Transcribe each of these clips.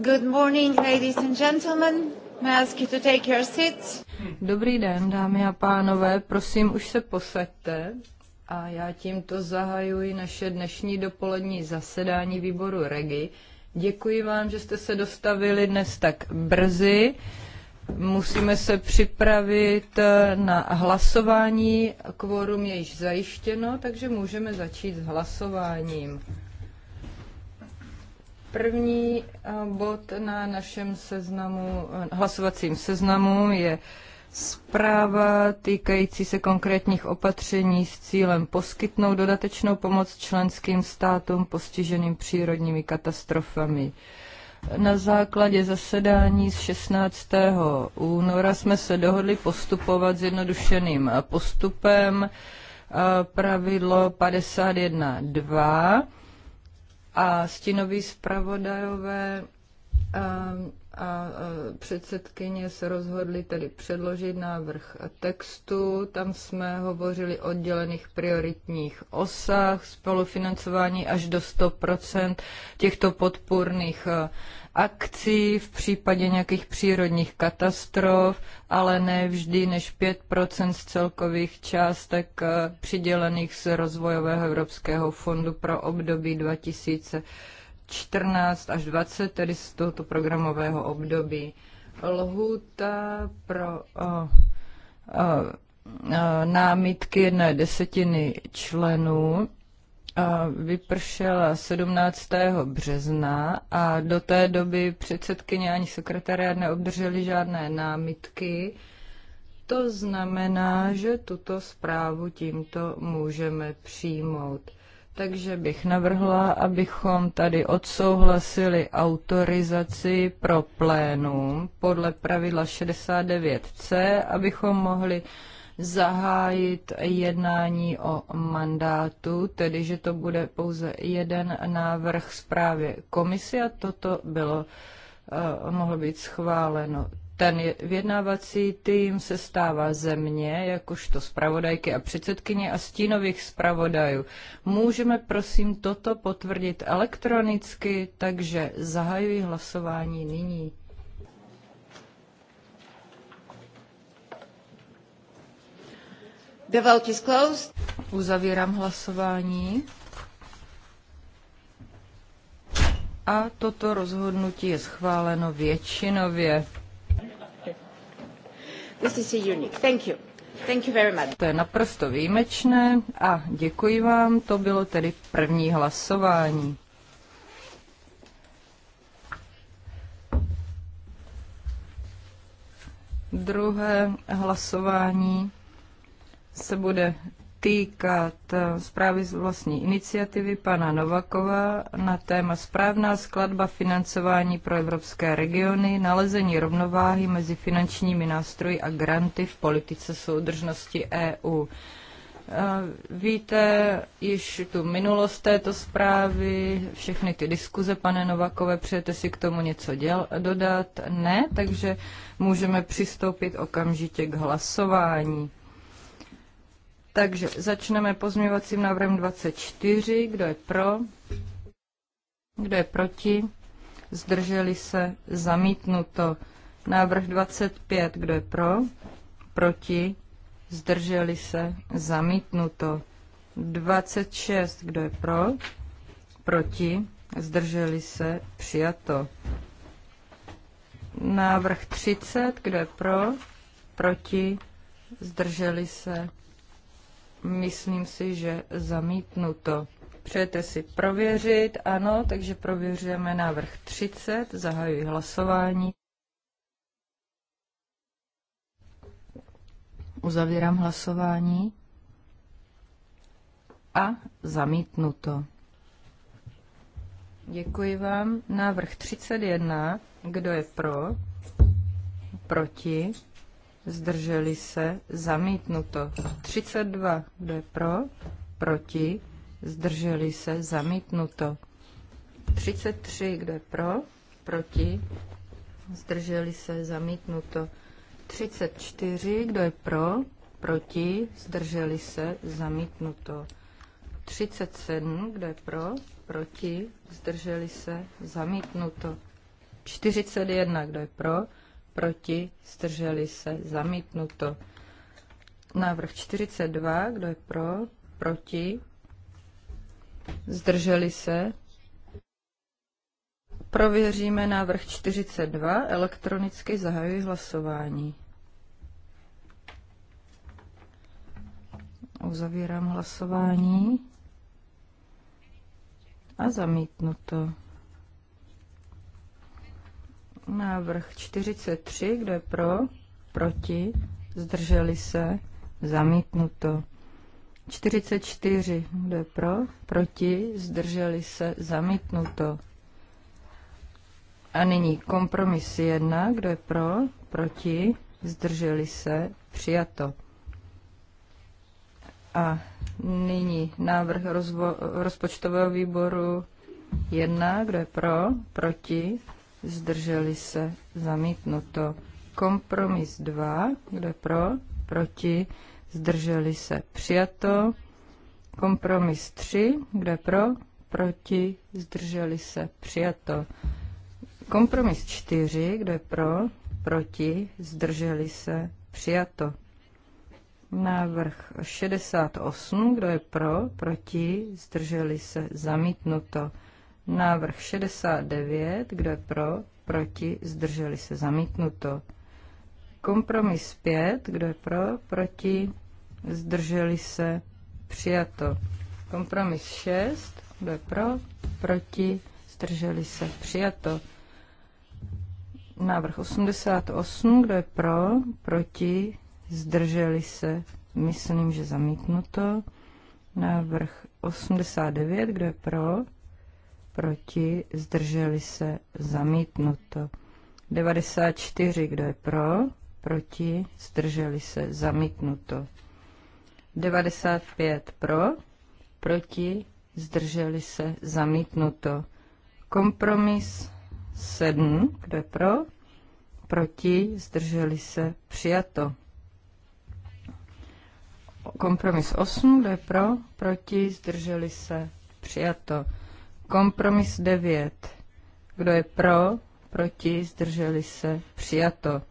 Good morning, ladies and gentlemen. May I ask you to take your seats? Dobrý den, dámy a pánové, prosím, už se posaďte. A já tímto zahajuji naše dnešní dopolední zasedání výboru REGI. Děkuji vám, že jste se dostavili dnes tak brzy. Musíme se připravit eh, na hlasování. Kvorum je již zajištěno, takže můžeme začít s hlasováním. První eh, bod na našem seznamu, eh, hlasovacím seznamu je zpráva týkající se konkrétních opatření s cílem poskytnout dodatečnou pomoc členským státům postiženým přírodními katastrofami. Na základě zasedání z 16. února jsme se dohodli postupovat zjednodušeným postupem eh, pravidlo 51.2 a stinoví zpravodajové eh, a, a eh, předsedkyně se rozhodli tedy předložit návrh textu. Tam jsme hovořili o dělených prioritních osách, spolufinancování až do 100 těchto podpůrných eh, akcí v případě nějakých přírodních katastrof, ale ne vždy než 5 z celkových částek eh, přidělených z rozvojového Evropského fondu pro období 2014 až 2020, tedy z tohoto programového období. Lhůta pro o, eh, o, eh, námitky jedné desetiny členů vypršel 17. března a do té doby předsedkyně ani sekretariat neobdrželi žádné námitky. To znamená, že tuto zprávu tímto můžeme přijmout. Takže bych navrhla, abychom tady odsouhlasili autorizaci pro plénum podle pravidla 69c, abychom mohli zahájit jednání o mandátu, tedy že to bude pouze jeden návrh zprávy komisi a toto bylo, eh, mohlo být schváleno. Ten vyjednávací tým se stává země, jakožto zpravodajky a předsedkyně a stínových zpravodajů. Můžeme prosím toto potvrdit elektronicky, takže zahajuji hlasování nyní. The vote is closed. Uzavírám hlasování. A toto rozhodnutí je schváleno většinově. This is unique. Thank you. Thank you very much. To je naprosto výjimečné a děkuji vám. To bylo tedy první hlasování. Druhé hlasování se bude týkat eh, zprávy z vlastní iniciativy pana Novakova na téma správná skladba financování pro evropské regiony, nalezení rovnováhy mezi finančními nástroji a granty v politice soudržnosti EU. Eh, víte již tu minulost této zprávy, všechny ty diskuze, pane Novakové, přejete si k tomu něco děl, dodat? Ne, takže můžeme přistoupit okamžitě k hlasování. Takže začneme pozměňovacím návrhem 24. Kdo je pro? Kdo je proti? Zdrželi se? Zamítnuto. Návrh 25. Kdo je pro? Proti? Zdrželi se? Zamítnuto. 26. Kdo je pro? Proti? Zdrželi se? Přijato. Návrh 30. Kdo je pro? Proti? Zdrželi se? Myslím si, že zamítnuto. Přejete si prověřit? Ano, takže prověřujeme návrh 30. Zahajuji hlasování. Uzavírám hlasování. A zamítnuto. Děkuji vám. Návrh 31. Kdo je pro? Proti? zdrželi se, zamítnuto. 32, kdo je pro, proti, zdrželi se, zamítnuto. 33, kdo je pro, proti, zdrželi se, zamítnuto. 34, kdo je pro, proti, zdrželi se, zamítnuto. 37, kdo je pro, proti, zdrželi se, zamítnuto. 41, kdo je pro, proti, zdrželi se, zamítnuto. Návrh 42, kdo je pro, proti, zdrželi se. Prověříme návrh 42, elektronicky zahajuji hlasování. Uzavírám hlasování a zamítnuto. to. Návrh 43, kdo je pro, proti, zdrželi se, zamítnuto. 44, kdo je pro, proti, zdrželi se, zamítnuto. A nyní kompromis 1, kdo je pro, proti, zdrželi se, přijato. A nyní návrh rozpočtového výboru 1, kdo je pro, proti, zdrželi se, zamítnuto. Kompromis 2, kde pro, proti, zdrželi se, přijato. Kompromis 3, kde pro, proti, zdrželi se, přijato. Kompromis 4, kde pro, proti, zdrželi se, přijato. Návrh 68, kdo je pro, proti, zdrželi se, zamítnuto. Návrh 69, kdo je pro, proti, zdrželi se zamítnuto. Kompromis 5, kdo je pro, proti, zdrželi se přijato. Kompromis 6, kdo je pro, proti, zdrželi se přijato. Návrh 88, kdo je pro, proti, zdrželi se, myslím, že zamítnuto. Návrh 89, kdo je pro, proti, zdrželi se, zamítnuto. 94, kdo je pro, proti, zdrželi se, zamítnuto. 95 pro, proti, zdrželi se, zamítnuto. Kompromis 7, kdo je pro, proti, zdrželi se, přijato. Kompromis 8, kdo je pro, proti, zdrželi se, přijato. Kompromis 9. Kdo je pro? Proti? Zdrželi se? Přijato.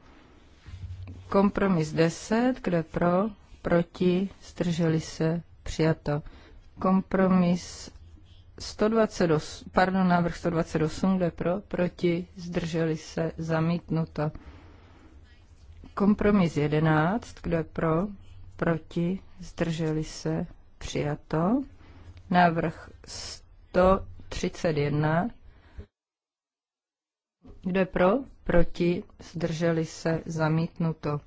Kompromis 10. Kdo je pro? Proti? Zdrželi se? Přijato. Kompromis 128, pardon, návrh 128, kdo je pro, proti, zdrželi se, zamítnuto. Kompromis 11, Kdo je pro, proti, zdrželi se, přijato. Návrh 100, 31. Kdo je pro? Proti? Zdrželi se? Zamítnuto.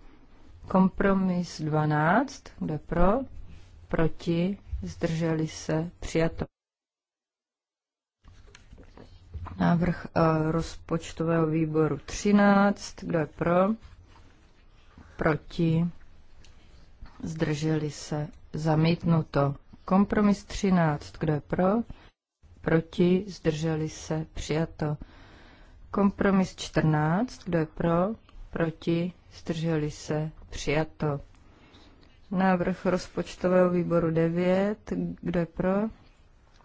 Kompromis 12. Kdo je pro? Proti? Zdrželi se? Přijato. Návrh eh, rozpočtového výboru 13. Kdo je pro? Proti? Zdrželi se? Zamítnuto. Kompromis 13. Kdo je pro? proti, zdrželi se, přijato. Kompromis 14, kdo je pro, proti, zdrželi se, přijato. Návrh rozpočtového výboru 9, kdo je pro,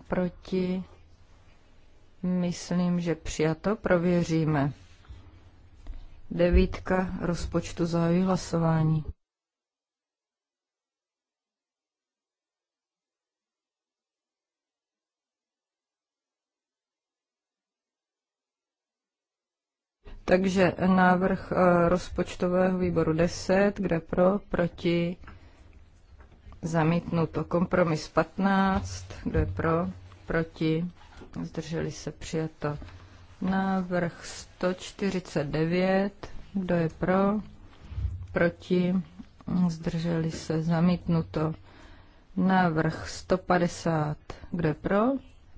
proti, myslím, že přijato, prověříme. Devítka rozpočtu zahájí hlasování. Takže návrh eh, rozpočtového výboru 10, kde pro, proti, zamítnuto. Kompromis 15, kde pro, proti, zdrželi se přijato. Návrh 149, kdo je pro, proti, zdrželi se zamítnuto. Návrh 150, kdo je pro,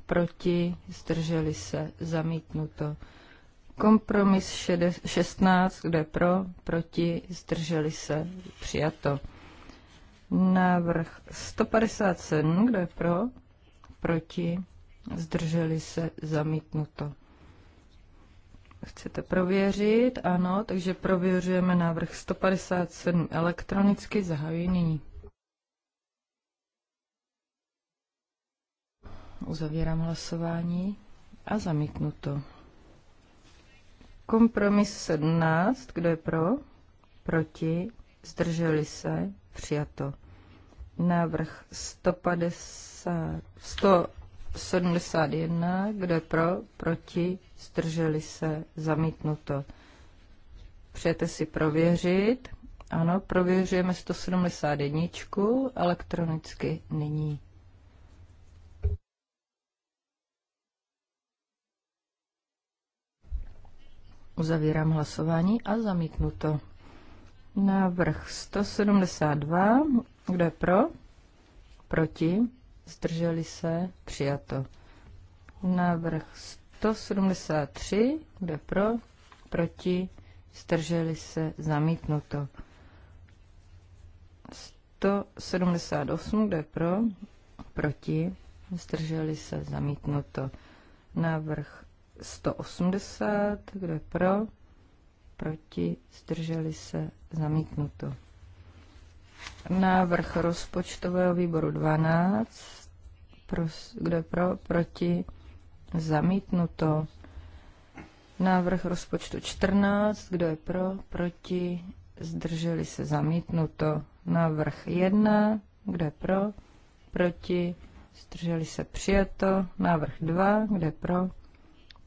proti, zdrželi se zamítnuto. Kompromis 16, kde pro, proti, zdrželi se, přijato. Návrh 157, kde pro, proti, zdrželi se, zamítnuto. Chcete prověřit? Ano, takže prověřujeme návrh 157 elektronicky, zahajuji nyní. Uzavírám hlasování a zamítnuto. Kompromis 17, kdo je pro? Proti? Zdrželi se? Přijato. Návrh 150, 171, kdo je pro? Proti? Zdrželi se? Zamítnuto. Přejete si prověřit? Ano, prověřujeme 171 elektronicky nyní. Uzavírám hlasování a zamítnu to. Návrh 172. Kdo je pro? Proti? Zdrželi se? Přijato. Návrh 173. Kdo je pro? Proti? Zdrželi se? Zamítnuto. 178. Kdo je pro? Proti? Zdrželi se? Zamítnuto. Návrh 180, kdo je pro, proti, zdrželi se, zamítnuto. Návrh rozpočtového výboru 12, pro, kdo je pro, proti, zamítnuto. Návrh rozpočtu 14, kdo je pro, proti, zdrželi se, zamítnuto. Návrh 1, kdo je pro, proti, zdrželi se, přijato. Návrh 2, kde pro,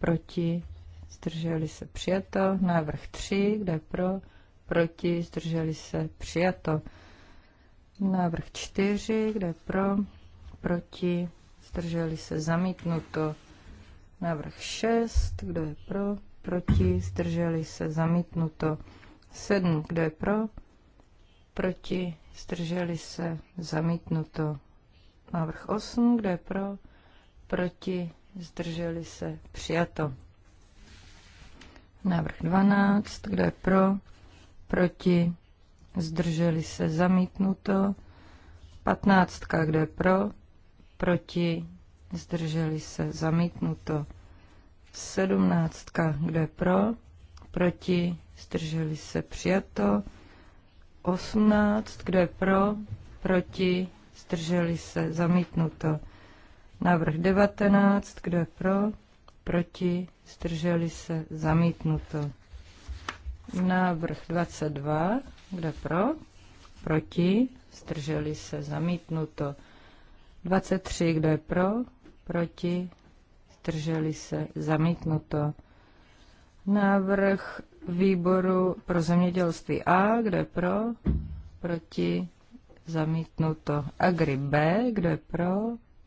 proti, zdrželi se přijato. Návrh 3, kde pro, proti, zdrželi se přijato. Návrh 4, kde pro, proti, zdrželi se zamítnuto. Návrh 6, kdo je pro, proti, zdrželi se zamítnuto. 7, kdo je pro, proti, zdrželi se zamítnuto. Návrh 8, kdo je pro, proti, zdrželi se, přijato. Návrh 12, kdo je pro, proti, zdrželi se, zamítnuto. 15, kdo je pro, proti, zdrželi se, zamítnuto. 17, kdo je pro, proti, zdrželi se, přijato. 18, kdo je pro, proti, zdrželi se, zamítnuto. Návrh 19, kdo je pro? Proti? Zdrželi se? Zamítnuto. Návrh 22, kdo je pro? Proti? Zdrželi se? Zamítnuto. 23, kdo je pro? Proti? Zdrželi se? Zamítnuto. Návrh výboru pro zemědělství A, kdo je pro? Proti? Zamítnuto. Agri B, kdo je pro?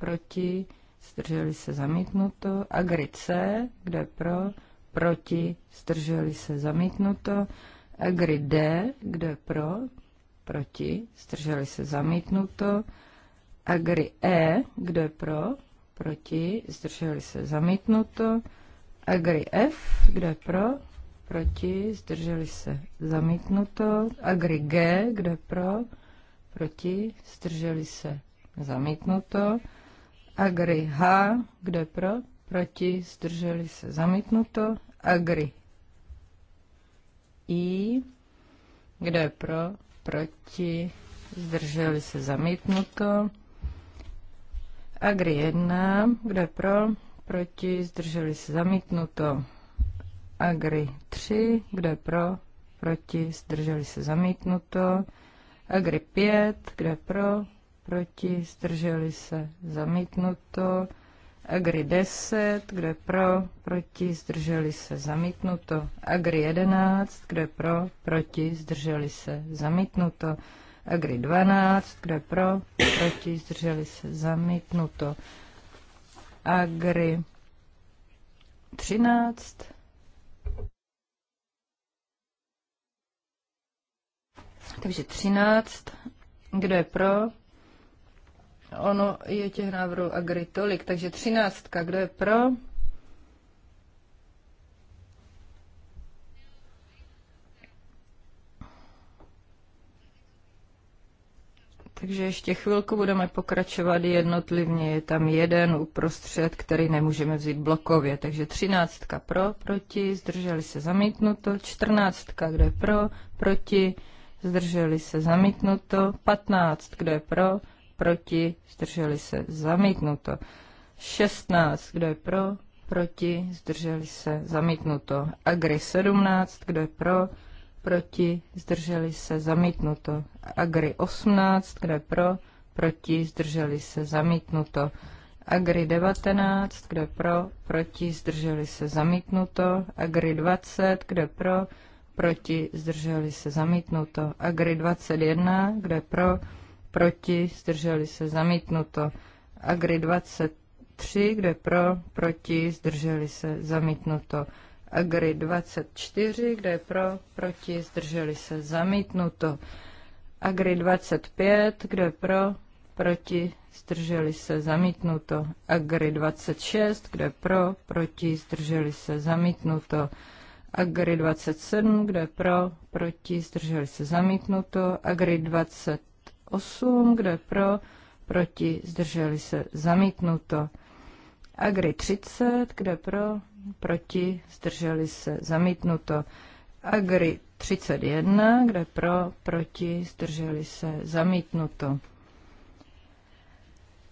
proti, zdrželi se zamítnuto. Agri C, kdo je pro, proti, zdrželi se zamítnuto. Agri D, kdo je pro, proti, zdrželi se zamítnuto. Agri E, kdo je pro, proti, zdrželi se zamítnuto. Agri F, kdo je pro, proti, zdrželi se zamítnuto. Agri G, kdo je pro, proti, zdrželi se zamítnuto. Agri H, kde pro, proti, zdrželi se zamítnuto. Agri I, kde pro, proti, zdrželi se zamítnuto. Agri 1, kde pro, proti, zdrželi se zamítnuto. Agri 3, kde pro, proti, zdrželi se zamítnuto. Agri 5, kde pro, proti, zdrželi se, zamítnuto. Agri 10, kdo je pro, proti, zdrželi se, zamítnuto. Agri 11, kdo je pro, proti, zdrželi se, zamítnuto. Agri 12, kdo je pro, proti, zdrželi se, zamítnuto. Agri 13. Takže 13, kdo je pro, Ono je těch návrhů agri tolik, takže třináctka, kdo je pro? Takže ještě chvilku budeme pokračovat jednotlivně. Je tam jeden uprostřed, který nemůžeme vzít blokově. Takže třináctka pro, proti, zdrželi se zamítnuto. Čtrnáctka, kdo je pro, proti, zdrželi se zamítnuto. Patnáct, kdo je pro, proti, zdrželi se, zamítnuto. 16, kdo je pro, proti, zdrželi se, zamítnuto. Agri 17, kdo je pro, proti, zdrželi se, zamítnuto. Agri 18, kdo je pro, proti, zdrželi se, zamítnuto. Agri 19, kdo je pro, proti, zdrželi se, zamítnuto. Agri 20, kdo je pro, proti, zdrželi se, zamítnuto. Agri 21, kdo je pro, proti, zdrželi se, zamítnuto. Agri 23, kdo je pro, proti, zdrželi se, zamítnuto. Agri 24, kdo je pro, proti, zdrželi se, zamítnuto. Agri 25, kdo je pro, proti, zdrželi se, zamítnuto. Agri 26, kdo je pro, proti, zdrželi se, zamítnuto. Agri 27, kdo je pro, proti, zdrželi se, zamítnuto. Agri 28, 8, kdo je pro, proti, zdrželi se, zamítnuto. Agri 30, kdo je pro, proti, zdrželi se, zamítnuto. Agri 31, kde pro, proti, zdrželi se, zamítnuto.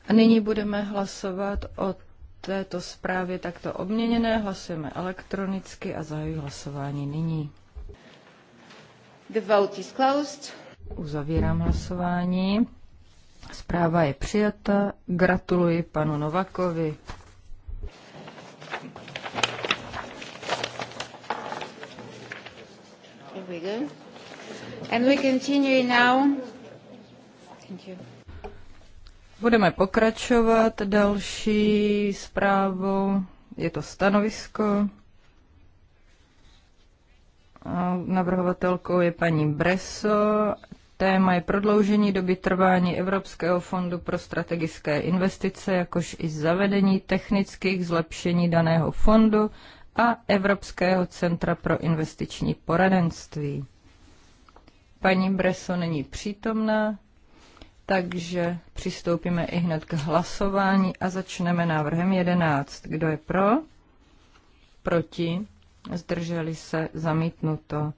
A nyní budeme hlasovat o této zprávě takto obměněné. Hlasujeme elektronicky a zahajuji hlasování nyní. The vote is closed. Uzavírám hlasování. Zpráva je přijata. Gratuluji panu Novakovi. And we continue now. Budeme pokračovat další zprávou. Je to stanovisko. Navrhovatelkou je paní Breso. Téma je prodloužení doby trvání Evropského fondu pro strategické investice, jakož i zavedení technických zlepšení daného fondu a Evropského centra pro investiční poradenství. Paní Breso není přítomná, takže přistoupíme i hned k hlasování a začneme návrhem 11. Kdo je pro? Proti? zdrželi se, zamítnuto.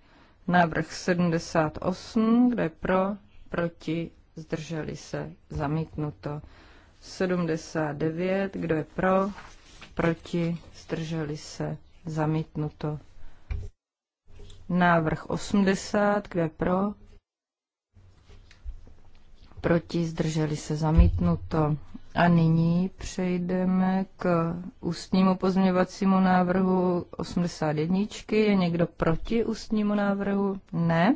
Návrh 78, kde pro, proti, zdrželi se, zamítnuto. 79, kdo je pro, proti, zdrželi se, zamítnuto. Návrh 80, kde pro, proti, zdrželi se, zamítnuto. A nyní přejdeme k ústnímu pozměňovacímu návrhu 81. Je někdo proti ústnímu návrhu? Ne.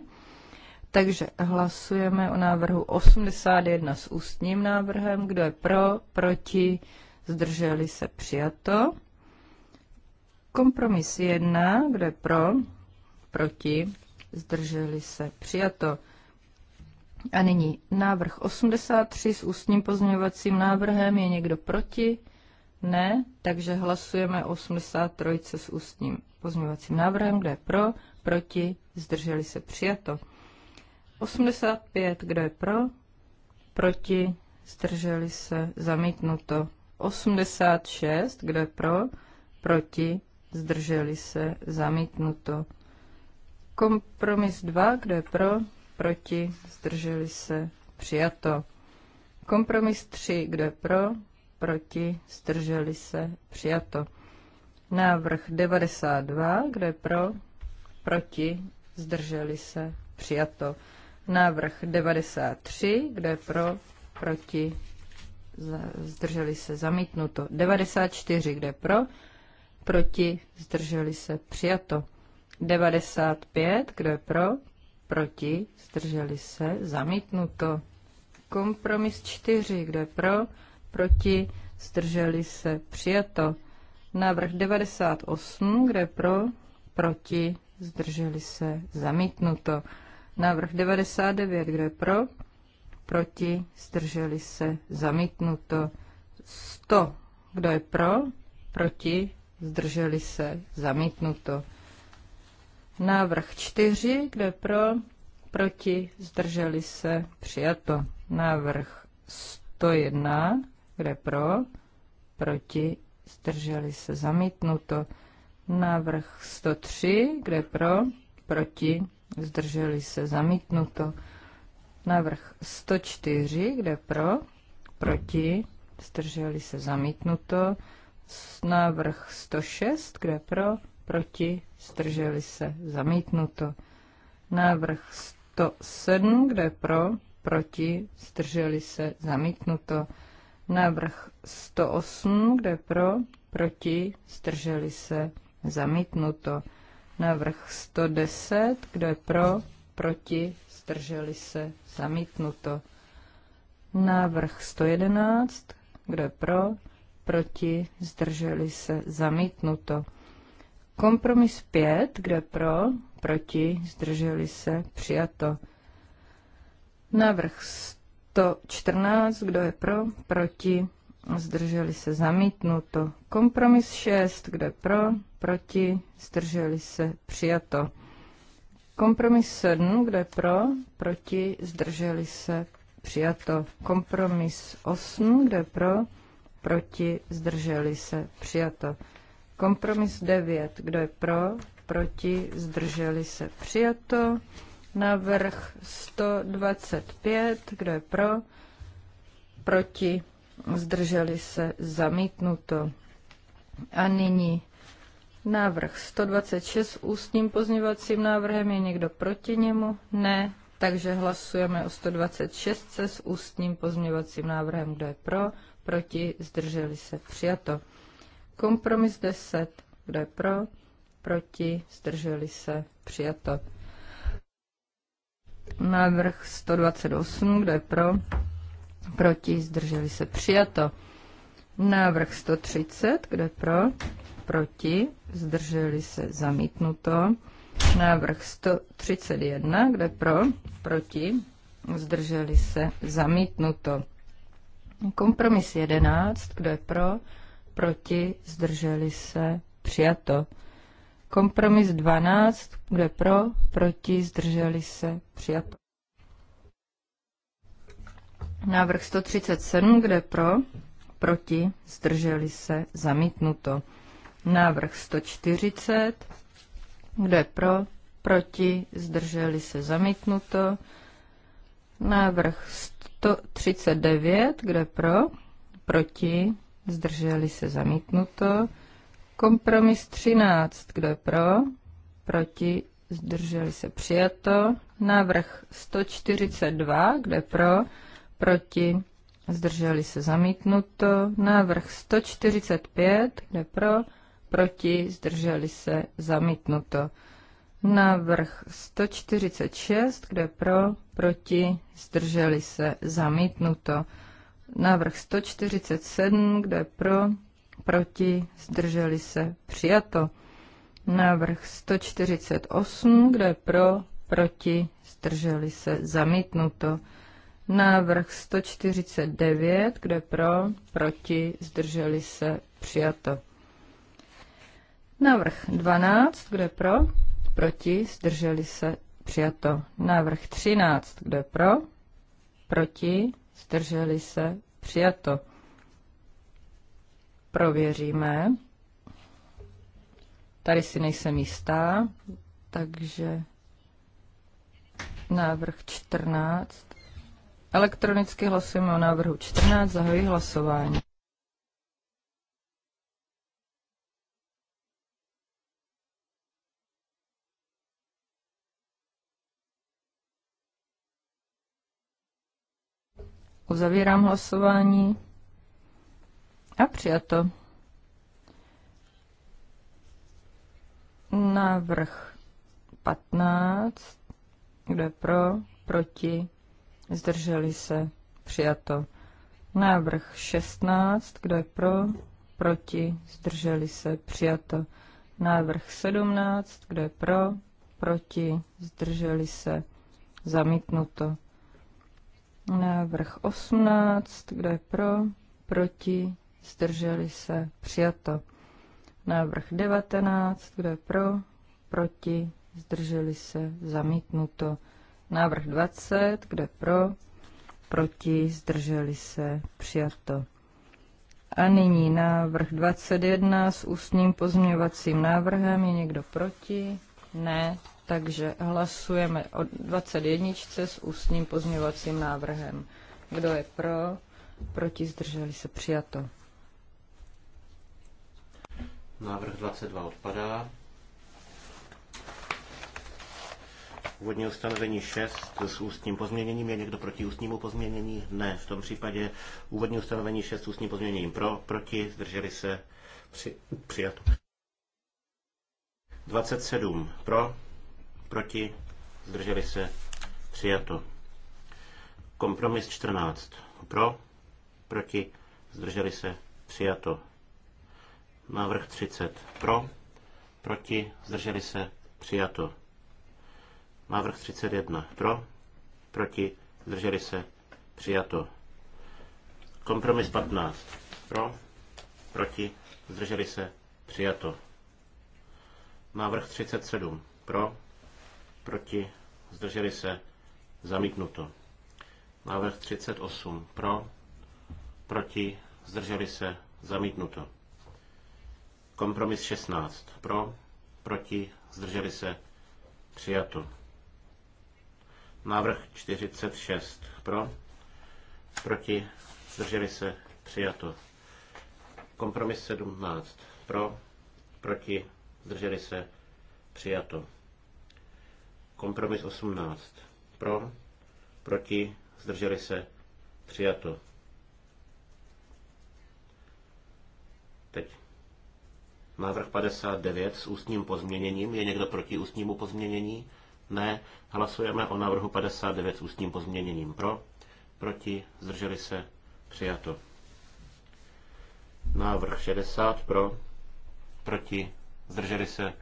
Takže hlasujeme o návrhu 81 s ústním návrhem. Kdo je pro, proti, zdrželi se přijato. Kompromis 1, kdo je pro, proti, zdrželi se přijato. A nyní návrh 83 s ústním pozměňovacím návrhem. Je někdo proti? Ne, takže hlasujeme 83 s ústním pozměňovacím návrhem. Kdo je pro? Proti? Zdrželi se přijato. 85, kdo je pro? Proti? Zdrželi se zamítnuto. 86, kdo je pro? Proti? Zdrželi se zamítnuto. Kompromis 2, kdo je pro? proti, zdrželi se, přijato. Kompromis 3, kdo je pro, proti, zdrželi se, přijato. Návrh 92, kdo je pro, proti, zdrželi se, přijato. Návrh 93, kdo je pro, proti, zdrželi se, zamítnuto. 94, kdo je pro, proti, zdrželi se, přijato. 95, kdo je pro, proti, zdrželi se, zamítnuto. Kompromis 4, kde pro, proti, zdrželi se, přijato. Návrh 98, kde pro, proti, zdrželi se, zamítnuto. Návrh 99, kde pro, proti, zdrželi se, zamítnuto. 100, kdo je pro, proti, zdrželi se, zamítnuto. Návrh 4, kde pro, proti, zdrželi se, přijato. Návrh 101, kde pro, proti, zdrželi se, zamítnuto. Návrh 103, kde pro, proti, zdrželi se, zamítnuto. Návrh 104, kde pro, proti, zdrželi se, zamítnuto. Návrh 106, kde pro, proti, zdrželi se, zamítnuto. Návrh 107, kdo je pro, proti, zdrželi se, zamítnuto. Návrh 108, kde pro, proti, zdrželi se, zamítnuto. Návrh 110, kde pro, proti, zdrželi se, zamítnuto. Návrh 111, kde pro, proti, zdrželi se, zamítnuto. Kompromis 5, kde pro, proti, zdrželi se, přijato. Návrh 114, kdo je pro, proti, zdrželi se, zamítnuto. Kompromis 6, kde pro, proti, zdrželi se, přijato. Kompromis 7, kde pro, proti, zdrželi se, přijato. Kompromis 8, kde pro, proti, zdrželi se, přijato. Kompromis 9. Kdo je pro? Proti? Zdrželi se? Přijato. Navrh 125. Kdo je pro? Proti? Zdrželi se? Zamítnuto. A nyní návrh 126 ústním pozněvacím návrhem. Je někdo proti němu? Ne. Takže hlasujeme o 126 s ústním pozměvacím návrhem. Kdo je pro? Proti? Zdrželi se? Přijato. Kompromis 10. Kdo je pro? Proti? Zdrželi se? Přijato. Návrh 128. Kdo je pro? Proti? Zdrželi se? Přijato. Návrh 130. Kdo je pro? Proti? Zdrželi se? Zamítnuto. Návrh 131. Kdo je pro? Proti? Zdrželi se? Zamítnuto. Kompromis 11. Kdo je pro? proti, zdrželi se, přijato. Kompromis 12, kde pro, proti, zdrželi se, přijato. Návrh 137, kde pro, proti, zdrželi se, zamítnuto. Návrh 140, kde pro, proti, zdrželi se, zamítnuto. Návrh 139, kde pro, proti, zdrželi se zamítnuto. Kompromis 13, kdo je pro, proti, zdrželi se přijato. Návrh 142, kdo je pro, proti, zdrželi se zamítnuto. Návrh 145, kde pro, proti, zdrželi se zamítnuto. Návrh 146, kde pro, proti, zdrželi se zamítnuto. Návrh 147, kdo je pro, proti, zdrželi se, přijato. Návrh 148, kdo je pro, proti, zdrželi se, zamítnuto. Návrh 149, kde pro, proti, zdrželi se, přijato. Návrh 12, kde pro, proti, zdrželi se, přijato. Návrh 13, kde pro, proti, zdrželi se, přijato. Prověříme. Tady si nejsem jistá, takže návrh 14. Elektronicky hlasujeme o návrhu 14, zahojí hlasování. Uzavírám hlasování. A přijato. Návrh 15. Kdo je pro? Proti? Zdrželi se? Přijato. Návrh 16. Kdo je pro? Proti? Zdrželi se? Přijato. Návrh 17. Kdo je pro? Proti? Zdrželi se? Zamítnuto. Návrh 18, kdo je pro, proti, zdrželi se, přijato. Návrh 19, kdo je pro, proti, zdrželi se, zamítnuto. Návrh 20, kdo je pro, proti, zdrželi se, přijato. A nyní návrh 21 s ústním pozměňovacím návrhem. Je někdo proti? Ne, takže hlasujeme o 21 s ústním pozměňovacím návrhem. Kdo je pro? Proti zdrželi se přijato. Návrh 22 odpadá. Původní ustanovení 6 s ústním pozměněním. Je někdo proti ústnímu pozměnění? Ne. V tom případě úvodní ustanovení 6 s ústním pozměněním pro, proti, zdrželi se při, přijat. 27 pro, Proti? Zdrželi se? Přijato. Kompromis 14. Pro? Proti? Zdrželi se? Přijato. Návrh 30. Pro? Proti? Zdrželi se? Přijato. Návrh 31. Pro? Proti? Zdrželi se? Přijato. Kompromis 15. Pro? Proti? Zdrželi se? Přijato. Návrh 37. Pro? proti, zdrželi se, zamítnuto. Návrh 38 pro, proti, zdrželi se, zamítnuto. Kompromis 16 pro, proti, zdrželi se, přijato. Návrh 46 pro, proti, zdrželi se, přijato. Kompromis 17 pro, proti, zdrželi se, přijato. Kompromis 18. Pro, proti, zdrželi se, přijato. Teď návrh 59 s ústním pozměněním. Je někdo proti ústnímu pozměnění? Ne. Hlasujeme o návrhu 59 s ústním pozměněním. Pro, proti, zdrželi se, přijato. Návrh 60 pro, proti, zdrželi se,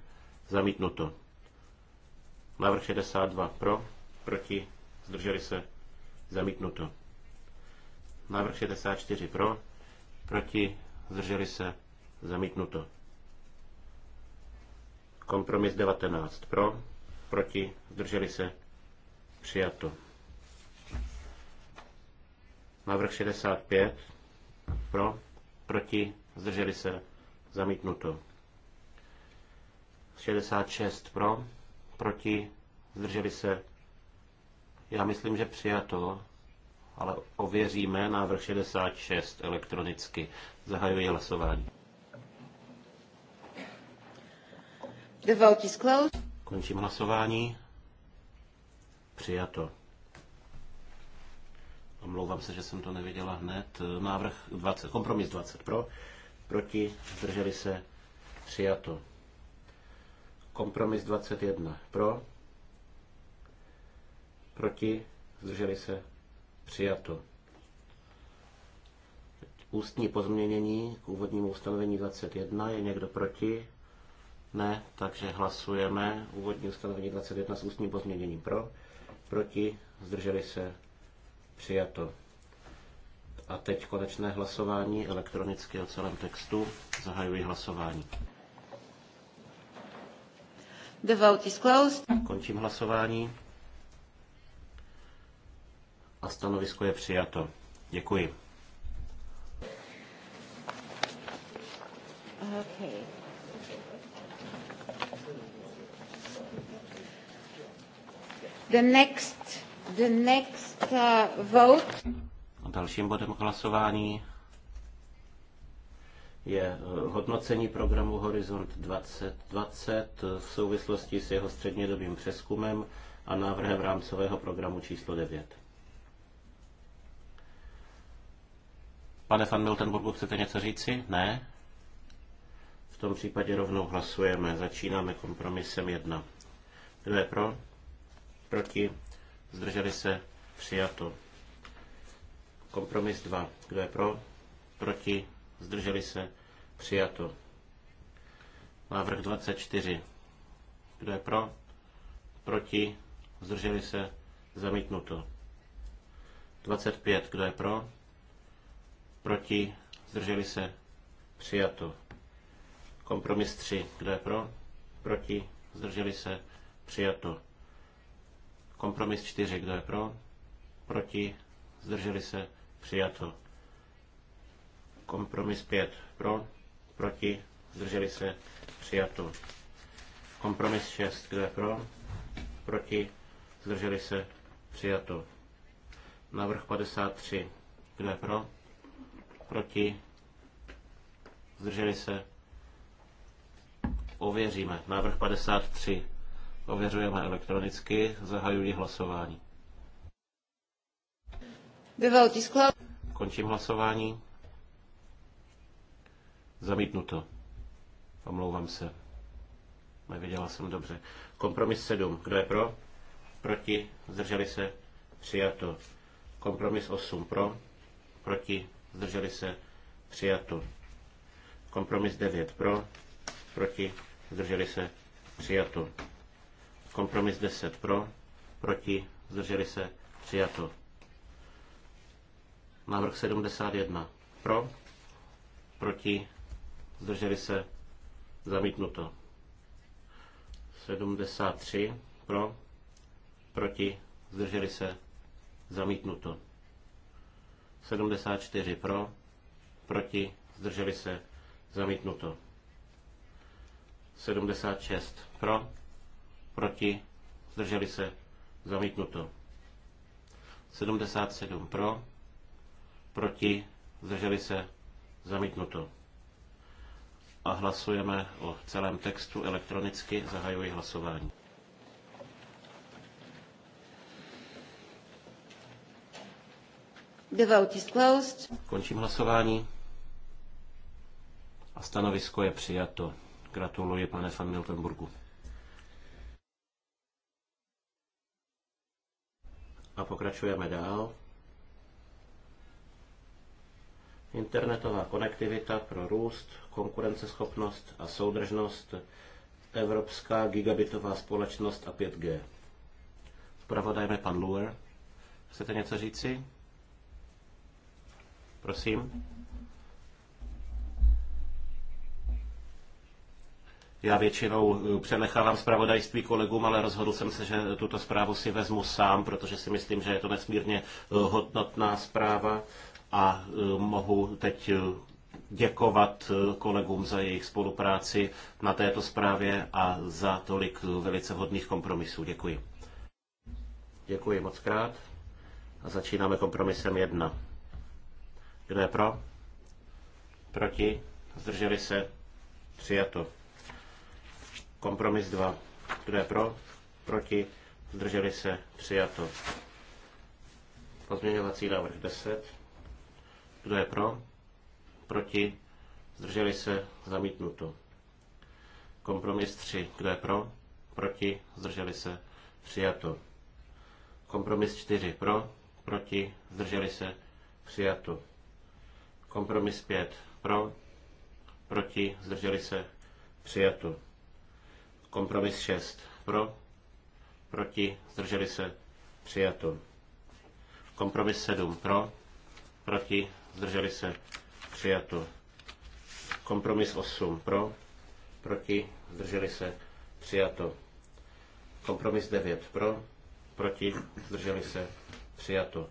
zamítnuto. Návrh 62 pro, proti, zdrželi se, zamítnuto. Návrh 64 pro, proti, zdrželi se, zamítnuto. Kompromis 19 pro, proti, zdrželi se, přijato. Návrh 65 pro, proti, zdrželi se, zamítnuto. 66 pro, proti, zdrželi se. Já myslím, že přijato, ale ověříme návrh 66 elektronicky. Zahajuji hlasování. The vote is closed. Končím hlasování. Přijato. Omlouvám se, že jsem to neviděla hned. Návrh 20, kompromis 20 pro, proti, zdrželi se, přijato. Kompromis 21 pro, proti, zdrželi se, přijato. Ústní pozměnění k úvodnímu ustanovení 21. Je někdo proti? Ne, takže hlasujeme. Úvodní ustanovení 21 s ústním pozměněním pro, proti, zdrželi se, přijato. A teď konečné hlasování elektronicky o celém textu. Zahajuji hlasování. The vote is closed. Končím hlasování. A stanovisko je přijato. Děkuji. Okay. The next, the next uh, vote. A dalším bodem hlasování je eh, hodnocení programu Horizont 2020 eh, v souvislosti s jeho střednědobým přeskumem a návrhem rámcového programu číslo 9. Pane van Miltenburgu, chcete něco říci? Ne? V tom případě rovnou hlasujeme. Začínáme kompromisem 1. Kdo je pro? Proti? Zdrželi se? Přijato. Kompromis 2. Kdo je pro? Proti? zdrželi se, přijato. Návrh 24. Kdo je pro? Proti? Zdrželi se? Zamítnuto. 25. Kdo je pro? Proti? Zdrželi se? Přijato. Kompromis 3. Kdo je pro? Proti? Zdrželi se? Přijato. Kompromis 4. Kdo je pro? Proti? Zdrželi se? Přijato. Kompromis 5 pro, proti, zdrželi se, přijato. Kompromis 6, kdo je pro, proti, zdrželi se, přijato. Návrh 53, kdo je pro, proti, zdrželi se, ověříme. Návrh 53, ověřujeme elektronicky, zahajuji hlasování. Končím hlasování. Zamítnuto. Omlouvám se. Neviděla jsem dobře. Kompromis 7. Kdo je pro? Proti? Zdrželi se? Přijato. Kompromis 8. Pro? Proti? Zdrželi se? Přijato. Kompromis 9. Pro? Proti? Zdrželi se? Přijato. Kompromis 10. Pro? Proti? Zdrželi se? Přijato. Návrh 71. Pro? Proti? zdrželi se, zamítnuto. 73 pro, proti, zdrželi se, zamítnuto. 74 pro, proti, zdrželi se, zamítnuto. 76 pro, proti, zdrželi se, zamítnuto. 77 pro, proti, zdrželi se, zamítnuto a hlasujeme o celém textu elektronicky. Zahajuji hlasování. The vote is closed. Končím hlasování. A stanovisko je přijato. Gratuluji, pane van Miltenburgu. A pokračujeme dál. Internetová konektivita pro růst, konkurenceschopnost a soudržnost, Evropská gigabitová společnost a 5G. Pravodajme pan Luer. Chcete něco říci? Prosím. Já většinou uh, přenechávám zpravodajství kolegům, ale rozhodl jsem se, že tuto zprávu si vezmu sám, protože si myslím, že je to nesmírně uh, hodnotná zpráva a eh, mohu teď eh, děkovat eh, kolegům za jejich spolupráci na této zprávě a za tolik velice hodných kompromisů. Děkuji. Děkuji moc krát a začínáme kompromisem jedna. Kdo je pro? Proti? Zdrželi se? Přijato. Kompromis 2. Kdo je pro? Proti? Zdrželi se? Přijato. Pozměňovací návrh 10. Kdo je pro? Proti? Zdrželi se? Zamítnuto. Kompromis 3. Kdo je pro? Proti? Zdrželi se? Přijato. Kompromis 4. Pro? Proti? Zdrželi se? Přijato. Kompromis 5. Pro? Proti? Zdrželi se? Přijato. Kompromis 6. Pro? Proti? Zdrželi se? Přijato. Kompromis 7. Pro? Proti? zdrželi se, přijato. Kompromis 8 pro, proti, zdrželi se, přijato. Kompromis 9 pro, proti, zdrželi se, přijato.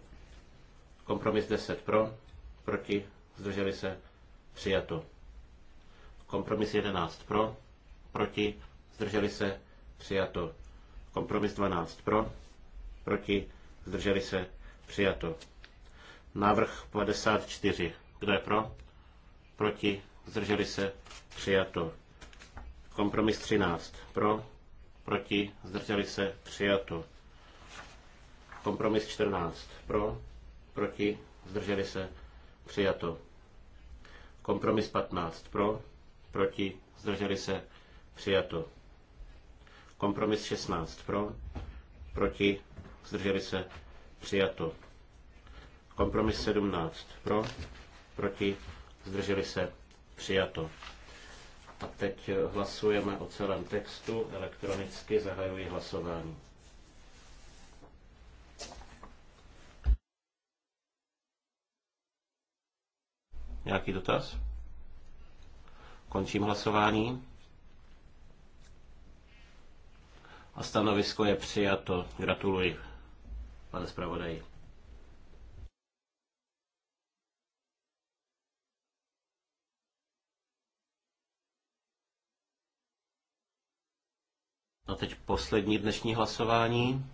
Kompromis 10 pro, proti, zdrželi se, přijato. Kompromis 11 pro, proti, zdrželi se, přijato. Kompromis 12 pro, proti, zdrželi se, přijato. Návrh 54. Kdo je pro? Proti? Zdrželi se? Přijato. Kompromis 13. Pro? Proti? Zdrželi se? Přijato. Kompromis 14. Pro? Proti? Zdrželi se? Přijato. Kompromis 15. Pro? Proti? Zdrželi se? Přijato. Kompromis 16. Pro? Proti? Zdrželi se? Přijato. Kompromis 17 pro, proti, zdrželi se, přijato. A teď eh, hlasujeme o celém textu elektronicky, zahajuji hlasování. Nějaký dotaz? Končím hlasování. A stanovisko je přijato. Gratuluji, pane zpravodaji. A no teď poslední dnešní hlasování.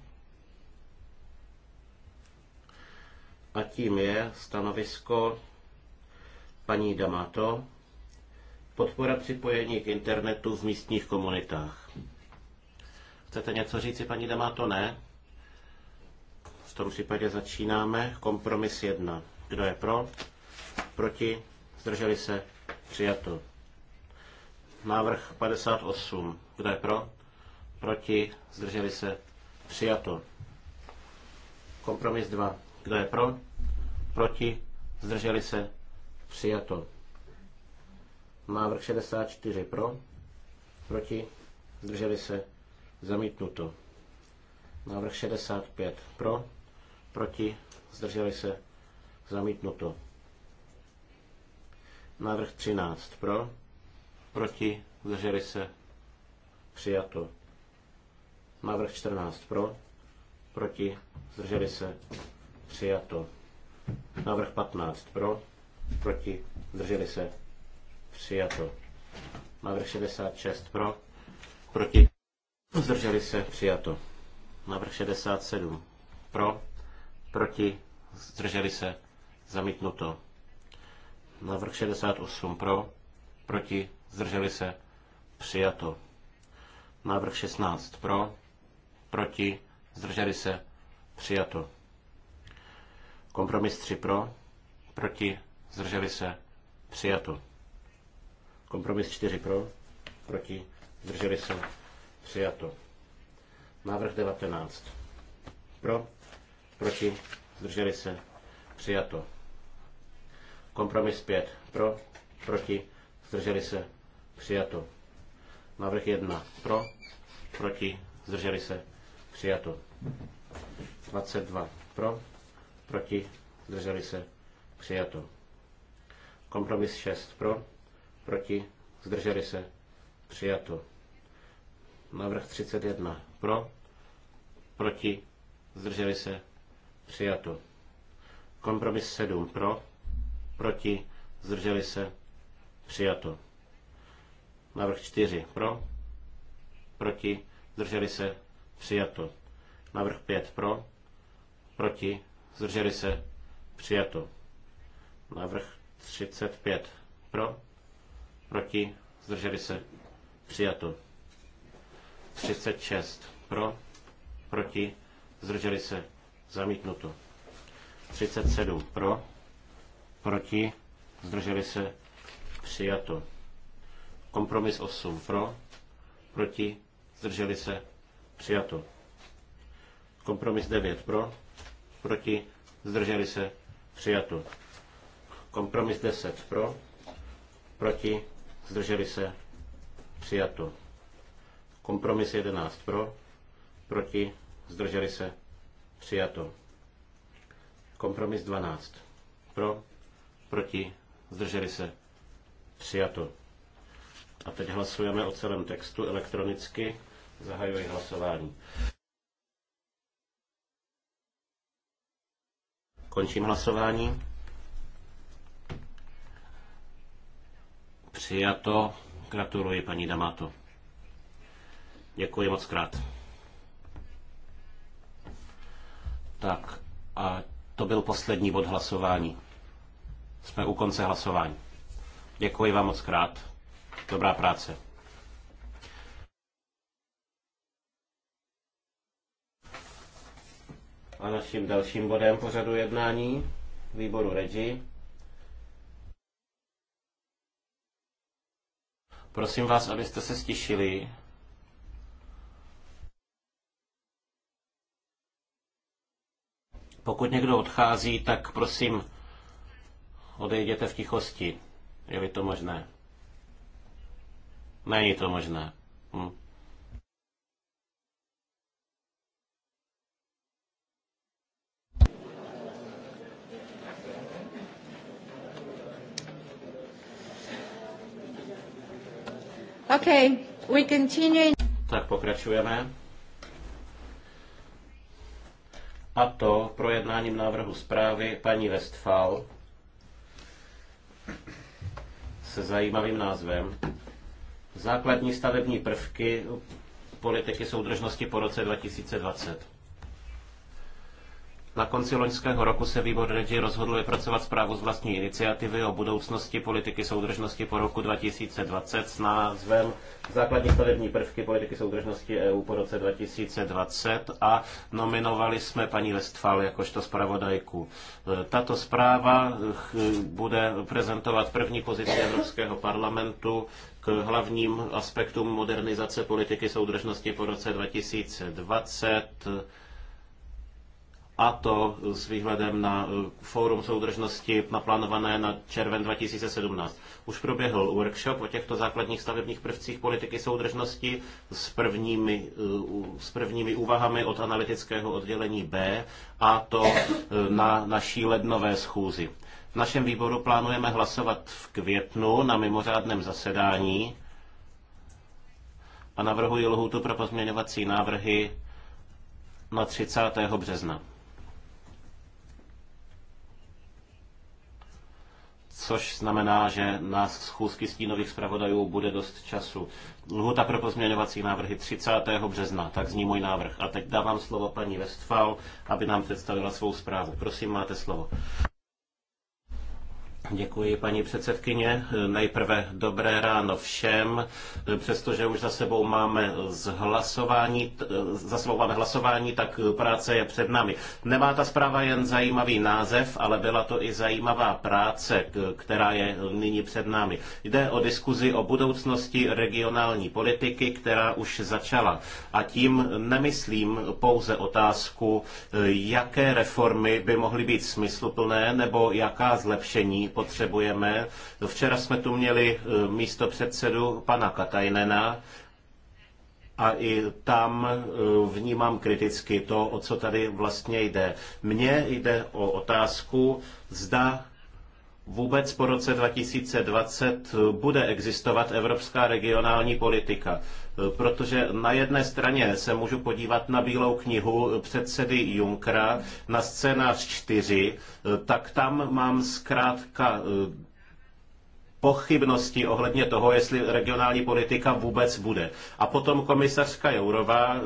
A tím je stanovisko paní Damato. Podpora připojení k internetu v místních komunitách. Chcete něco říci, paní Damato? Ne? V tom případě začínáme. Kompromis 1. Kdo je pro? Proti? Zdrželi se? Přijato. Návrh 58. Kdo je pro? Proti? Zdrželi se? Přijato. Kompromis 2. Kdo je pro? Proti? Zdrželi se? Přijato. Návrh 64 pro? Proti? Zdrželi se? Zamítnuto. Návrh 65 pro? Proti? Zdrželi se? Zamítnuto. Návrh 13 pro? Proti? Zdrželi se? Přijato. Návrh 14 pro, proti, zdrželi se, přijato. Návrh 15 pro, proti, zdrželi se, přijato. Návrh 66 pro, proti, zdrželi se, přijato. Návrh 67 pro, proti, zdrželi se, zamítnuto. Návrh 68 pro, proti, zdrželi se, přijato. Návrh 16 pro, proti, zdrželi se, přijato. Kompromis 3 pro, proti, zdrželi se, přijato. Kompromis 4 pro, proti, zdrželi se, přijato. Návrh 19. Pro, proti, zdrželi se, přijato. Kompromis 5. Pro, proti, zdrželi se, přijato. Návrh 1. Pro, proti, zdrželi se, přijato. Přijato. 22 pro, proti, zdrželi se, přijato. Kompromis 6 pro, proti, zdrželi se, přijato. Návrh 31 pro, proti, zdrželi se, přijato. Kompromis 7 pro, proti, zdrželi se, přijato. Návrh 4 pro, proti, zdrželi se, Přijato. Navrh 5 pro. Proti. Zdrželi se. Přijato. Navrh 35 pro. Proti. Zdrželi se. Přijato. 36 pro. Proti. Zdrželi se. Zamítnuto. 37 pro. Proti. Zdrželi se. Přijato. Kompromis 8 pro. Proti. Zdrželi se. Přijato. Kompromis 9 pro, proti, zdrželi se, přijato. Kompromis 10 pro, proti, zdrželi se, přijato. Kompromis 11 pro, proti, zdrželi se, přijato. Kompromis 12 pro, proti, zdrželi se, přijato. A teď hlasujeme o celém textu elektronicky. Zahajuji hlasování. Končím hlasování. Přijato. Gratuluji, paní Damato. Děkuji moc krát. Tak a to byl poslední bod hlasování. Jsme u konce hlasování. Děkuji vám moc krát. Dobrá práce. a naším dalším bodem pořadu jednání výboru Regi. Prosím vás, abyste se stišili. Pokud někdo odchází, tak prosím odejděte v tichosti. Je-li to možné? Není to možné. Hm. Okay, we continue. Tak pokračujeme. A to projednáním návrhu zprávy paní Westfall se zajímavým názvem Základní stavební prvky politiky soudržnosti po roce 2020. Na konci loňského roku se výbor Regi rozhodl vypracovat zprávu z vlastní iniciativy o budoucnosti politiky soudržnosti po roku 2020 s názvem Základní stavební prvky politiky soudržnosti EU po roce 2020 a nominovali jsme paní Westphal jakožto zpravodajku. E, tato zpráva bude prezentovat první pozici Evropského parlamentu k hlavním aspektům modernizace politiky soudržnosti po roce 2020 a to s výhledem na eh, Fórum soudržnosti naplánované na červen 2017. Už proběhl workshop o těchto základních stavebních prvcích politiky soudržnosti s prvními, eh, s prvními úvahami od analytického oddělení B a to eh, na naší lednové schůzi. V našem výboru plánujeme hlasovat v květnu na mimořádném zasedání a navrhuji lhůtu pro pozměňovací návrhy na 30. března. což znamená, že na schůzky stínových zpravodajů bude dost času. Lhuta pro pozměňovací návrhy 30. března, tak zní můj návrh. A teď dávám slovo paní Westfal, aby nám představila svou zprávu. Prosím, máte slovo. Děkuji, paní předsedkyně. Nejprve dobré ráno všem. Přestože už za sebou máme zhlasování, za sebou máme hlasování, tak práce je před námi. Nemá ta zpráva jen zajímavý název, ale byla to i zajímavá práce, která je nyní před námi. Jde o diskuzi o budoucnosti regionální politiky, která už začala. A tím nemyslím pouze otázku, jaké reformy by mohly být smysluplné nebo jaká zlepšení potřebujeme. Včera jsme tu měli eh, místo předsedu pana Katajnena a i tam eh, vnímám kriticky to, o co tady vlastně jde. Mně jde o otázku, zda vůbec po roce 2020 eh, bude existovat evropská regionální politika. Eh, protože na jedné straně se můžu podívat na bílou knihu eh, předsedy Junckera, na scénář 4, tak tam mám zkrátka pochybnosti ohledně toho, jestli regionální politika vůbec bude. A potom komisařka Jourová eh,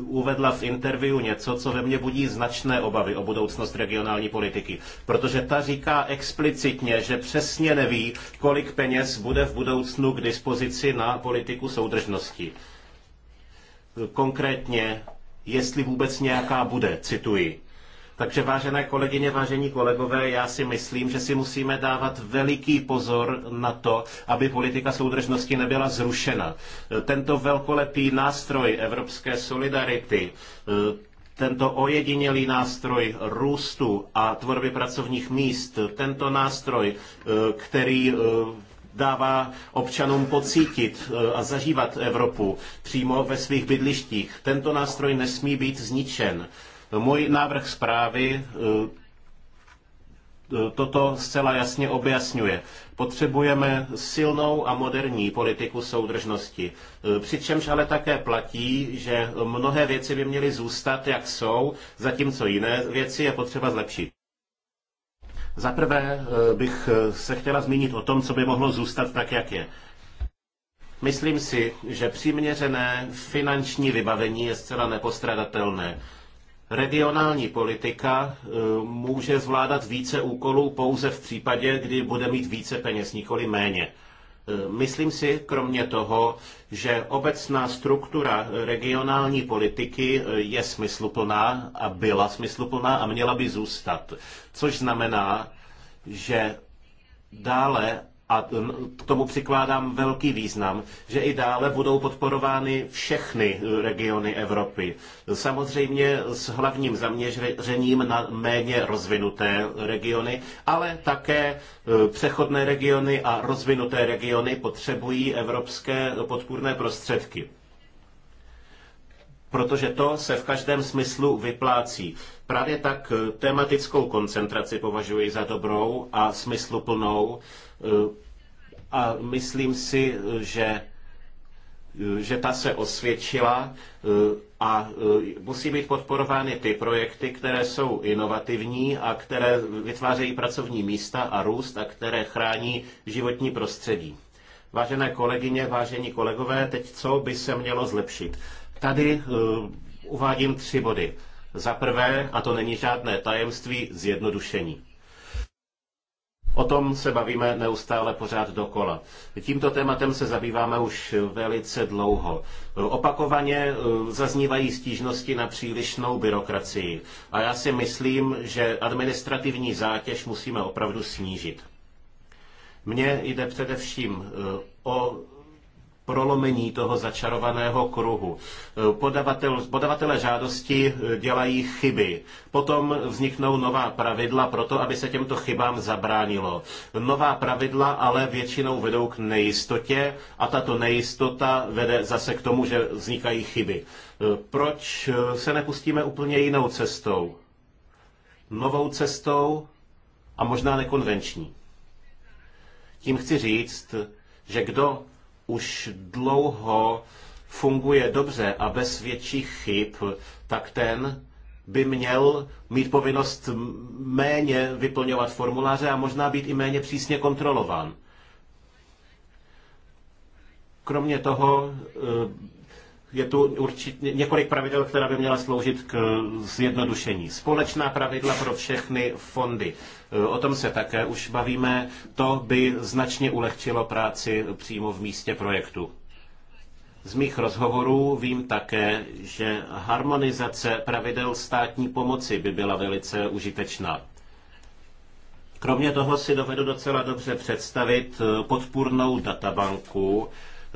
uvedla v interview něco, co ve mně budí značné obavy o budoucnost regionální politiky. Protože ta říká explicitně, že přesně neví, kolik peněz bude v budoucnu k dispozici na politiku soudržnosti. Konkrétně, jestli vůbec nějaká bude, cituji. Takže vážené kolegyně, vážení kolegové, já si myslím, že si musíme dávat veliký pozor na to, aby politika soudržnosti nebyla zrušena. Tento velkolepý nástroj evropské solidarity, tento ojedinělý nástroj růstu a tvorby pracovních míst, tento nástroj, který eh, dává občanům pocítit eh, a zažívat Evropu přímo ve svých bydlištích. Tento nástroj nesmí být zničen. Můj návrh zprávy eh, eh, toto zcela jasně objasňuje. Potřebujeme silnou a moderní politiku soudržnosti. Eh, přičemž ale také platí, že mnohé věci by měly zůstat, jak jsou, zatímco jiné věci je potřeba zlepšit. Za prvé bych se chtěla zmínit o tom, co by mohlo zůstat tak, jak je. Myslím si, že přiměřené finanční vybavení je zcela nepostradatelné. Regionální politika eh, může zvládat více úkolů pouze v případě, kdy bude mít více peněz, nikoli méně. Eh, myslím si kromě toho, že obecná struktura regionální politiky eh, je smysluplná a byla smysluplná a měla by zůstat. Což znamená, že dále a k tomu přikládám velký význam, že i dále budou podporovány všechny regiony Evropy. Samozřejmě s hlavním zaměřením na méně rozvinuté regiony, ale také e, přechodné regiony a rozvinuté regiony potřebují evropské podpůrné prostředky protože to se v každém smyslu vyplácí. Právě tak eh, tematickou koncentraci považuji za dobrou a smysluplnou eh, a myslím si, eh, že, že ta se osvědčila a musí být podporovány ty projekty, které jsou inovativní a které vytvářejí pracovní místa a růst a které chrání životní prostředí. Vážené kolegyně, vážení kolegové, teď co by se mělo zlepšit? Tady eh, uvádím tři body. Za prvé, a to není žádné tajemství, zjednodušení. O tom se bavíme neustále pořád dokola. Tímto tématem se zabýváme už velice dlouho. Opakovaně eh, zaznívají stížnosti na přílišnou byrokracii. A já si myslím, že administrativní zátěž musíme opravdu snížit. Mně jde především eh, o prolomení toho začarovaného kruhu. Podavatel, podavatelé žádosti eh, dělají chyby. Potom vzniknou nová pravidla pro to, aby se těmto chybám zabránilo. Nová pravidla ale většinou vedou k nejistotě a tato nejistota vede zase k tomu, že vznikají chyby. Eh, proč eh, se nepustíme úplně jinou cestou? Novou cestou a možná nekonvenční. Tím chci říct, že kdo už dlouho funguje dobře a bez větších chyb, tak ten by měl mít povinnost méně vyplňovat formuláře a možná být i méně přísně kontrolován. Kromě toho e, je tu určitě několik pravidel, která by měla sloužit k eh, zjednodušení. Společná pravidla pro všechny fondy. Eh, o tom se také už bavíme. To by značně ulehčilo práci přímo v místě projektu. Z mých rozhovorů vím také, že harmonizace pravidel státní pomoci by byla velice užitečná. Kromě toho si dovedu docela dobře představit eh, podpůrnou databanku,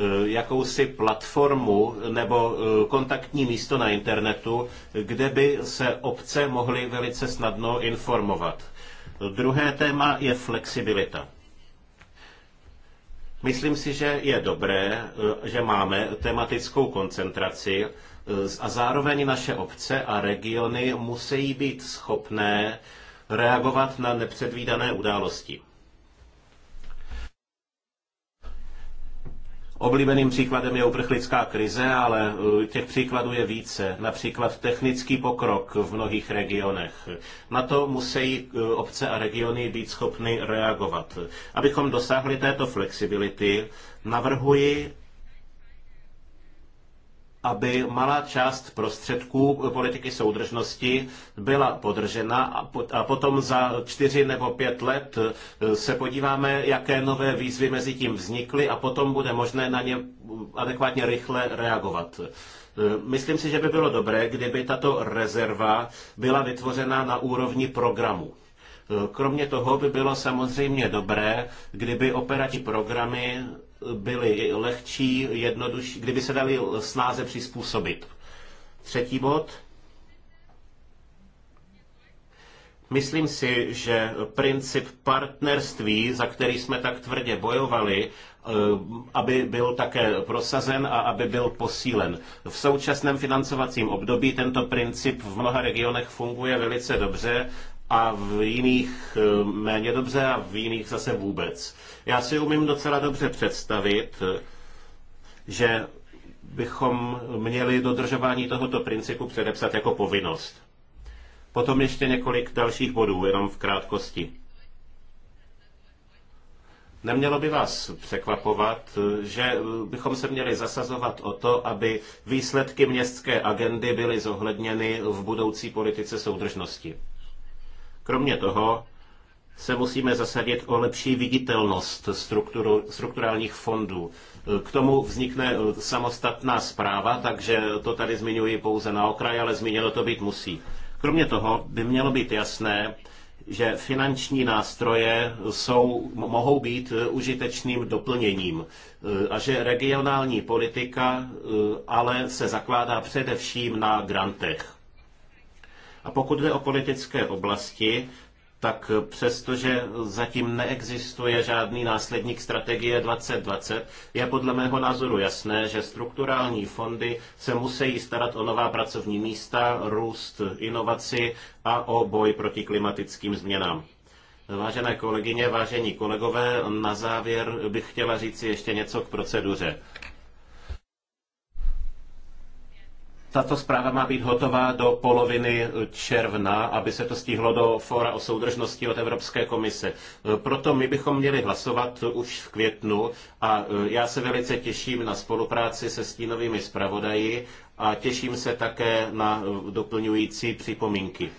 Eh, jakousi platformu nebo eh, kontaktní místo na internetu, kde by se obce mohly velice snadno informovat. Druhé téma je flexibilita. Myslím si, že je dobré, eh, že máme tematickou koncentraci a zároveň naše obce a regiony musí být schopné reagovat na nepředvídané události. Oblíbeným příkladem je uprchlická krize, ale eh, těch příkladů je více. Například technický pokrok v mnohých regionech. Na to musí eh, obce a regiony být schopny reagovat. Abychom dosáhli této flexibility, navrhuji aby malá část prostředků politiky soudržnosti byla podržena a, potom za čtyři nebo pět let eh, se podíváme, jaké nové výzvy mezi tím vznikly a potom bude možné na ně adekvátně rychle reagovat. Eh, myslím si, že by bylo dobré, kdyby tato rezerva byla vytvořena na úrovni programu. Eh, kromě toho by bylo samozřejmě dobré, kdyby operační programy byly lehčí, jednodušší, kdyby se dali snáze přizpůsobit. Třetí bod. Myslím si, že princip partnerství, za který jsme tak tvrdě bojovali, eh, aby byl také prosazen a aby byl posílen. V současném financovacím období tento princip v mnoha regionech funguje velice dobře a v jiných eh, méně dobře a v jiných zase vůbec. Já si umím docela dobře představit, eh, že bychom měli dodržování tohoto principu předepsat jako povinnost. Potom ještě několik dalších bodů, jenom v krátkosti. Nemělo by vás překvapovat, eh, že bychom se měli zasazovat o to, aby výsledky městské agendy byly zohledněny v budoucí politice soudržnosti. Kromě toho se musíme zasadit o lepší viditelnost strukturu, strukturálních fondů. K tomu vznikne eh, samostatná zpráva, takže to tady zmiňuji pouze na okraj, ale zmíněno to být musí. Kromě toho by mělo být jasné, že finanční nástroje jsou, mohou být eh, užitečným doplněním eh, a že regionální politika ale se zakládá především na grantech. A pokud jde o politické oblasti, tak přestože zatím neexistuje žádný následník strategie 2020, je podle mého názoru jasné, že strukturální fondy se musí starat o nová pracovní místa, růst, inovaci a o boj proti klimatickým změnám. Vážené kolegyně, vážení kolegové, na závěr bych chtěla říci ještě něco k proceduře. Tato zpráva má být hotová do poloviny června, aby se to stihlo do fóra o soudržnosti od Evropské komise. Proto my bychom měli hlasovat už v květnu a e, já se velice těším na spolupráci se stínovými zpravodaji a těším se také na e, doplňující připomínky. E,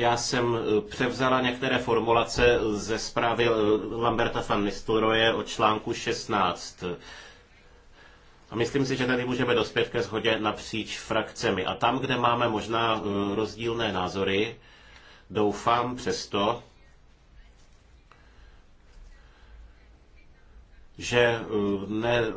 já jsem převzala některé formulace ze zprávy Lamberta van Nistelrooye o článku 16 a myslím si, že tady můžeme dospět ke shodě napříč frakcemi. A tam, kde máme možná e, rozdílné názory, doufám přesto, že e, ne, e,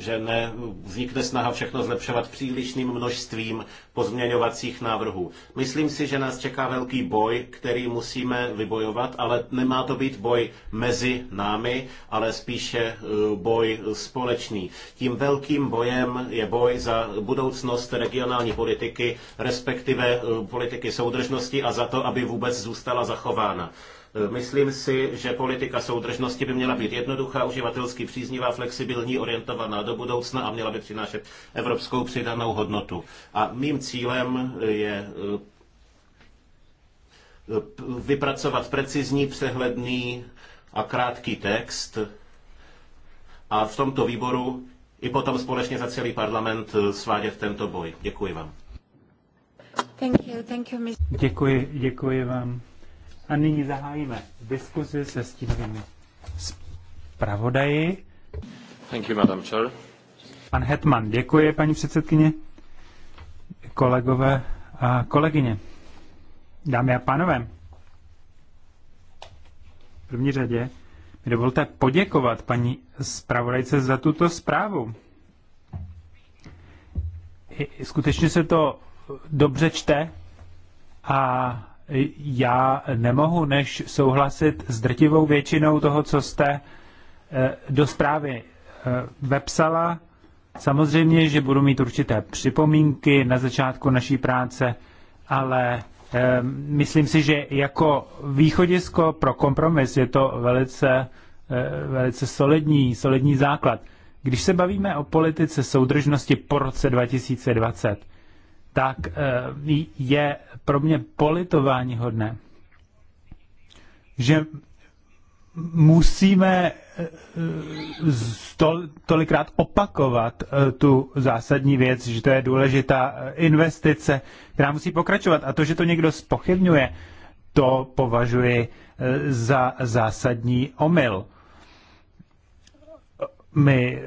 že nevznikne snaha všechno zlepšovat přílišným množstvím pozměňovacích návrhů. Myslím si, že nás čeká velký boj, který musíme vybojovat, ale nemá to být boj mezi námi, ale spíše eh, boj společný. Tím velkým bojem je boj za budoucnost regionální politiky, respektive eh, politiky soudržnosti a za to, aby vůbec zůstala zachována. Myslím si, že politika soudržnosti by měla být jednoduchá, uživatelsky příznivá, flexibilní, orientovaná do budoucna a měla by přinášet evropskou přidanou hodnotu. A mým cílem je eh, vypracovat precizní, přehledný a krátký text a v tomto výboru i potom společně za celý parlament eh, svádět tento boj. Děkuji vám. Thank you, thank you, Děkuji, děkuji vám. A nyní zahájíme diskuzi se stínovými zpravodaji. Thank you, Madam Chair. Pan Hetman, děkuji, paní předsedkyně, kolegové a kolegyně, dámy a pánové. V první řadě mi dovolte poděkovat paní zpravodajce za tuto zprávu. Skutečně se to dobře čte a já nemohu než souhlasit s drtivou většinou toho, co jste eh, do zprávy eh, vepsala. Samozřejmě, že budu mít určité připomínky na začátku naší práce, ale eh, myslím si, že jako východisko pro kompromis je to velice, velice solidní, solidní základ. Když se bavíme o politice soudržnosti po roce 2020, tak eh, je pro mě politování hodné, že musíme eh, tolikrát opakovat eh, tu zásadní věc, že to je důležitá investice, která musí pokračovat. A to, že to někdo spochybňuje, to považuji za zásadní omyl. My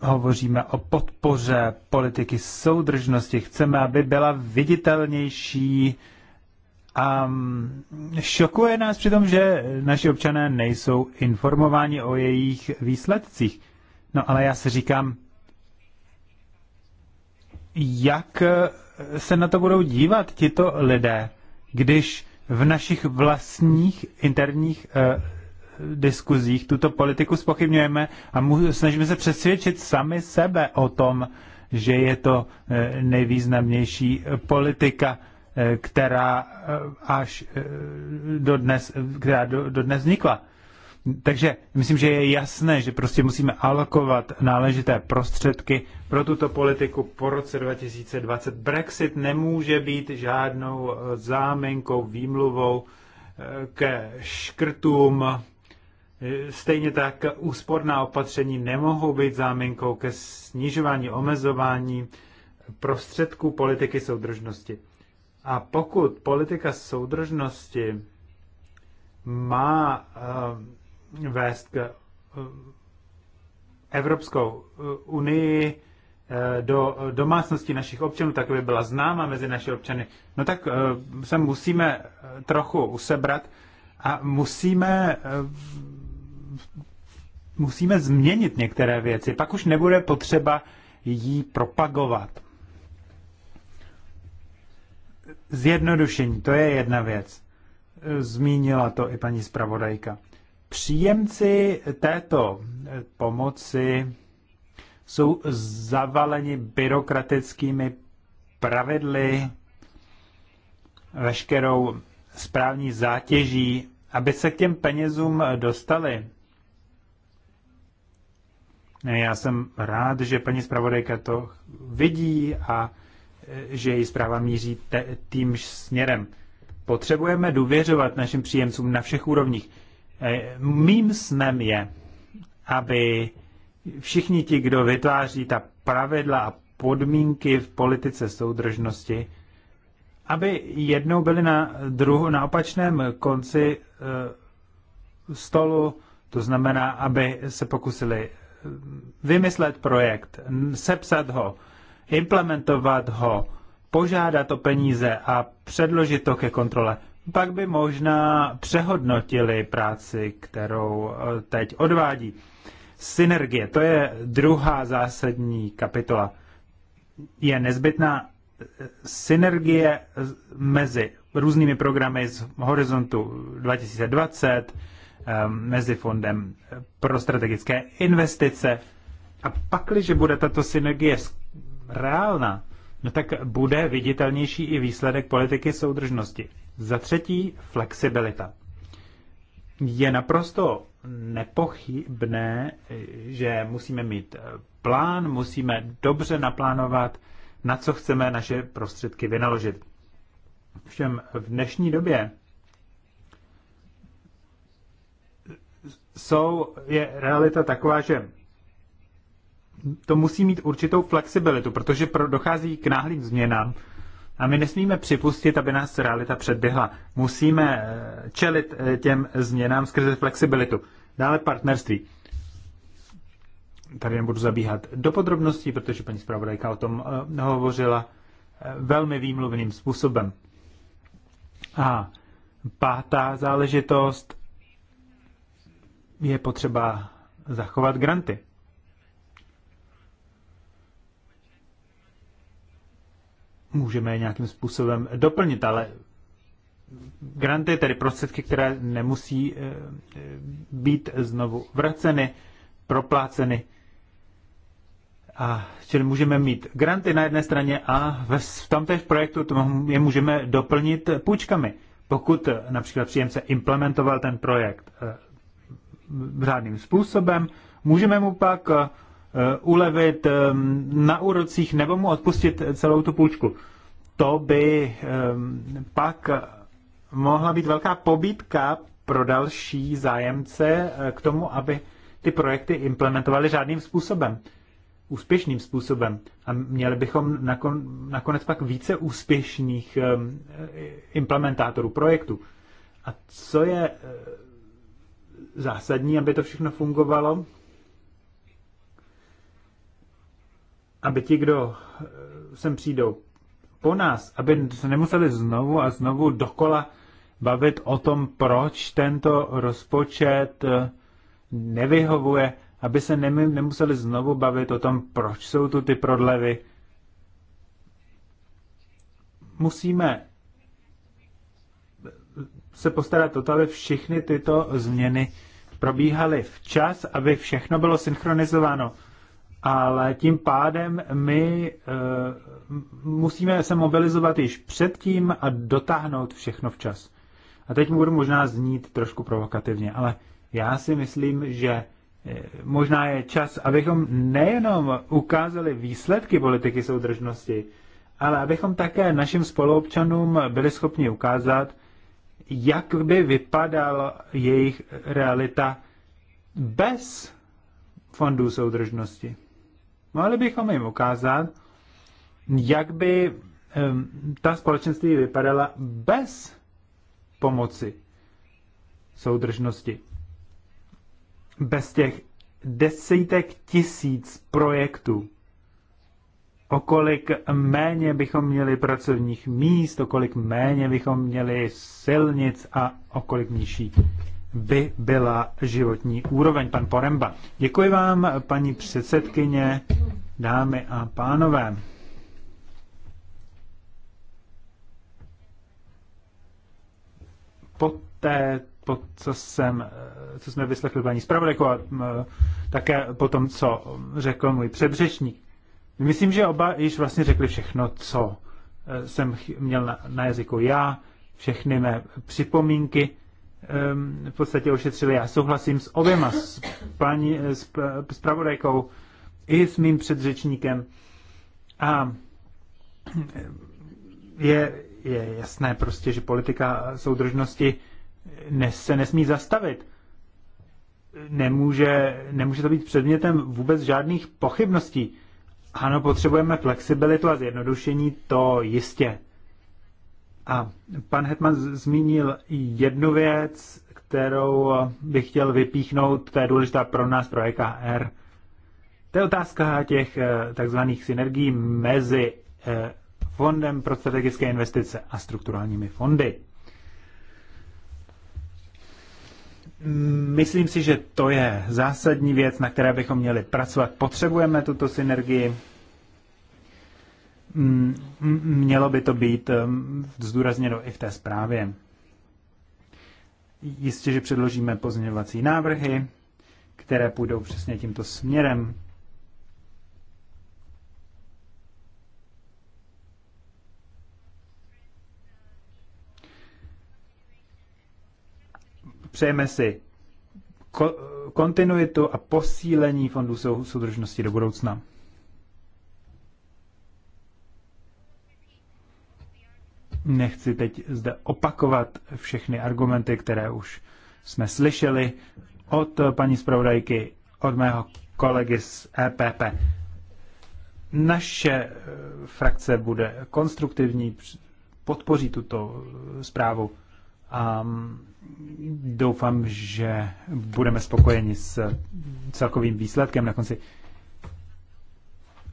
hovoříme o podpoře politiky soudržnosti. Chceme, aby byla viditelnější a mm, šokuje nás přitom, že naši občané nejsou informováni o jejich výsledcích. No ale já si říkám, jak se na to budou dívat tito lidé, když v našich vlastních interních eh, diskuzích tuto politiku spochybňujeme a snažíme se přesvědčit sami sebe o tom, že je to eh, nejvýznamnější eh, politika, eh, která až dodnes, která dodnes vznikla. Takže myslím, že je jasné, že prostě musíme alokovat náležité prostředky pro tuto politiku po roce 2020. Brexit nemůže být žádnou záminkou, výmluvou ke škrtům Stejně tak úsporná opatření nemohou být záminkou ke snižování, omezování prostředků politiky soudržnosti. A pokud politika soudržnosti má uh, vést k uh, Evropskou uh, unii do domácnosti našich občanů, tak by byla známa mezi naši občany, no tak se musíme trochu usebrat a musíme musíme změnit některé věci, pak už nebude potřeba jí propagovat. Zjednodušení, to je jedna věc. Zmínila to i paní zpravodajka. Příjemci této pomoci jsou zavaleni byrokratickými pravidly, veškerou správní zátěží, aby se k těm penězům dostali. Já jsem rád, že paní zpravodajka to vidí a e, že její zpráva míří te, tím směrem. Potřebujeme důvěřovat našim příjemcům na všech úrovních. E, mým snem je, aby všichni ti, kdo vytváří ta pravidla a podmínky v politice soudržnosti, aby jednou byli na, druhu, na opačném konci e, stolu, to znamená, aby se pokusili vymyslet projekt, sepsat ho, implementovat ho, požádat o peníze a předložit to ke kontrole, pak by možná přehodnotili práci, kterou eh, teď odvádí. Synergie, to je druhá zásadní kapitola. Je nezbytná eh, synergie mezi různými programy z Horizontu 2020, Eh, mezi fondem pro strategické investice. A pakliže bude tato synergie reálna, no tak bude viditelnější i výsledek politiky soudržnosti. Za třetí, flexibilita. Je naprosto nepochybné, že musíme mít eh, plán, musíme dobře naplánovat, na co chceme naše prostředky vynaložit. Všem v dnešní době jsou, je realita taková, že to musí mít určitou flexibilitu, protože pro, dochází k náhlým změnám a my nesmíme připustit, aby nás realita předběhla. Musíme eh, čelit eh, těm změnám skrze flexibilitu. Dále partnerství. Tady nebudu zabíhat do podrobností, protože paní zpravodajka o tom eh, hovořila velmi výmluvným způsobem. A pátá záležitost, je potřeba zachovat granty. Můžeme je nějakým způsobem doplnit, ale granty, tedy prostředky, které nemusí eh, být znovu vraceny, propláceny. A čili můžeme mít granty na jedné straně a v tomtéž projektu je můžeme doplnit půjčkami. Pokud eh, například příjemce implementoval ten projekt eh, řádným způsobem. Můžeme mu pak eh, ulevit eh, na úrocích nebo mu odpustit celou tu půjčku. To by eh, pak mohla být velká pobítka pro další zájemce k tomu, aby ty projekty implementovali řádným způsobem, úspěšným způsobem. A měli bychom nakonec pak více úspěšných implementátorů projektu. A co je zásadní, aby to všechno fungovalo. Aby ti, kdo eh, sem přijdou po nás, aby se nemuseli znovu a znovu dokola bavit o tom, proč tento rozpočet eh, nevyhovuje, aby se nemuseli znovu bavit o tom, proč jsou tu ty prodlevy. Musíme se postarat o to, aby všechny tyto změny probíhaly včas, aby všechno bylo synchronizováno. Ale tím pádem my e, musíme se mobilizovat již předtím a dotáhnout všechno včas. A teď budu možná znít trošku provokativně, ale já si myslím, že eh, možná je čas, abychom nejenom ukázali výsledky politiky soudržnosti, ale abychom také našim spoluobčanům byli schopni ukázat, jak by vypadala jejich realita bez fondů soudržnosti. Mohli bychom jim ukázat, jak by ta společenství vypadala bez pomoci soudržnosti. Bez těch desítek tisíc projektů, o kolik méně bychom měli pracovních míst, o kolik méně bychom měli silnic a o kolik nižší by byla životní úroveň. Pan Poremba. Děkuji vám, paní předsedkyně, dámy a pánové. Poté, po co, jsem, co jsme vyslechli paní zpravodajku a také po tom, co řekl můj předřečník, Myslím, že oba již vlastně řekli všechno, co eh, jsem měl na, na jazyku já, všechny mé připomínky ehm, v podstatě ošetřili. Já souhlasím s oběma, s paní, eh, s, s pravodajkou i s mým předřečníkem. A eh, je, je jasné prostě, že politika soudržnosti nes, se nesmí zastavit. Nemůže, nemůže to být předmětem vůbec žádných pochybností ano, potřebujeme flexibilitu a zjednodušení, to jistě. A pan Hetman zmínil jednu věc, kterou bych chtěl vypíchnout, to je důležitá pro nás, pro EKR. To je otázka těch eh, takzvaných synergií mezi eh, Fondem pro strategické investice a strukturálními fondy. Myslím si, že to je zásadní věc, na které bychom měli pracovat. Potřebujeme tuto synergii. Mm, mělo by to být zdůrazněno i v té zprávě. Jistě, že předložíme pozměňovací návrhy, které půjdou přesně tímto směrem. Přejeme si kontinuitu a posílení fondů soudržnosti do budoucna. Nechci teď zde opakovat všechny argumenty, které už jsme slyšeli od paní zpravodajky, od mého kolegy z EPP. Naše eh, frakce bude konstruktivní, podpoří tuto eh, zprávu a doufám, že budeme spokojeni s celkovým výsledkem na konci.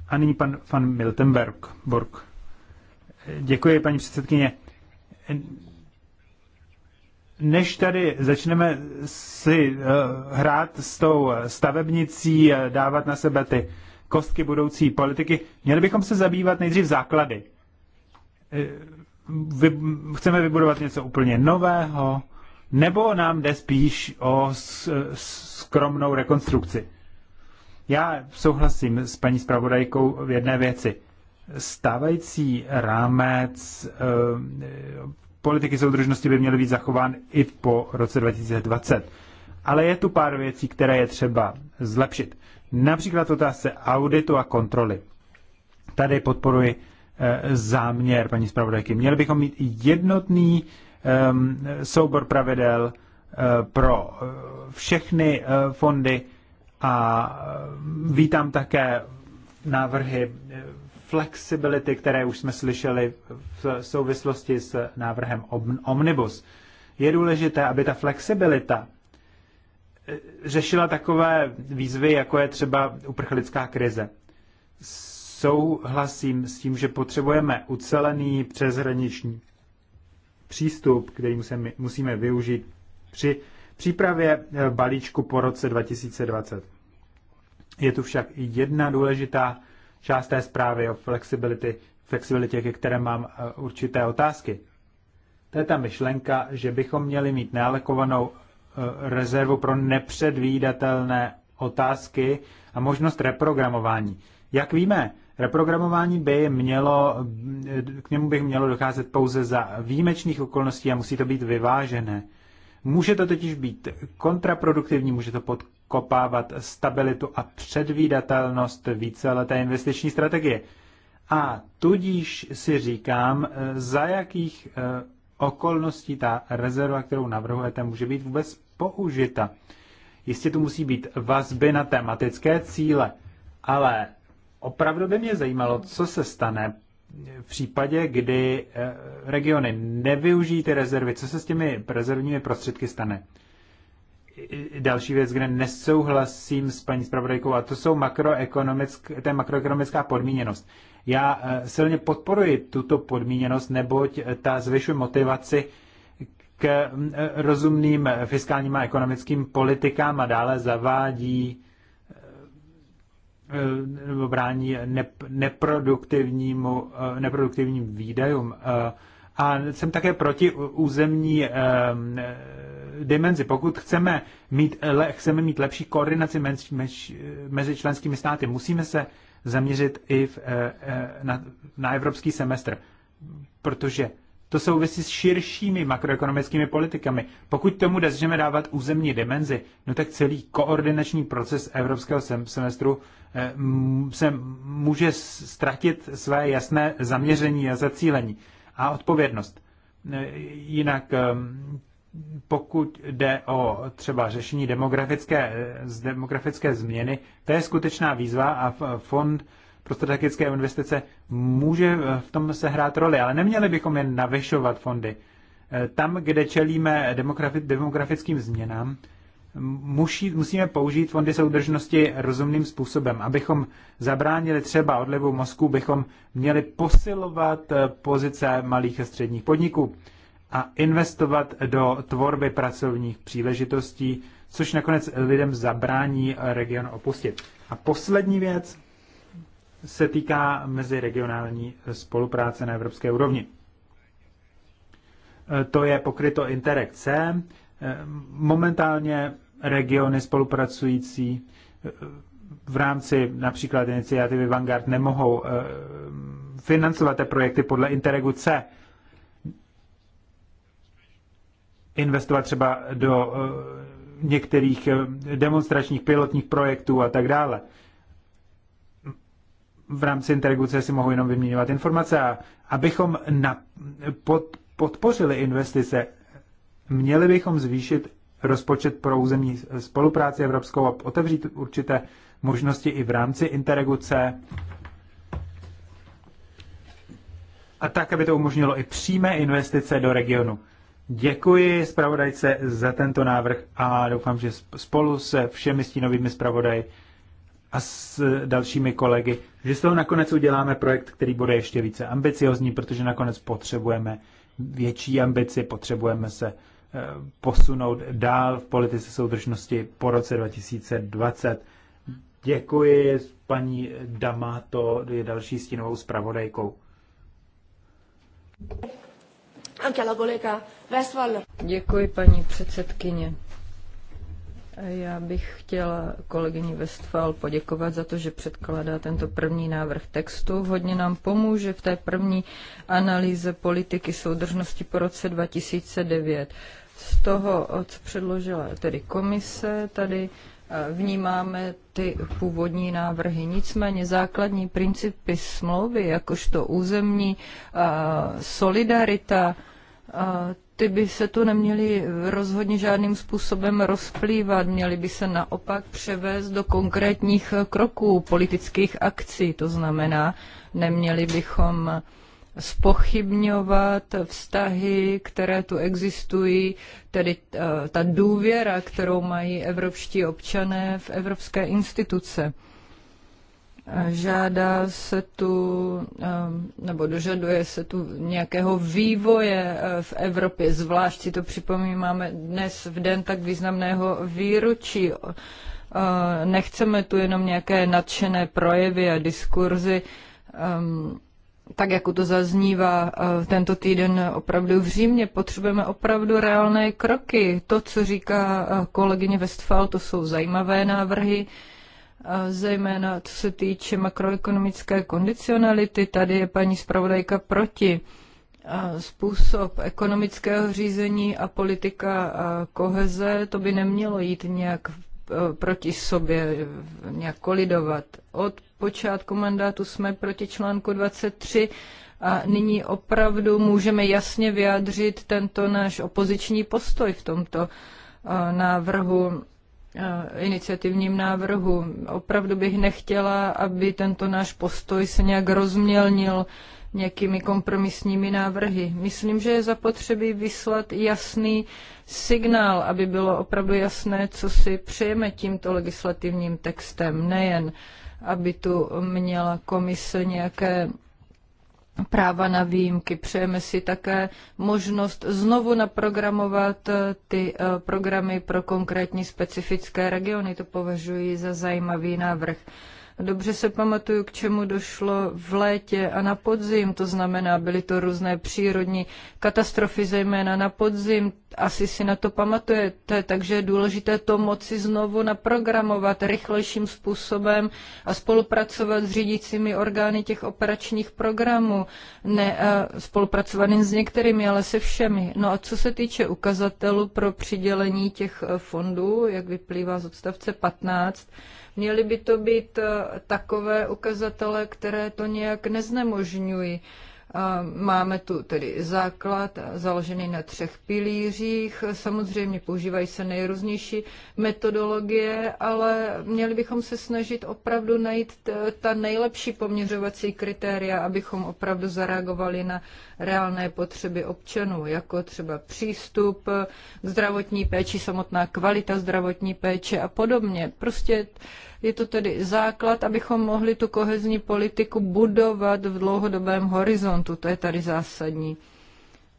A nyní pan, pan Miltenberg. Borg. Děkuji, paní předsedkyně. Než tady začneme si eh, hrát s tou stavebnicí, dávat na sebe ty kostky budoucí politiky, měli bychom se zabývat nejdřív základy eh, vy, chceme vybudovat něco úplně nového, nebo nám jde spíš o skromnou rekonstrukci. Já souhlasím s paní zpravodajkou v jedné věci. Stávající rámec eh, politiky soudržnosti by měl být zachován i po roce 2020. Ale je tu pár věcí, které je třeba zlepšit. Například otázce auditu a kontroly. Tady podporuji Eh, záměr paní zpravodajky. Měli bychom mít jednotný soubor pravidel eh, pro eh, všechny fondy a vítám také návrhy flexibility, které už jsme slyšeli v souvislosti s návrhem Omnibus. Je důležité, aby ta flexibilita řešila takové výzvy, jako je třeba uprchlická krize souhlasím s tím, že potřebujeme ucelený přeshraniční přístup, který musíme využít při přípravě eh, balíčku po roce 2020. Je tu však i jedna důležitá část té zprávy o flexibility, flexibilitě, ke které mám eh, určité otázky. To je ta myšlenka, že bychom měli mít nealekovanou eh, rezervu pro nepředvídatelné otázky a možnost reprogramování. Jak víme, Reprogramování by mělo, k němu bych mělo docházet pouze za výjimečných okolností a musí to být vyvážené. Může to totiž být kontraproduktivní, může to podkopávat stabilitu a předvídatelnost víceleté investiční strategie. A tudíž si říkám, za jakých eh, okolností ta rezerva, kterou navrhujete, může být vůbec použita. Jistě tu musí být vazby na tematické cíle, ale opravdu by mě zajímalo, co se stane v případě, kdy eh, regiony nevyužijí ty rezervy, co se s těmi rezervními prostředky stane? Další věc, kde nesouhlasím s paní zpravodajkou, a to jsou makroekonomick, to je makroekonomická podmíněnost. Já eh, silně podporuji tuto podmíněnost, neboť eh, ta zvyšuje motivaci k mm, rozumným fiskálním a ekonomickým politikám a dále zavádí nebo brání neproduktivnímu, eh, neproduktivním výdajům. Eh, a jsem také proti územní eh, dimenzi. Pokud chceme mít, chceme mít lepší koordinaci mezi členskými státy, musíme se zaměřit i v, na, na evropský semestr, protože to souvisí s širšími makroekonomickými politikami. Pokud tomu začneme dávat územní dimenzi, no tak celý koordinační proces evropského semestru Eh, se může ztratit své jasné zaměření a zacílení a odpovědnost. Eh, jinak ehm, pokud jde o třeba řešení demografické, eh, demografické změny, to je skutečná výzva a fond pro strategické investice může v tom sehrát roli, ale neměli bychom jen navyšovat fondy. Tam, kde čelíme demografickým změnám, musí, musíme použít fondy soudržnosti rozumným způsobem. Abychom zabránili třeba odlivu mozku, bychom měli posilovat eh, pozice malých a středních podniků a investovat do tvorby pracovních příležitostí, což nakonec lidem zabrání region opustit. A poslední věc se týká meziregionální spolupráce na evropské úrovni. Eh, to je pokryto Interreg C. Eh, momentálně regiony spolupracující eh, v rámci například iniciativy Vanguard nemohou eh, financovat ty projekty podle Interregu C. Investovat třeba do eh, některých demonstračních pilotních projektů a tak dále. V rámci Interregu C si mohou jenom vyměňovat informace a abychom na, pod, podpořili investice, měli bychom zvýšit rozpočet pro územní spolupráci evropskou a otevřít určité možnosti i v rámci interreguce. A tak, aby to umožnilo i přímé investice do regionu. Děkuji zpravodajce za tento návrh a doufám, že spolu se všemi stínovými zpravodaji a s dalšími kolegy, že z toho nakonec uděláme projekt, který bude ještě více ambiciozní, protože nakonec potřebujeme větší ambici, potřebujeme se posunout dál v politice soudržnosti po roce 2020. Děkuji, paní to je další stínovou zpravodajkou. Děkuji, paní předsedkyně. Já bych chtěla kolegyni Westfal poděkovat za to, že předkládá tento první návrh textu. Hodně nám pomůže v té první analýze politiky soudržnosti po roce 2009 z toho, co předložila tedy komise, tady eh, vnímáme ty původní návrhy. Nicméně základní principy smlouvy, jakožto územní eh, solidarita, eh, ty by se tu neměly rozhodně žádným způsobem rozplývat, měly by se naopak převést do konkrétních kroků politických akcí. To znamená, neměli bychom spochybňovat vztahy, které tu existují, tedy eh, ta důvěra, kterou mají evropští občané v evropské instituce. Žádá se tu, eh, nebo dožaduje se tu nějakého vývoje eh, v Evropě, zvlášť si to připomínáme dnes v den tak významného výročí. Nechceme tu jenom nějaké nadšené projevy a diskurzy, ehm, tak jako to zaznívá eh, tento týden opravdu v Římě, potřebujeme opravdu reálné kroky. To, co říká eh, kolegyně Westfal, to jsou zajímavé návrhy, eh, zejména co se týče makroekonomické kondicionality. Tady je paní zpravodajka proti. Způsob ekonomického řízení a politika koheze, to by nemělo jít nějak proti sobě, nějak kolidovat. Od počátku mandátu jsme proti článku 23 a nyní opravdu můžeme jasně vyjádřit tento náš opoziční postoj v tomto eh, návrhu eh, iniciativním návrhu. Opravdu bych nechtěla, aby tento náš postoj se nějak rozmělnil nějakými kompromisními návrhy. Myslím, že je zapotřebí vyslat jasný signál, aby bylo opravdu jasné, co si přejeme tímto legislativním textem, nejen uh, aby tu měla komise nějaké práva na výjimky. Přejeme si také možnost znovu naprogramovat eh, ty eh, programy pro konkrétní specifické regiony. To považuji za zajímavý návrh. Dobře se pamatuju, k čemu došlo v létě a na podzim, to znamená, byly to různé přírodní katastrofy, zejména na podzim, asi si na to pamatujete, takže je důležité to moci znovu naprogramovat rychlejším způsobem a spolupracovat s řídícími orgány těch operačních programů. Ne spolupracovat jen s některými, ale se všemi. No a co se týče ukazatelů pro přidělení těch eh, fondů, jak vyplývá z odstavce 15, Měly by to být eh, takové ukazatele, které to nějak neznemožňují. Máme tu tedy základ založený na třech pilířích. Samozřejmě používají se nejrůznější metodologie, ale měli bychom se snažit opravdu najít ta nejlepší poměřovací kritéria, abychom opravdu zareagovali na reálné potřeby občanů, jako třeba přístup k zdravotní péči, samotná kvalita zdravotní péče a podobně. Prostě je to tedy základ, abychom mohli tu kohezní politiku budovat v dlouhodobém horizontu. To je tady zásadní.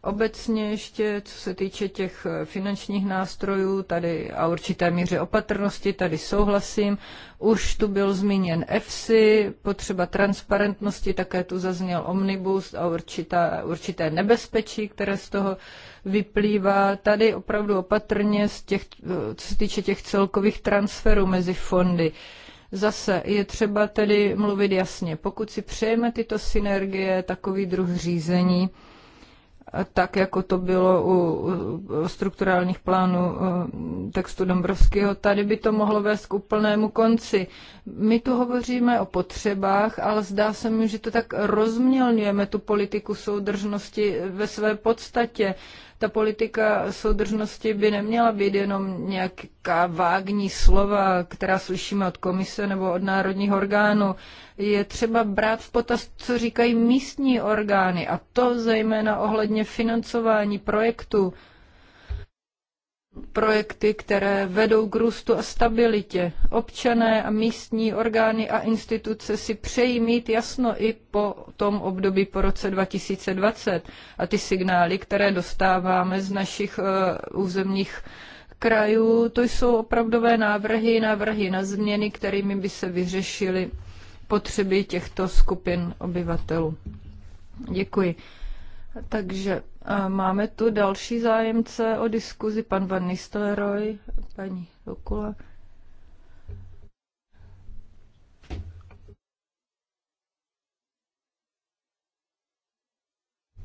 Obecně ještě, co se týče těch eh, finančních nástrojů, tady a určité míře opatrnosti, tady souhlasím. Už tu byl zmíněn EFSI, potřeba transparentnosti, také tu zazněl omnibus a určitá, určité nebezpečí, které z toho vyplývá. Tady opravdu opatrně, z těch, eh, co se týče těch celkových transferů mezi fondy. Zase je třeba tedy mluvit jasně. Pokud si přejeme tyto synergie, takový druh řízení, tak jako to bylo u strukturálních plánů textu Dombrovského, tady by to mohlo vést k úplnému konci. My tu hovoříme o potřebách, ale zdá se mi, že to tak rozmělňujeme tu politiku soudržnosti ve své podstatě. Ta politika soudržnosti by neměla být jenom nějaká vágní slova, která slyšíme od komise nebo od národních orgánů. Je třeba brát v potaz, co říkají místní orgány, a to zejména ohledně ohledně financování projektu, projekty, které vedou k růstu a stabilitě. Občané a místní orgány a instituce si přejí mít jasno i po tom období po roce 2020 a ty signály, které dostáváme z našich uh, územních krajů, to jsou opravdové návrhy, návrhy na změny, kterými by se vyřešily potřeby těchto skupin obyvatelů. Děkuji. Takže máme tu další zájemce o diskuzi, pan Van Nistelrooy, paní Dokula.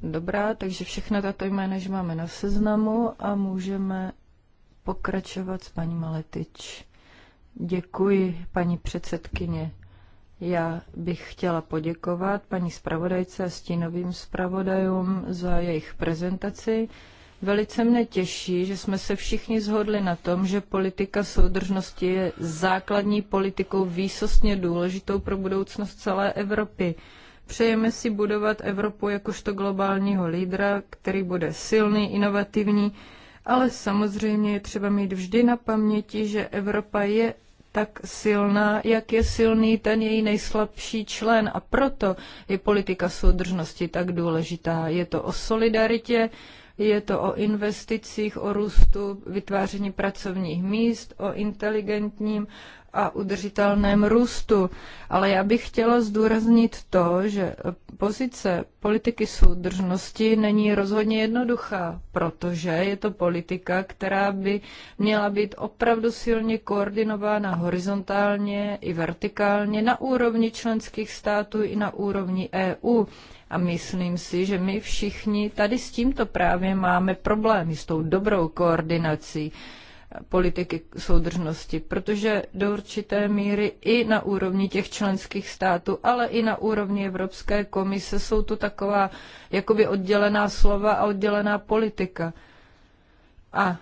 Dobrá, takže všechna tato jména že máme na seznamu a můžeme pokračovat s paní Maletič. Děkuji, paní předsedkyně. Já bych chtěla poděkovat paní zpravodajce a stínovým zpravodajům za jejich prezentaci. Velice mne těší, že jsme se všichni zhodli na tom, že politika soudržnosti je základní politikou výsostně důležitou pro budoucnost celé Evropy. Přejeme si budovat Evropu jakožto globálního lídra, který bude silný, inovativní, ale samozřejmě je třeba mít vždy na paměti, že Evropa je tak silná, jak je silný ten její nejslabší člen. A proto je politika soudržnosti tak důležitá. Je to o solidaritě, je to o investicích, o růstu, vytváření pracovních míst, o inteligentním a udržitelném růstu. Ale já bych chtěla zdůraznit to, že pozice politiky soudržnosti není rozhodně jednoduchá, protože je to politika, která by měla být opravdu silně koordinována horizontálně i vertikálně na úrovni členských států i na úrovni EU. A myslím si, že my všichni tady s tímto právě máme problémy, s tou dobrou koordinací politiky soudržnosti, protože do určité míry i na úrovni těch členských států, ale i na úrovni Evropské komise jsou to taková jakoby oddělená slova a oddělená politika. A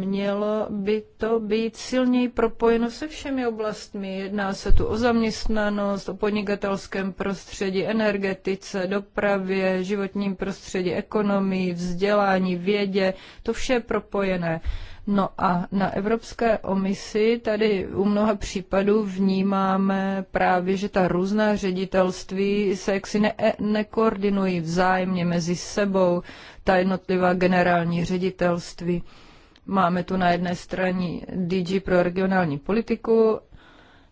mělo by to být silněji propojeno se všemi oblastmi. Jedná se tu o zaměstnanost, o podnikatelském prostředí, energetice, dopravě, životním prostředí, ekonomii, vzdělání, vědě. To vše je propojené. No a na Evropské omisi tady u mnoha případů vnímáme právě, že ta různá ředitelství se jaksi ne- nekoordinují vzájemně mezi sebou, ta jednotlivá generální ředitelství. Máme tu na jedné straně DG pro regionální politiku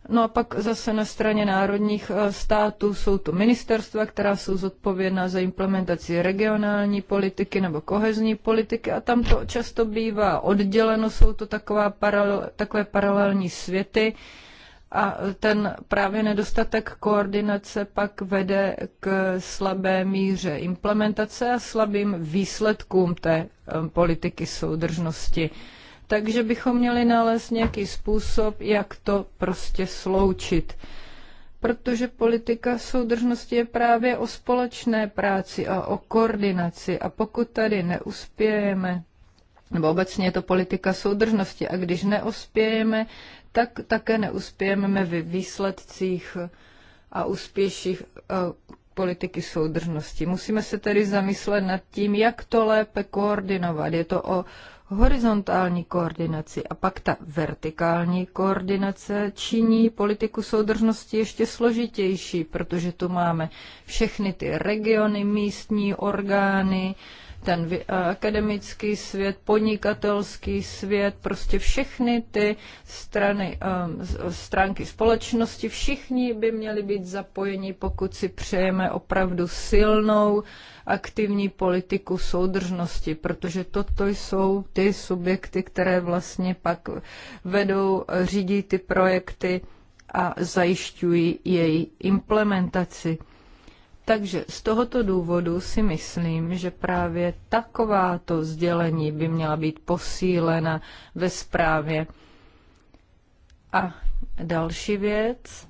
No a pak zase na straně národních eh, států jsou tu ministerstva, která jsou zodpovědná za implementaci regionální politiky nebo kohezní politiky a tam to často bývá odděleno, jsou to taková paralel, takové paralelní světy a ten právě nedostatek koordinace pak vede k slabé míře implementace a slabým výsledkům té eh, politiky soudržnosti. Takže bychom měli nalézt nějaký způsob, jak to prostě sloučit. Protože politika soudržnosti je právě o společné práci a o koordinaci. A pokud tady neuspějeme, nebo obecně je to politika soudržnosti, a když neuspějeme, tak také neuspějeme ve výsledcích a úspěších e, politiky soudržnosti. Musíme se tedy zamyslet nad tím, jak to lépe koordinovat. Je to o horizontální koordinaci a pak ta vertikální koordinace činí politiku soudržnosti ještě složitější, protože tu máme všechny ty regiony, místní orgány, ten akademický svět, podnikatelský svět, prostě všechny ty strany, um, stránky společnosti, všichni by měli být zapojeni, pokud si přejeme opravdu silnou aktivní politiku soudržnosti, protože toto jsou ty subjekty, které vlastně pak vedou, řídí ty projekty a zajišťují její implementaci. Takže z tohoto důvodu si myslím, že právě takováto sdělení by měla být posílena ve zprávě. A další věc,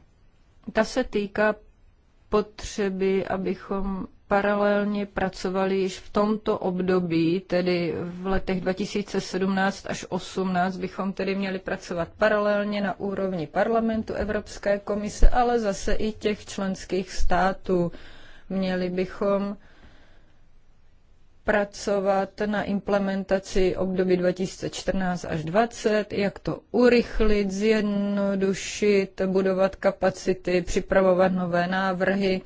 ta se týká potřeby, abychom paralelně pracovali již v tomto období, tedy v letech 2017 až 2018 bychom tedy měli pracovat paralelně na úrovni parlamentu Evropské komise, ale zase i těch členských států. Měli bychom pracovat na implementaci období 2014 až 2020, jak to urychlit, zjednodušit, budovat kapacity, připravovat nové návrhy.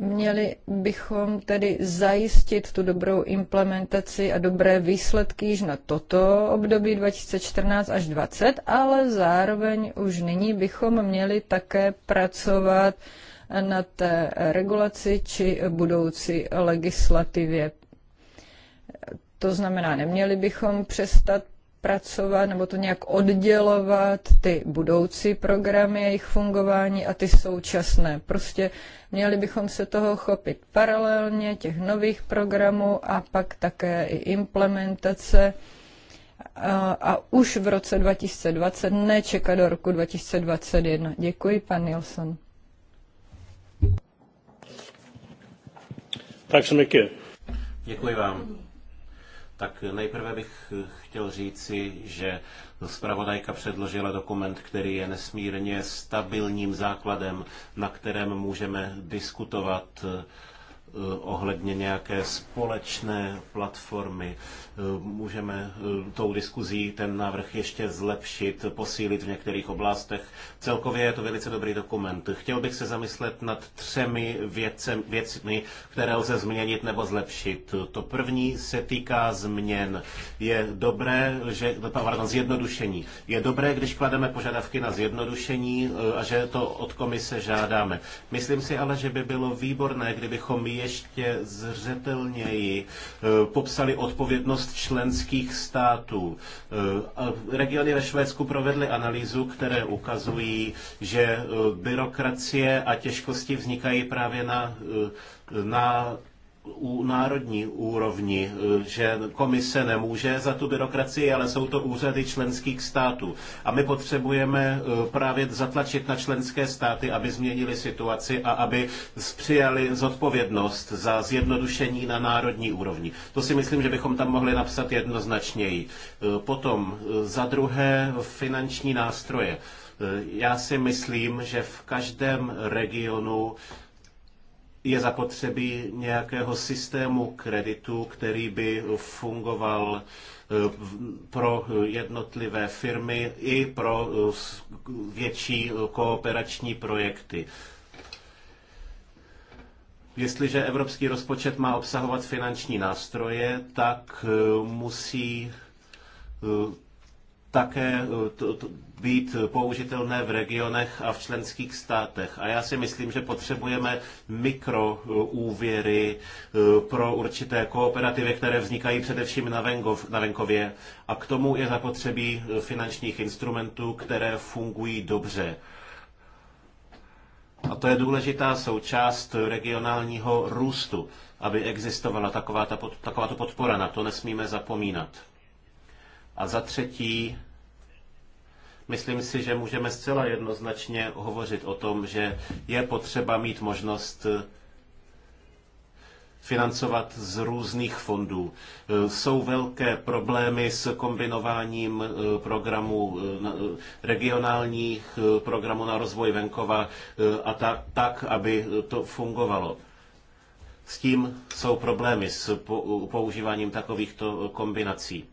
Měli bychom tedy zajistit tu dobrou implementaci a dobré výsledky již na toto období 2014 až 2020, ale zároveň už nyní bychom měli také pracovat na té regulaci či budoucí legislativě. To znamená, neměli bychom přestat pracovat nebo to nějak oddělovat ty budoucí programy, jejich fungování a ty současné. Prostě měli bychom se toho chopit paralelně, těch nových programů a pak také i implementace a, a už v roce 2020, nečekat do roku 2021. Děkuji, pan Nilsson. Tak se Děkuji vám. Tak nejprve bych eh, chtěl říci, že zpravodajka předložila dokument, který je nesmírně stabilním základem, na kterém můžeme diskutovat eh, Eh, ohledně nějaké společné platformy. Eh, můžeme eh, tou diskuzí ten návrh ještě zlepšit, posílit v některých oblastech. Celkově je to velice dobrý dokument. Chtěl bych se zamyslet nad třemi věcem, věcmi, které lze změnit nebo zlepšit. To první se týká změn. Je dobré, že, pardon, zjednodušení. Je dobré, když klademe požadavky na zjednodušení a že to od komise žádáme. Myslím si ale, že by bylo výborné, kdybychom je ještě zřetelněji eh, popsali odpovědnost členských států. Eh, regiony ve Švédsku provedly analýzu, které ukazují, že eh, byrokracie a těžkosti vznikají právě na, na u národní úrovni, eh, že komise nemůže za tu byrokracii, ale jsou to úřady členských států. A my potřebujeme eh, právě zatlačit na členské státy, aby změnili situaci a aby přijali zodpovědnost za zjednodušení na národní úrovni. To si myslím, že bychom tam mohli napsat jednoznačněji. Eh, potom za druhé finanční nástroje. Já si myslím, že v každém regionu je zapotřebí nějakého systému kreditu, který by fungoval eh, pro jednotlivé firmy i pro eh, větší eh, kooperační projekty. Jestliže evropský rozpočet má obsahovat finanční nástroje, tak musí také eh, být použitelné v regionech a v členských státech. A já si myslím, že potřebujeme mikroúvěry eh, eh, pro určité kooperativy, které vznikají především na, venkov, na venkově. A k tomu je zapotřebí finančních instrumentů, které fungují dobře. A to je důležitá součást regionálního růstu, aby existovala taková ta pod, takováto podpora. Na to nesmíme zapomínat. A za třetí, myslím si, že můžeme zcela jednoznačně hovořit o tom, že je potřeba mít možnost eh, financovat z různých fondů. Eh, jsou velké problémy s kombinováním eh, programů regionálních, programů na rozvoj venkova a tak, tak aby to fungovalo. S tím jsou problémy s používáním takovýchto kombinací.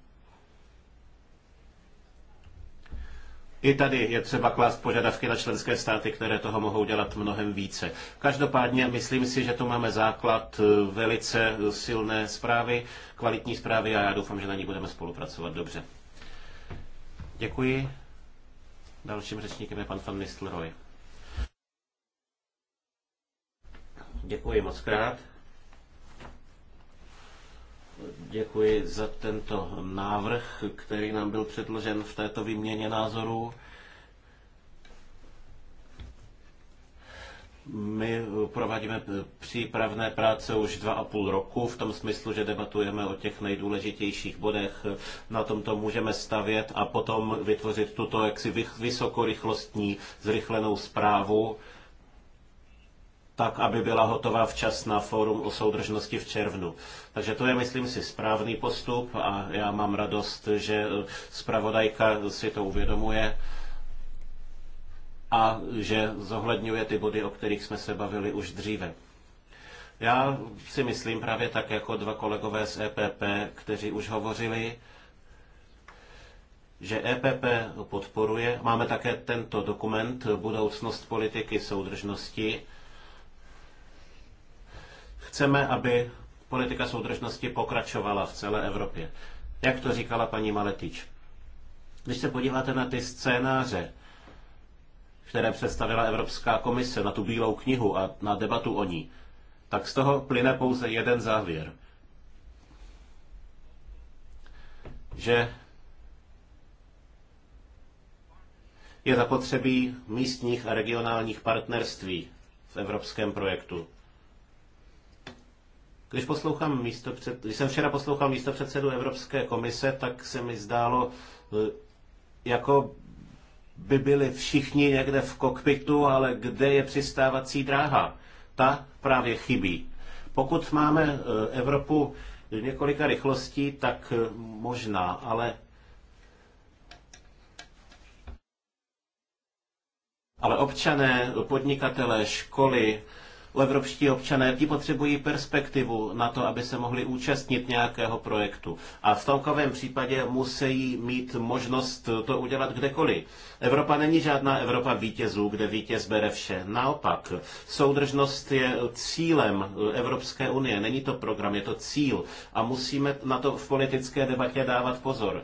I tady je třeba klást požadavky na členské státy, které toho mohou dělat mnohem více. Každopádně myslím si, že tu máme základ eh, velice silné zprávy, kvalitní zprávy a já doufám, že na ní budeme spolupracovat dobře. Děkuji. Dalším řečníkem je pan van Nistelrooy. Děkuji moc krát. Děkuji za tento návrh, který nám byl předložen v této výměně názorů. My provádíme přípravné práce už dva a půl roku v tom smyslu, že debatujeme o těch nejdůležitějších bodech, na tom to můžeme stavět a potom vytvořit tuto jaksi vysokorychlostní zrychlenou zprávu, tak, aby byla hotová včas na fórum o soudržnosti v červnu. Takže to je, myslím si, správný postup a já mám radost, že zpravodajka si to uvědomuje a že zohledňuje ty body, o kterých jsme se bavili už dříve. Já si myslím právě tak jako dva kolegové z EPP, kteří už hovořili, že EPP podporuje. Máme také tento dokument Budoucnost politiky soudržnosti Chceme, aby politika soudržnosti pokračovala v celé Evropě. Jak to říkala paní Maletič. Když se podíváte na ty scénáře, které představila Evropská komise, na tu bílou knihu a na debatu o ní, tak z toho plyne pouze jeden závěr. Že je zapotřebí místních a regionálních partnerství v evropském projektu. Když, poslouchám místo před, když jsem včera poslouchal místo předsedu Evropské komise, tak se mi zdálo, eh, jako by byli všichni někde v kokpitu, ale kde je přistávací dráha? Ta právě chybí. Pokud máme eh, Evropu několika rychlostí, tak eh, možná, ale ale občané, podnikatelé, školy, evropští občané, ti potřebují perspektivu na to, aby se mohli účastnit nějakého projektu. A v tomkovém případě musí mít možnost to udělat kdekoliv. Evropa není žádná Evropa vítězů, kde vítěz bere vše. Naopak, soudržnost je cílem Evropské unie, není to program, je to cíl. A musíme na to v politické debatě dávat pozor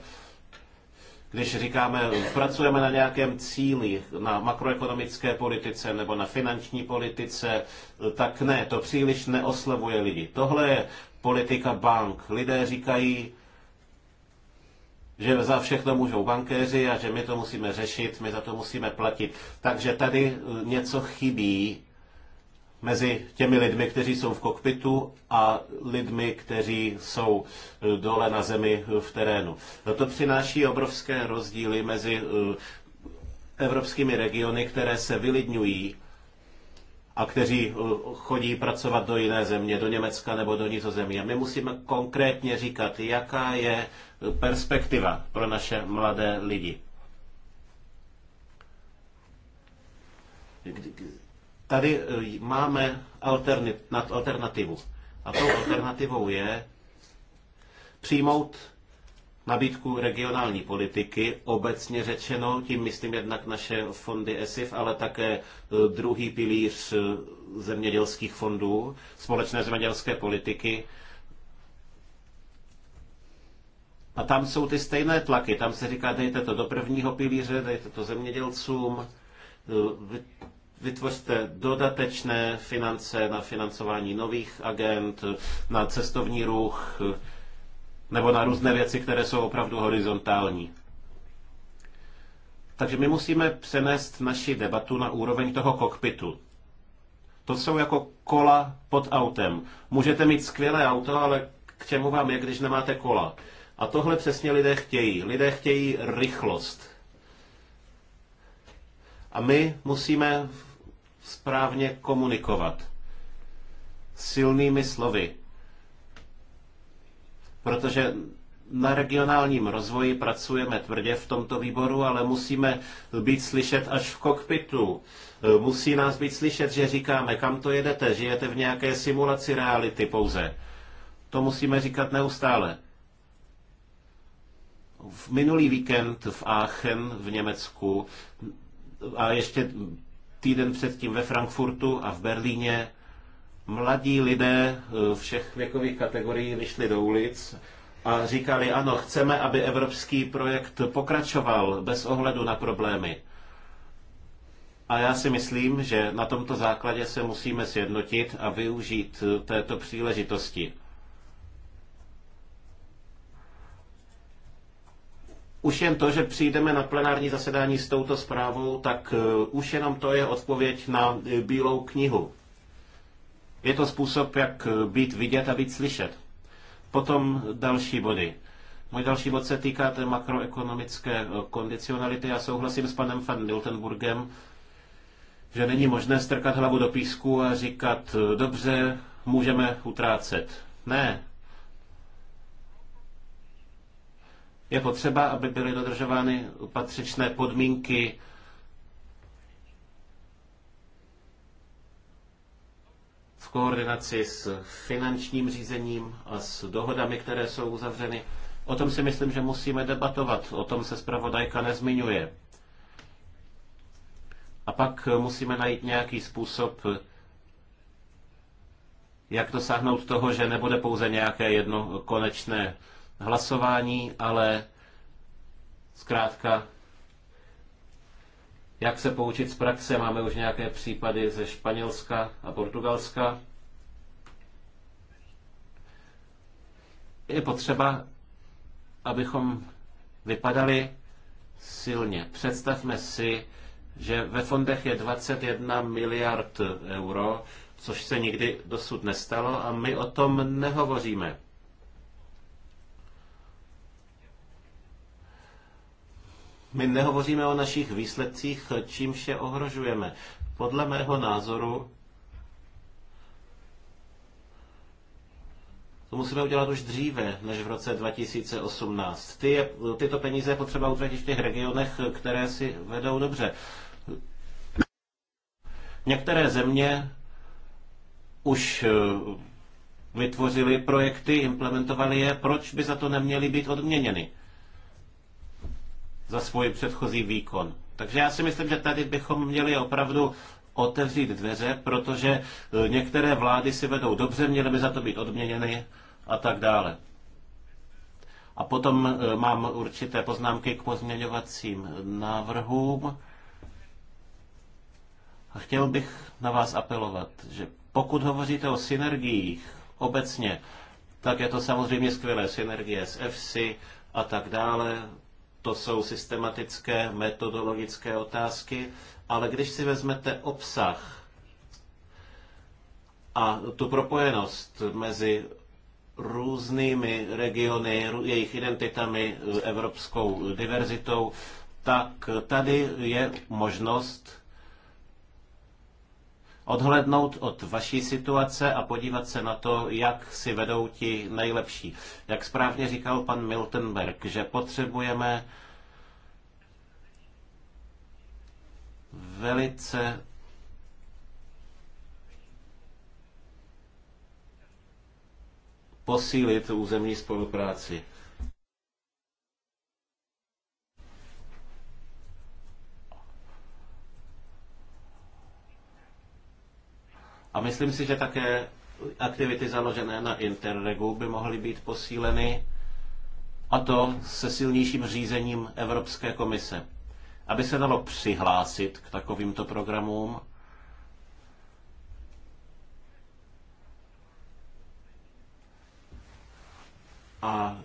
když říkáme, pracujeme na nějakém cíli, na makroekonomické politice nebo na finanční politice, tak ne, to příliš neoslovuje lidi. Tohle je politika bank. Lidé říkají, že za všechno můžou bankéři a že my to musíme řešit, my za to musíme platit. Takže tady eh, něco chybí mezi těmi lidmi, kteří jsou v kokpitu a lidmi, kteří jsou eh, dole na zemi eh, v terénu. No to přináší obrovské rozdíly mezi eh, evropskými regiony, které se vylidňují a kteří chodí pracovat do jiné země, do Německa nebo do Nizozemí. My musíme konkrétně říkat, jaká je perspektiva pro naše mladé lidi Tady e, máme alternativu. A tou alternativou je přijmout nabídku regionální politiky, obecně řečeno, tím myslím jednak naše fondy ESIF, ale také e, druhý pilíř e, zemědělských fondů, společné zemědělské politiky. A tam jsou ty stejné tlaky, tam se říká, dejte to do prvního pilíře, dejte to zemědělcům, vytvořte dodatečné finance na financování nových agent, na cestovní ruch nebo na různé věci, které jsou opravdu horizontální. Takže my musíme přenést naši debatu na úroveň toho kokpitu. To jsou jako kola pod autem. Můžete mít skvělé auto, ale k čemu vám je, když nemáte kola? A tohle přesně lidé chtějí. Lidé chtějí rychlost. A my musíme správně komunikovat. Silnými slovy. Protože na regionálním rozvoji pracujeme tvrdě v tomto výboru, ale musíme být slyšet až v kokpitu. Musí nás být slyšet, že říkáme, kam to jedete, žijete v nějaké simulaci reality pouze. To musíme říkat neustále. V minulý víkend v Aachen v Německu a ještě týden předtím ve Frankfurtu a v Berlíně mladí lidé eh, všech věkových kategorií vyšli do ulic a říkali, ano, chceme, aby evropský projekt pokračoval bez ohledu na problémy. A já si myslím, že na tomto základě se musíme sjednotit a využít eh, této příležitosti. už jen to, že přijdeme na plenární zasedání s touto zprávou, tak eh, už jenom to je odpověď na eh, Bílou knihu. Je to způsob, jak eh, být vidět a být slyšet. Potom další body. Můj další bod se týká té makroekonomické kondicionality. Já souhlasím s panem van Miltenburgem, že není možné strkat hlavu do písku a říkat, dobře, můžeme utrácet. Ne, Je potřeba, aby byly dodržovány patřičné podmínky v koordinaci s finančním řízením a s dohodami, které jsou uzavřeny. O tom si myslím, že musíme debatovat. O tom se zpravodajka nezmiňuje. A pak musíme najít nějaký způsob, jak dosáhnout toho, že nebude pouze nějaké jedno konečné hlasování, ale zkrátka, jak se poučit z praxe, máme už nějaké případy ze Španělska a Portugalska. Je potřeba, abychom vypadali silně. Představme si, že ve fondech je 21 miliard euro, což se nikdy dosud nestalo a my o tom nehovoříme. My nehovoříme o našich výsledcích, čím se ohrožujeme. Podle mého názoru To musíme udělat už dříve, než v roce 2018. Ty je, tyto peníze je potřeba utratit v těch regionech, které si vedou dobře. Některé země už eh, vytvořily projekty, implementovali je, proč by za to neměly být odměněny? za svůj předchozí výkon. Takže já si myslím, že tady bychom měli opravdu otevřít dveře, protože e, některé vlády si vedou dobře, měly by za to být odměněny a tak dále. A potom e, mám určité poznámky k pozměňovacím návrhům. A chtěl bych na vás apelovat, že pokud hovoříte o synergiích obecně, tak je to samozřejmě skvělé synergie s FC a tak dále to jsou systematické metodologické otázky, ale když si vezmete obsah a tu propojenost mezi různými regiony, jejich identitami, evropskou diverzitou, tak tady je možnost odhlednout od vaší situace a podívat se na to, jak si vedou ti nejlepší. Jak správně říkal pan Miltenberg, že potřebujeme velice posílit územní spolupráci. A myslím si, že také aktivity založené na Interregu by mohly být posíleny, a to se silnějším řízením Evropské komise, aby se dalo přihlásit k takovýmto programům a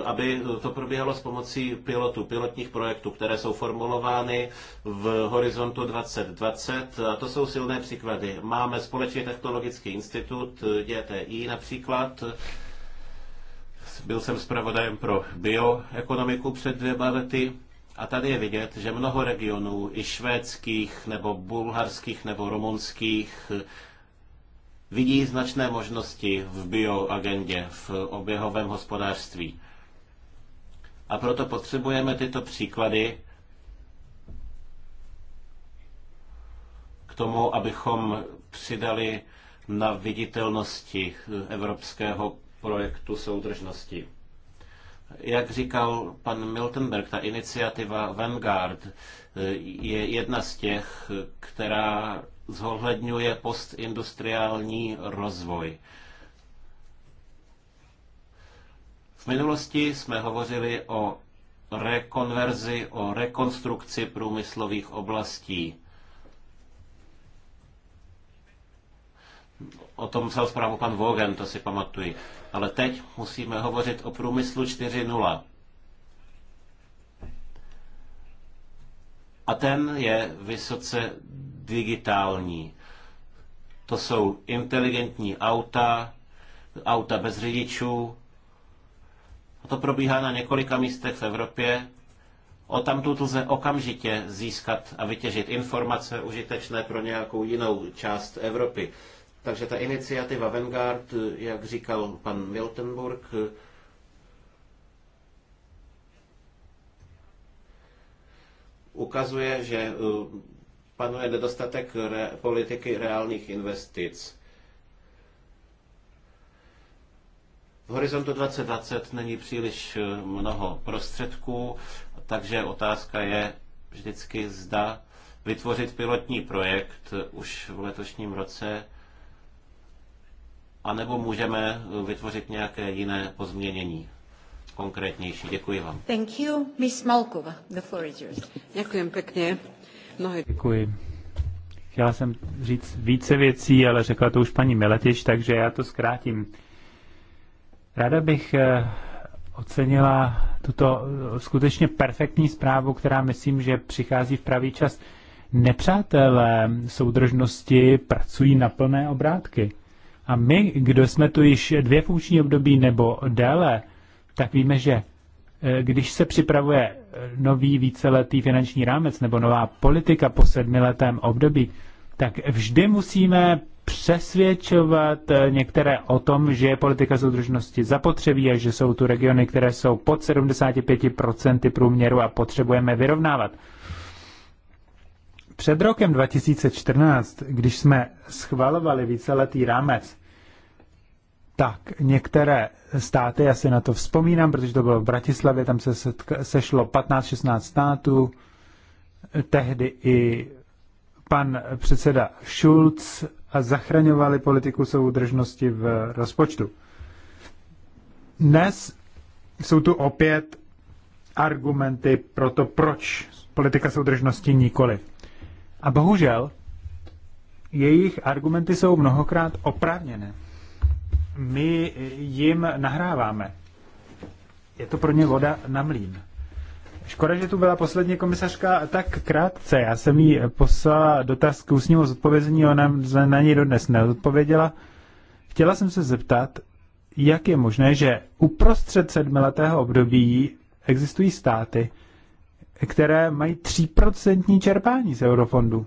e, aby to probíhalo s pomocí pilotů, pilotních projektů, které jsou formulovány v Horizontu 2020. A to jsou silné příklady. Máme Společný technologický institut, DTI e, například, byl jsem zpravodajem pro bioekonomiku před dvěma lety a tady je vidět, že mnoho regionů, i švédských, nebo bulharských, nebo rumunských, vidí značné možnosti v bioagendě, v oběhovém hospodářství. A proto potřebujeme tyto příklady k tomu, abychom přidali na viditelnosti evropského projektu soudržnosti. Jak říkal pan Miltenberg, ta iniciativa Vanguard eh, je jedna z těch, která zohledňuje postindustriální rozvoj. V minulosti jsme hovořili o rekonverzi, o rekonstrukci průmyslových oblastí. O tom psal zprávu pan Vogen, to si pamatuji. Ale teď musíme hovořit o průmyslu 4.0. A ten je vysoce digitální. To jsou inteligentní auta, auta bez řidičů. A to probíhá na několika místech v Evropě. O tamtu lze okamžitě získat a vytěžit informace užitečné pro nějakou jinou část Evropy. Takže ta iniciativa Vanguard, jak říkal pan Miltenburg, ukazuje, že panuje nedostatek re, politiky reálných investic. V horizontu 2020 není příliš eh, mnoho prostředků, takže otázka je vždycky zda vytvořit pilotní projekt eh, už v letošním roce, anebo můžeme eh, vytvořit nějaké jiné pozměnění konkrétnější. Děkuji vám. Thank you, Miss Malkova. The floor is yours. Děkuji pěkně. Děkuji. Chtěla jsem říct více věcí, ale řekla to už paní Miletič, takže já to zkrátím. Ráda bych eh, ocenila tuto eh, skutečně perfektní zprávu, která myslím, že přichází v pravý čas. Nepřátelé soudržnosti pracují na plné obrátky. A my, kdo jsme tu již dvě funkční období nebo déle, tak víme, že eh, když se připravuje nový víceletý finanční rámec nebo nová politika po sedmiletém období, tak vždy musíme přesvědčovat eh, některé o tom, že je politika soudržnosti zapotřebí a že jsou tu regiony, které jsou pod 75% průměru a potřebujeme vyrovnávat. Před rokem 2014, když jsme schvalovali víceletý rámec, tak některé státy, já si na to vzpomínám, protože to bylo v Bratislavě, tam se sešlo 15-16 států, tehdy i pan předseda Schulz a zachraňovali politiku soudržnosti v rozpočtu. Dnes jsou tu opět argumenty pro to, proč politika soudržnosti nikoli. A bohužel, jejich argumenty jsou mnohokrát oprávněné my jim nahráváme. Je to pro ně voda na mlín. Škoda, že tu byla poslední komisařka tak krátce. Já jsem jí poslala dotaz k ústnímu zodpovězení, ona na něj dodnes neodpověděla. Chtěla jsem se zeptat, jak je možné, že uprostřed sedmiletého období existují státy, které mají 3% čerpání z eurofondu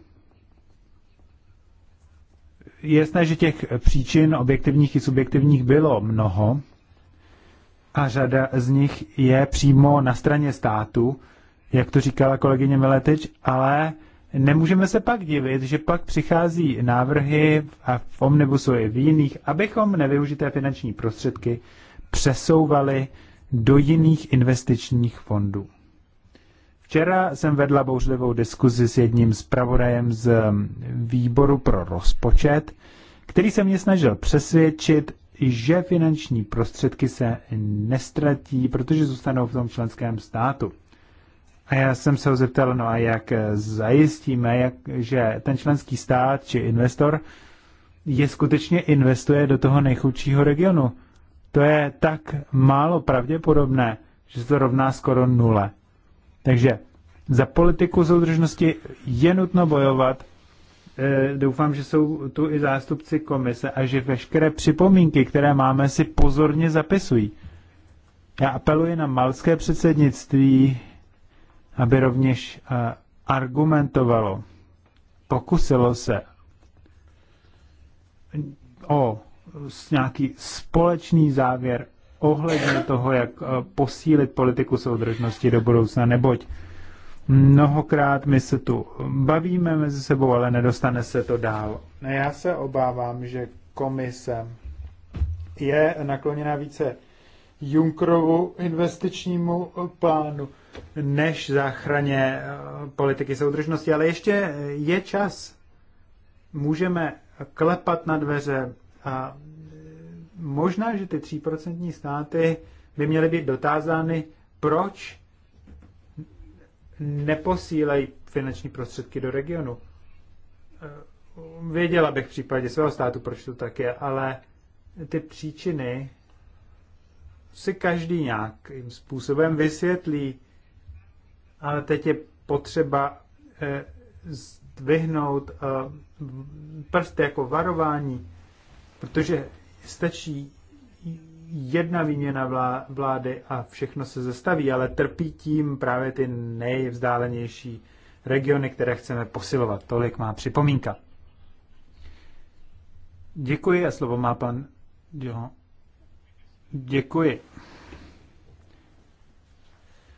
je jasné, že těch příčin objektivních i subjektivních bylo mnoho a řada z nich je přímo na straně státu, jak to říkala kolegyně Miletič, ale nemůžeme se pak divit, že pak přichází návrhy a v Omnibusu i v jiných, abychom nevyužité finanční prostředky přesouvali do jiných investičních fondů. Včera jsem vedla bouřlivou diskuzi s jedním zpravodajem z um, výboru pro rozpočet, který se mě snažil přesvědčit, že finanční prostředky se nestratí, protože zůstanou v tom členském státu. A já jsem se ho zeptal, no a jak zajistíme, jak, že ten členský stát či investor je skutečně investuje do toho nejchudšího regionu. To je tak málo pravděpodobné, že se to rovná skoro nule. Takže za politiku soudržnosti je nutno bojovat. E, doufám, že jsou tu i zástupci komise a že veškeré připomínky, které máme, si pozorně zapisují. Já apeluji na malské předsednictví, aby rovněž e, argumentovalo, pokusilo se o nějaký společný závěr ohledně toho, jak eh, posílit politiku soudržnosti do budoucna, neboť mnohokrát my se tu bavíme mezi sebou, ale nedostane se to dál. Já se obávám, že komise je nakloněná více Junkrovu investičnímu plánu než záchraně eh, politiky soudržnosti, ale ještě je čas. Můžeme klepat na dveře a možná, že ty 3% státy by měly být dotázány, proč neposílají finanční prostředky do regionu. Eh, věděla bych v případě svého státu, proč to tak je, ale ty příčiny si každý nějakým způsobem vysvětlí, ale teď je potřeba eh, zdvihnout eh, prst jako varování, protože stačí jedna výměna vlády a všechno se zastaví, ale trpí tím právě ty nejvzdálenější regiony, které chceme posilovat. Tolik má připomínka. Děkuji a slovo má pan Jo. Děkuji.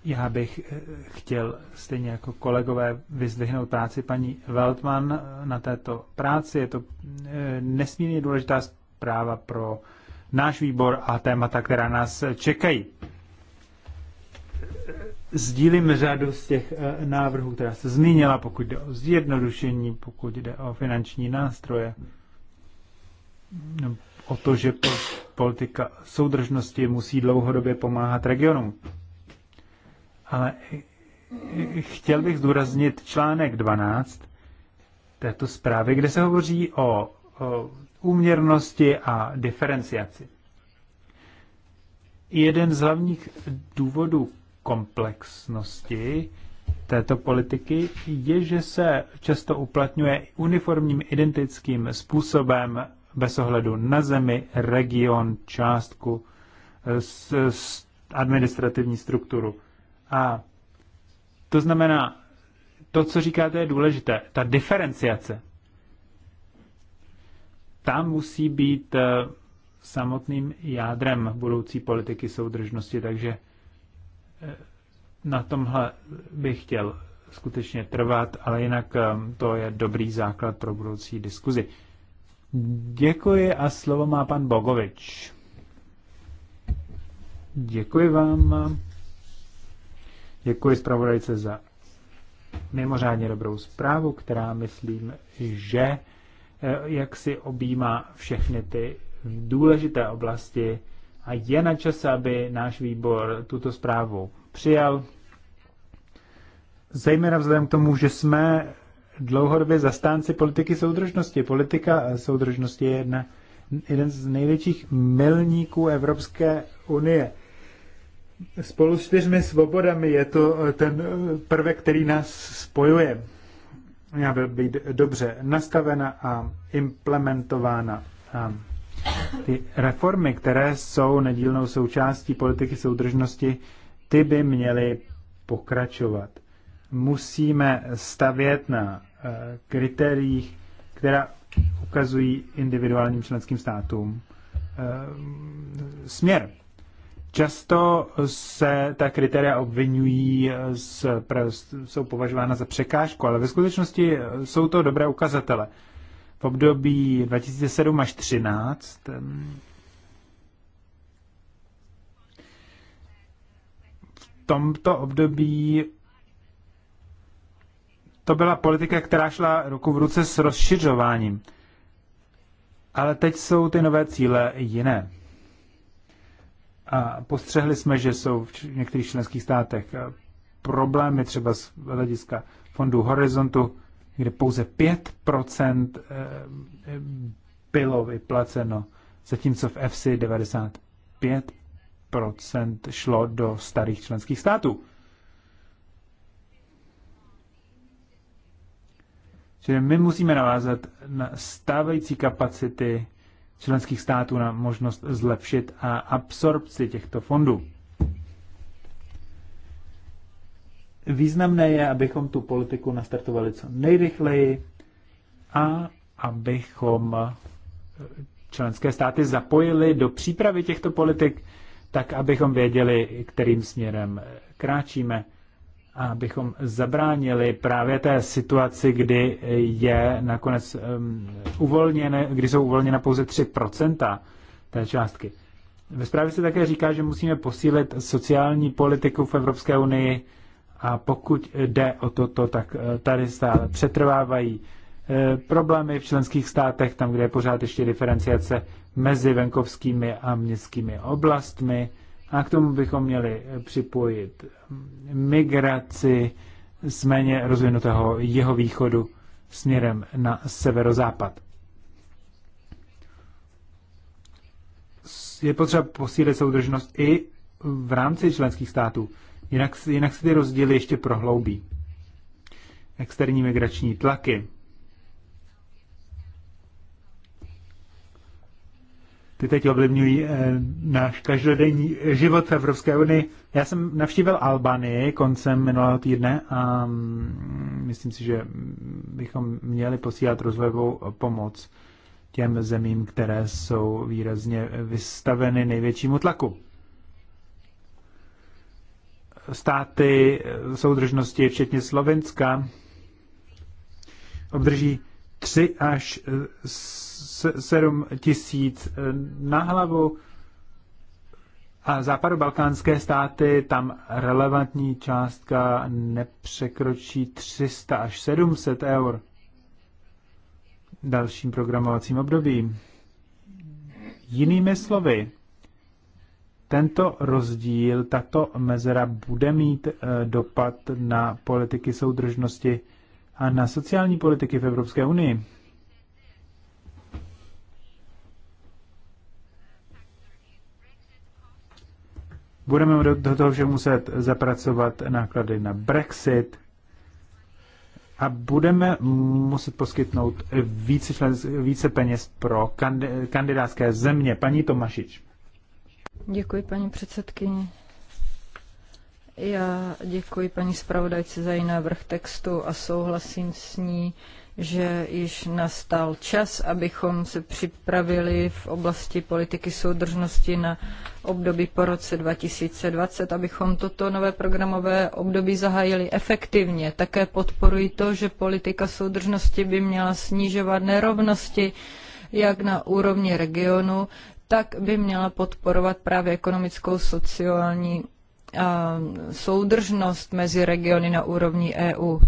Já bych eh, chtěl stejně jako kolegové vyzdvihnout práci paní Weltman na této práci. Je to eh, nesmírně důležitá práva pro náš výbor a témata, která nás čekají. Sdílím řadu z těch eh, návrhů, která se zmínila, pokud jde o zjednodušení, pokud jde o finanční nástroje, no, o to, že politika soudržnosti musí dlouhodobě pomáhat regionům. Ale chtěl bych zdůraznit článek 12 této zprávy, kde se hovoří o, o úměrnosti a diferenciaci. Jeden z hlavních důvodů komplexnosti této politiky je, že se často uplatňuje uniformním identickým způsobem bez ohledu na zemi, region, částku, administrativní strukturu. A to znamená, to, co říkáte, je důležité. Ta diferenciace tam musí být eh, samotným jádrem budoucí politiky soudržnosti, takže eh, na tomhle bych chtěl skutečně trvat, ale jinak eh, to je dobrý základ pro budoucí diskuzi. Děkuji a slovo má pan Bogovič. Děkuji vám. Děkuji zpravodajce za mimořádně dobrou zprávu, která myslím, že Eh, jak si objímá všechny ty důležité oblasti a je na čase, aby náš výbor tuto zprávu přijal. Zejména vzhledem k tomu, že jsme dlouhodobě zastánci politiky soudržnosti. Politika soudržnosti je jedna, jeden z největších milníků Evropské unie. Spolu s čtyřmi svobodami je to eh, ten eh, prvek, který nás spojuje měla by být dobře nastavena a implementována. A ty reformy, které jsou nedílnou součástí politiky soudržnosti, ty by měly pokračovat. Musíme stavět na e, kritériích, která ukazují individuálním členským státům e, směr. Často se ta kritéria obvinují, z, jsou považována za překážku, ale ve skutečnosti jsou to dobré ukazatele. V období 2007 až 2013 v tomto období to byla politika, která šla ruku v ruce s rozšiřováním. Ale teď jsou ty nové cíle jiné. A postřehli jsme, že jsou v některých členských státech eh, problémy třeba z hlediska fondu Horizontu, kde pouze 5% eh, bylo vyplaceno, zatímco v FC 95% šlo do starých členských států. Čili my musíme navázat na stávající kapacity členských států na možnost zlepšit a absorpci těchto fondů. Významné je, abychom tu politiku nastartovali co nejrychleji a abychom členské státy zapojili do přípravy těchto politik, tak abychom věděli, kterým směrem kráčíme abychom zabránili právě té situaci, kdy je nakonec um, uvolněné, kdy jsou uvolněna pouze 3% té částky. Ve zprávě se také říká, že musíme posílit sociální politiku v Evropské unii a pokud jde o toto, tak eh, tady stále přetrvávají eh, problémy v členských státech, tam, kde je pořád ještě diferenciace mezi venkovskými a městskými oblastmi. A k tomu bychom měli připojit migraci z méně rozvinutého jeho východu směrem na severozápad. Je potřeba posílit soudržnost i v rámci členských států, jinak, jinak se ty rozdíly ještě prohloubí. Externí migrační tlaky ty teď ovlivňují eh, náš každodenní život v Evropské unii. Já jsem navštívil Albánii koncem minulého týdne a mm, myslím si, že bychom měli posílat rozvojovou pomoc těm zemím, které jsou výrazně vystaveny největšímu tlaku. Státy soudržnosti, včetně Slovenska, obdrží 3 až 7 eh, tisíc eh, na hlavu. A západobalkánské státy, tam relevantní částka nepřekročí 300 až 700 eur dalším programovacím obdobím. Jinými slovy, tento rozdíl, tato mezera bude mít eh, dopad na politiky soudržnosti a na sociální politiky v Evropské unii. Budeme do toho všeho muset zapracovat náklady na Brexit a budeme muset poskytnout více, člen, více peněz pro kandidátské země. Paní Tomašič. Děkuji, paní předsedkyně. Já děkuji paní zpravodajce za její návrh textu a souhlasím s ní, že již nastal čas, abychom se připravili v oblasti politiky soudržnosti na období po roce 2020, abychom toto nové programové období zahájili efektivně. Také podporuji to, že politika soudržnosti by měla snižovat nerovnosti jak na úrovni regionu, tak by měla podporovat právě ekonomickou, sociální soudržnost mezi regiony na úrovni EU.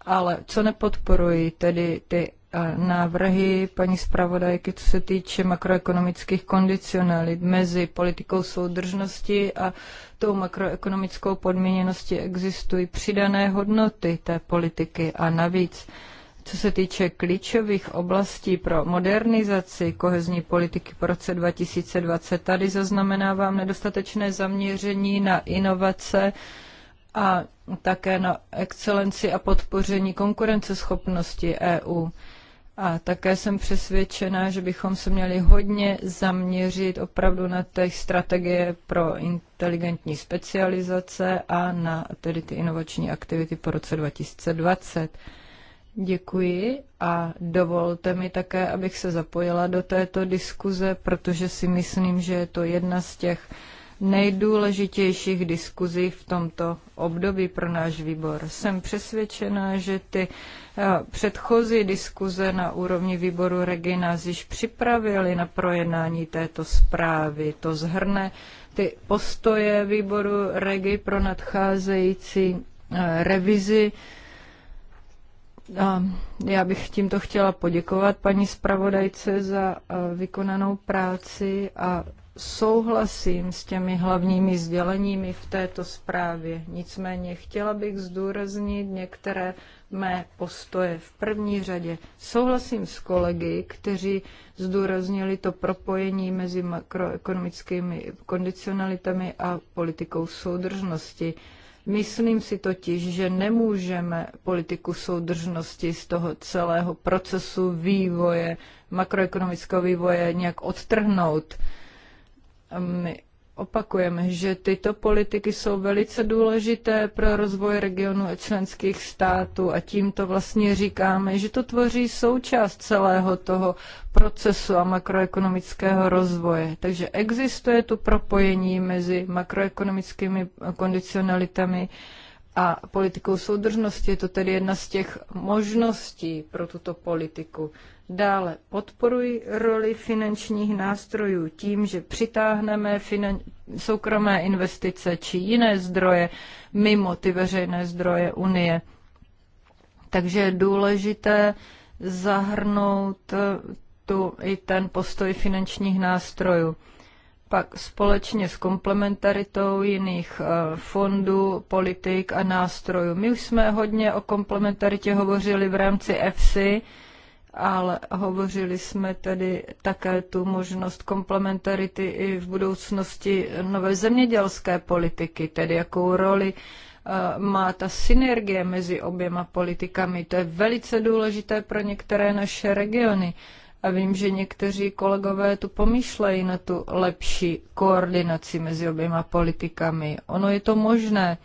Ale co nepodporuji, tedy ty návrhy paní zpravodajky, co se týče makroekonomických kondicionalit mezi politikou soudržnosti a tou makroekonomickou podmíněností existují přidané hodnoty té politiky a navíc uh, co se týče klíčových oblastí pro modernizaci kohezní politiky po roce 2020, tady zaznamenávám nedostatečné zaměření na inovace a také na excelenci a podpoření konkurenceschopnosti EU. A také jsem přesvědčena, že bychom se měli hodně zaměřit opravdu na té strategie pro inteligentní specializace a na tedy ty inovační aktivity po roce 2020. Děkuji a dovolte mi také, abych se zapojila do této diskuze, protože si myslím, že je to jedna z těch nejdůležitějších diskuzí v tomto období pro náš výbor. Jsem přesvědčena, že ty eh, předchozí diskuze na úrovni výboru Regina již připravili na projednání této zprávy. To zhrne ty postoje výboru Regi pro nadcházející eh, revizi a já bych tímto chtěla poděkovat paní zpravodajce za eh, vykonanou práci a souhlasím s těmi hlavními sděleními v této zprávě. Nicméně chtěla bych zdůraznit některé mé postoje. V první řadě souhlasím s kolegy, kteří zdůraznili to propojení mezi makroekonomickými kondicionalitami a politikou soudržnosti. Myslím si totiž, že nemůžeme politiku soudržnosti z toho celého procesu vývoje, makroekonomického vývoje nějak odtrhnout. My opakujeme, že tyto politiky jsou velice důležité pro rozvoj regionu a členských států a tímto vlastně říkáme, že to tvoří součást celého toho procesu a makroekonomického rozvoje. Takže existuje tu propojení mezi makroekonomickými kondicionalitami a politikou soudržnosti. Je to tedy jedna z těch možností pro tuto politiku. Dále podporuji roli finančních nástrojů tím, že přitáhneme finan- soukromé investice či jiné zdroje mimo ty veřejné zdroje Unie. Takže je důležité zahrnout tu i ten postoj finančních nástrojů pak společně s komplementaritou jiných eh, fondů, politik a nástrojů. My už jsme hodně o komplementaritě hovořili v rámci EFSI, ale hovořili jsme tedy také tu možnost komplementarity i v budoucnosti nové zemědělské politiky, tedy jakou roli eh, má ta synergie mezi oběma politikami. To je velice důležité pro některé naše regiony. A vím, že někteří kolegové tu pomýšlejí na tu lepší koordinaci mezi oběma politikami. Ono je to možné,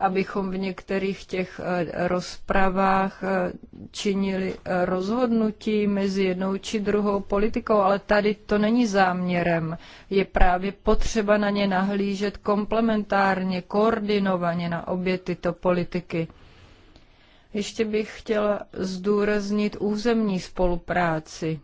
abychom v některých těch eh, rozpravách eh, činili eh, rozhodnutí mezi jednou či druhou politikou, ale tady to není záměrem. Je právě potřeba na ně nahlížet komplementárně, koordinovaně na obě tyto politiky. Ještě bych chtěla zdůraznit územní spolupráci.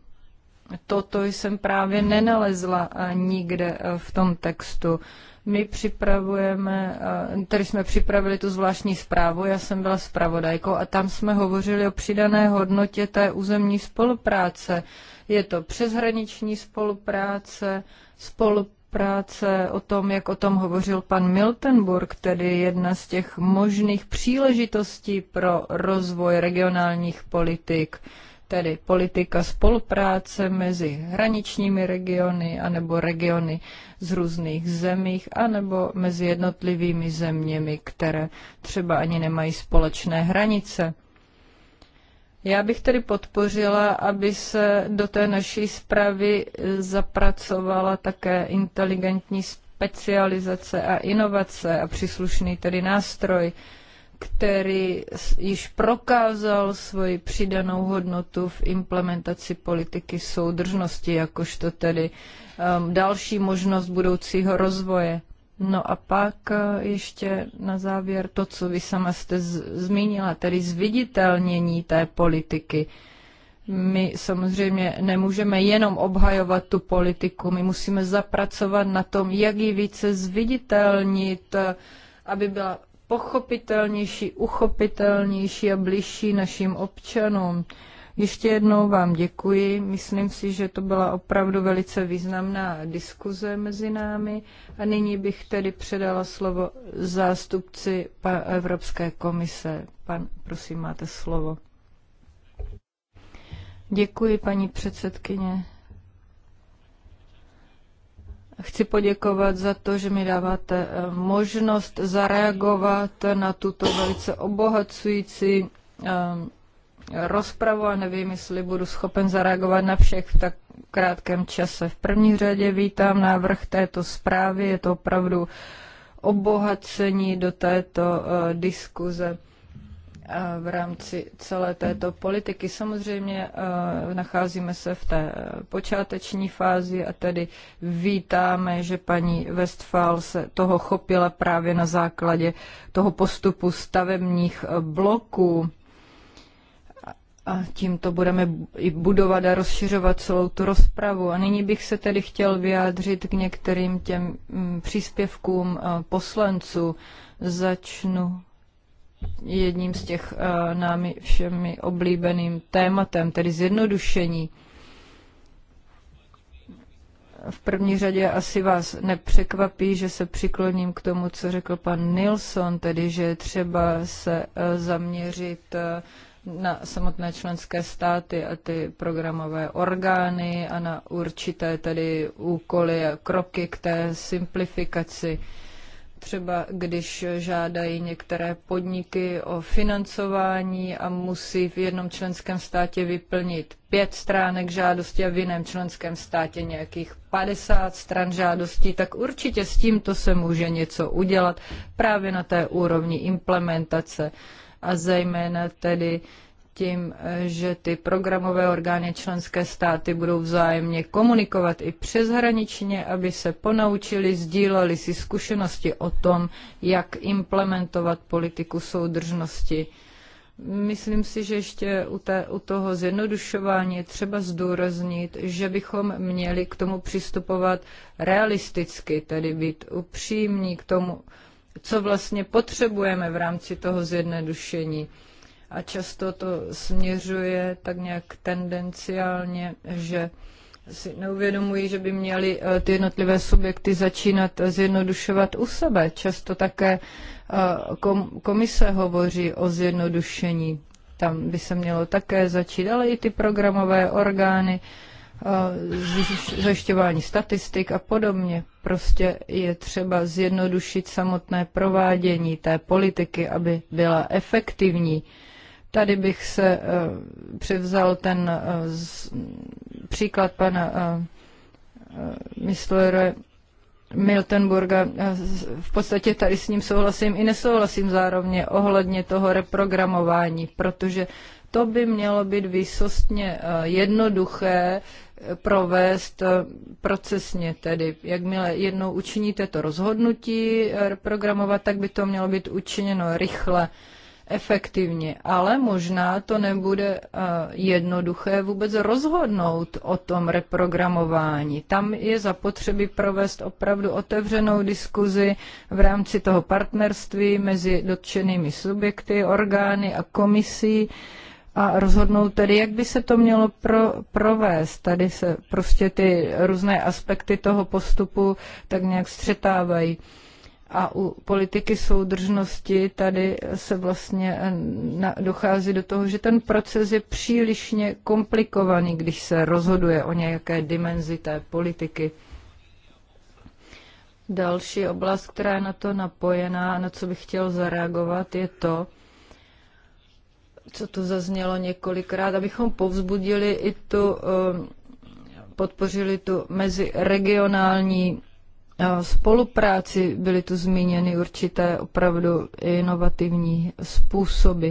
Toto jsem právě nenalezla nikde e, v tom textu. My připravujeme, e, tady jsme připravili tu zvláštní zprávu, já jsem byla zpravodajkou a tam jsme hovořili o přidané hodnotě té územní spolupráce. Je to přeshraniční spolupráce, spolupráce práce o tom, jak o tom hovořil pan Miltenburg, tedy jedna z těch možných příležitostí pro rozvoj regionálních politik, tedy politika spolupráce mezi hraničními regiony anebo regiony z různých zemích anebo mezi jednotlivými zeměmi, které třeba ani nemají společné hranice. Já bych tedy podpořila, aby se do té naší zprávy eh, zapracovala také inteligentní specializace a inovace a příslušný tedy nástroj, který již prokázal svoji přidanou hodnotu v implementaci politiky soudržnosti, jakožto tedy um, další možnost budoucího rozvoje. No a pak eh, ještě na závěr to, co vy sama jste zmínila, tedy zviditelnění té politiky. My samozřejmě nemůžeme jenom obhajovat tu politiku, my musíme zapracovat na tom, jak ji více zviditelnit, eh, aby byla pochopitelnější, uchopitelnější a bližší našim občanům. Ještě jednou vám děkuji. Myslím si, že to byla opravdu velice významná diskuze mezi námi. A nyní bych tedy předala slovo zástupci Evropské komise. Pan, prosím, máte slovo. Děkuji, paní předsedkyně. Chci poděkovat za to, že mi dáváte eh, možnost zareagovat na tuto velice obohacující eh, rozpravu a nevím, jestli budu schopen zareagovat na všech v tak krátkém čase. V první řadě vítám návrh této zprávy, je to opravdu obohacení do této uh, diskuze eh, v rámci celé této politiky. Samozřejmě eh, nacházíme se v té počáteční fázi a tedy vítáme, že paní Westphal se toho chopila právě na základě toho postupu stavebních bloků. A tímto budeme i budovat a rozšiřovat celou tu rozpravu. A nyní bych se tedy chtěl vyjádřit k některým těm mm, příspěvkům eh, poslanců. Začnu jedním z těch eh, námi všemi oblíbeným tématem, tedy zjednodušení. V první řadě asi vás nepřekvapí, že se přikloním k tomu, co řekl pan Nilsson, tedy že třeba se eh, zaměřit na samotné členské státy a ty programové orgány a na určité tedy úkoly a kroky k té simplifikaci. Třeba když žádají některé podniky o financování a musí v jednom členském státě vyplnit pět stránek žádosti a v jiném členském státě nějakých 50 stran žádostí, tak určitě s tímto se může něco udělat právě na té úrovni implementace a zejména tedy tím, že ty programové orgány členské státy budou vzájemně komunikovat i přeshraničně, aby se ponaučili, sdíleli si zkušenosti o tom, jak implementovat politiku soudržnosti. Myslím si, že ještě u, té, u toho zjednodušování je třeba zdůraznit, že bychom měli k tomu přistupovat realisticky, tedy být upřímní k tomu, co vlastně potřebujeme v rámci toho zjednodušení. A často to směřuje tak nějak tendenciálně, že si neuvědomují, že by měly eh, ty jednotlivé subjekty začínat zjednodušovat u sebe. Často také eh, komise hovoří o zjednodušení. Tam by se mělo také začít, ale i ty programové orgány, eh, zjišťování statistik a podobně. Prostě je třeba zjednodušit samotné provádění té politiky, aby byla efektivní. Tady bych se uh, převzal ten uh, z, příklad pana uh, Miltenburga. V podstatě tady s ním souhlasím i nesouhlasím zároveň ohledně toho reprogramování, protože to by mělo být výsostně eh, jednoduché eh, provést eh, procesně, tedy jakmile jednou učiníte to rozhodnutí reprogramovat, tak by to mělo být učiněno rychle efektivně, ale možná to nebude jednoduché vůbec rozhodnout o tom reprogramování. Tam je zapotřebí provést opravdu otevřenou diskuzi v rámci toho partnerství mezi dotčenými subjekty, orgány a komisí a rozhodnout tedy, jak by se to mělo pro, provést. Tady se prostě ty různé aspekty toho postupu tak nějak střetávají. A u politiky soudržnosti tady se vlastně eh, dochází do toho, že ten proces je přílišně komplikovaný, když se rozhoduje o nějaké dimenzi té politiky. Další oblast, která je na to napojená, na co bych chtěl zareagovat, je to, co tu zaznělo několikrát, abychom povzbudili i tu, um, podpořili tu meziregionální uh, spolupráci, byly tu zmíněny určité opravdu inovativní způsoby.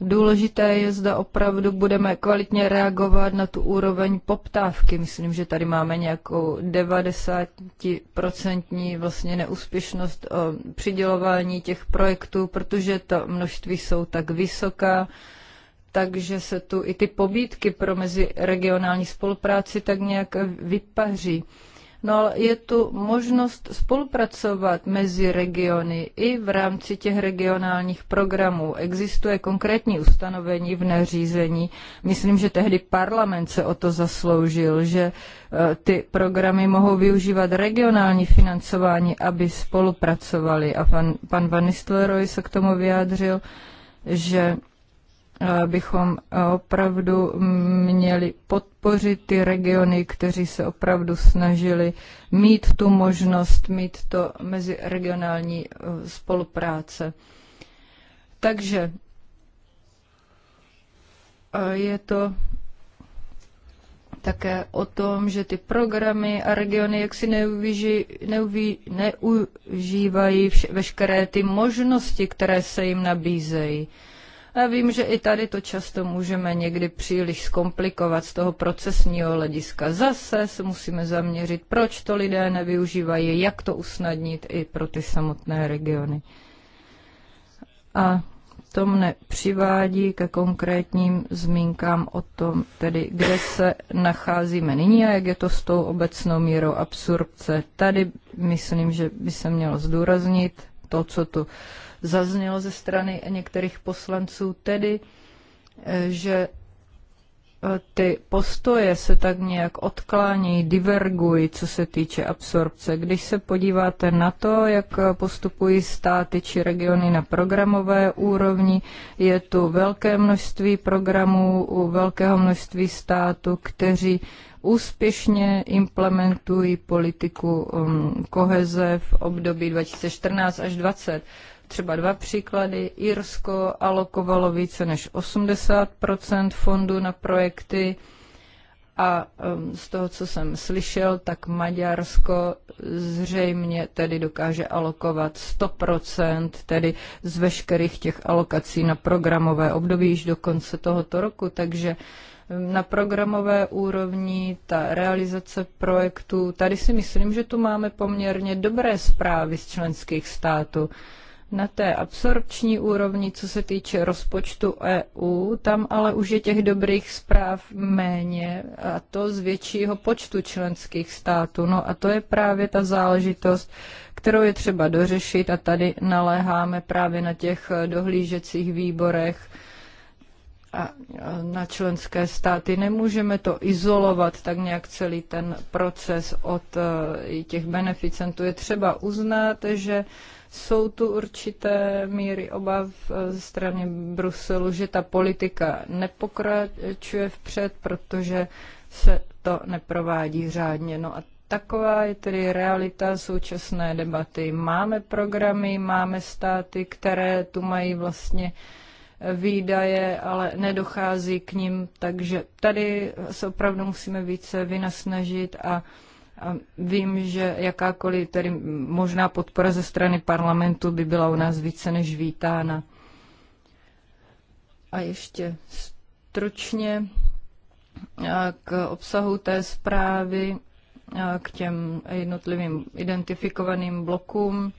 Důležité je, zda opravdu budeme kvalitně reagovat na tu úroveň poptávky. Myslím, že tady máme nějakou 90% vlastně neúspěšnost eh, přidělování těch projektů, protože to množství jsou tak vysoká, takže se tu i ty pobídky pro meziregionální spolupráci tak nějak vypaří. No ale je tu možnost spolupracovat mezi regiony i v rámci těch regionálních programů. Existuje konkrétní ustanovení v nařízení. Myslím, že tehdy parlament se o to zasloužil, že e, ty programy mohou využívat regionální financování, aby spolupracovali. A pan, pan Van Nistelrooy se k tomu vyjádřil, že Eh, bychom eh, opravdu měli podpořit ty regiony, kteří se opravdu snažili mít tu možnost, mít to meziregionální eh, spolupráce. Takže je to také o tom, že ty programy a regiony jaksi neuvíži, neuví, neužívají vše, veškeré ty možnosti, které se jim nabízejí. Uh, a vím, že i tady to často můžeme někdy příliš zkomplikovat z toho procesního hlediska. Zase se musíme zaměřit, proč to lidé nevyužívají, jak to usnadnit i pro ty samotné regiony. A to mne přivádí ke konkrétním zmínkám o tom, tedy kde se nacházíme nyní a jak je to s tou obecnou mírou absorpce. Tady myslím, že by se mělo zdůraznit to, co tu zaznělo ze strany některých poslanců, tedy, eh, že eh, ty postoje se tak nějak odklání, divergují, co se týče absorpce. Když se podíváte na to, jak eh, postupují státy či regiony na programové úrovni, je tu velké množství programů u velkého množství států, kteří úspěšně implementují politiku um, koheze v období 2014 až 2020. Třeba dva příklady. Irsko alokovalo více než 80 fondů na projekty a um, z toho, co jsem slyšel, tak Maďarsko zřejmě tedy dokáže alokovat 100%, tedy z veškerých těch alokací na programové období již do konce tohoto roku, takže na programové úrovni, ta realizace projektů. Tady si myslím, že tu máme poměrně dobré zprávy z členských států. Na té absorpční úrovni, co se týče rozpočtu EU, tam ale už je těch dobrých zpráv méně, a to z většího počtu členských států. No a to je právě ta záležitost, kterou je třeba dořešit a tady naléháme právě na těch dohlížecích výborech, na členské státy. Nemůžeme to izolovat tak nějak celý ten proces od e, těch beneficentů. Je třeba uznat, že jsou tu určité míry obav e, ze strany Bruselu, že ta politika nepokračuje vpřed, protože se to neprovádí řádně. No a taková je tedy realita současné debaty. Máme programy, máme státy, které tu mají vlastně uh, výdaje, ale nedochází k ním, takže tady se opravdu musíme více vynasnažit a a vím, že jakákoliv tedy možná podpora ze strany parlamentu by byla u nás více než vítána. A ještě stručně k obsahu té zprávy, k těm jednotlivým identifikovaným blokům.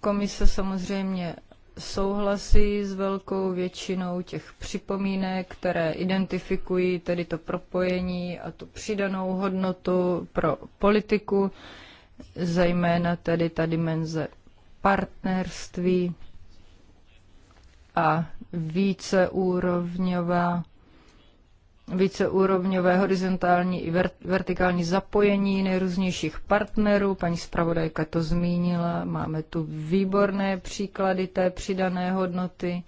Komise samozřejmě souhlasí s velkou většinou těch připomínek, které identifikují tedy to propojení a tu přidanou hodnotu pro politiku, zejména tedy ta dimenze partnerství a víceúrovňová víceúrovňové horizontální i vertikální zapojení nejrůznějších partnerů. Paní zpravodajka to zmínila. Máme tu výborné příklady té přidané hodnoty.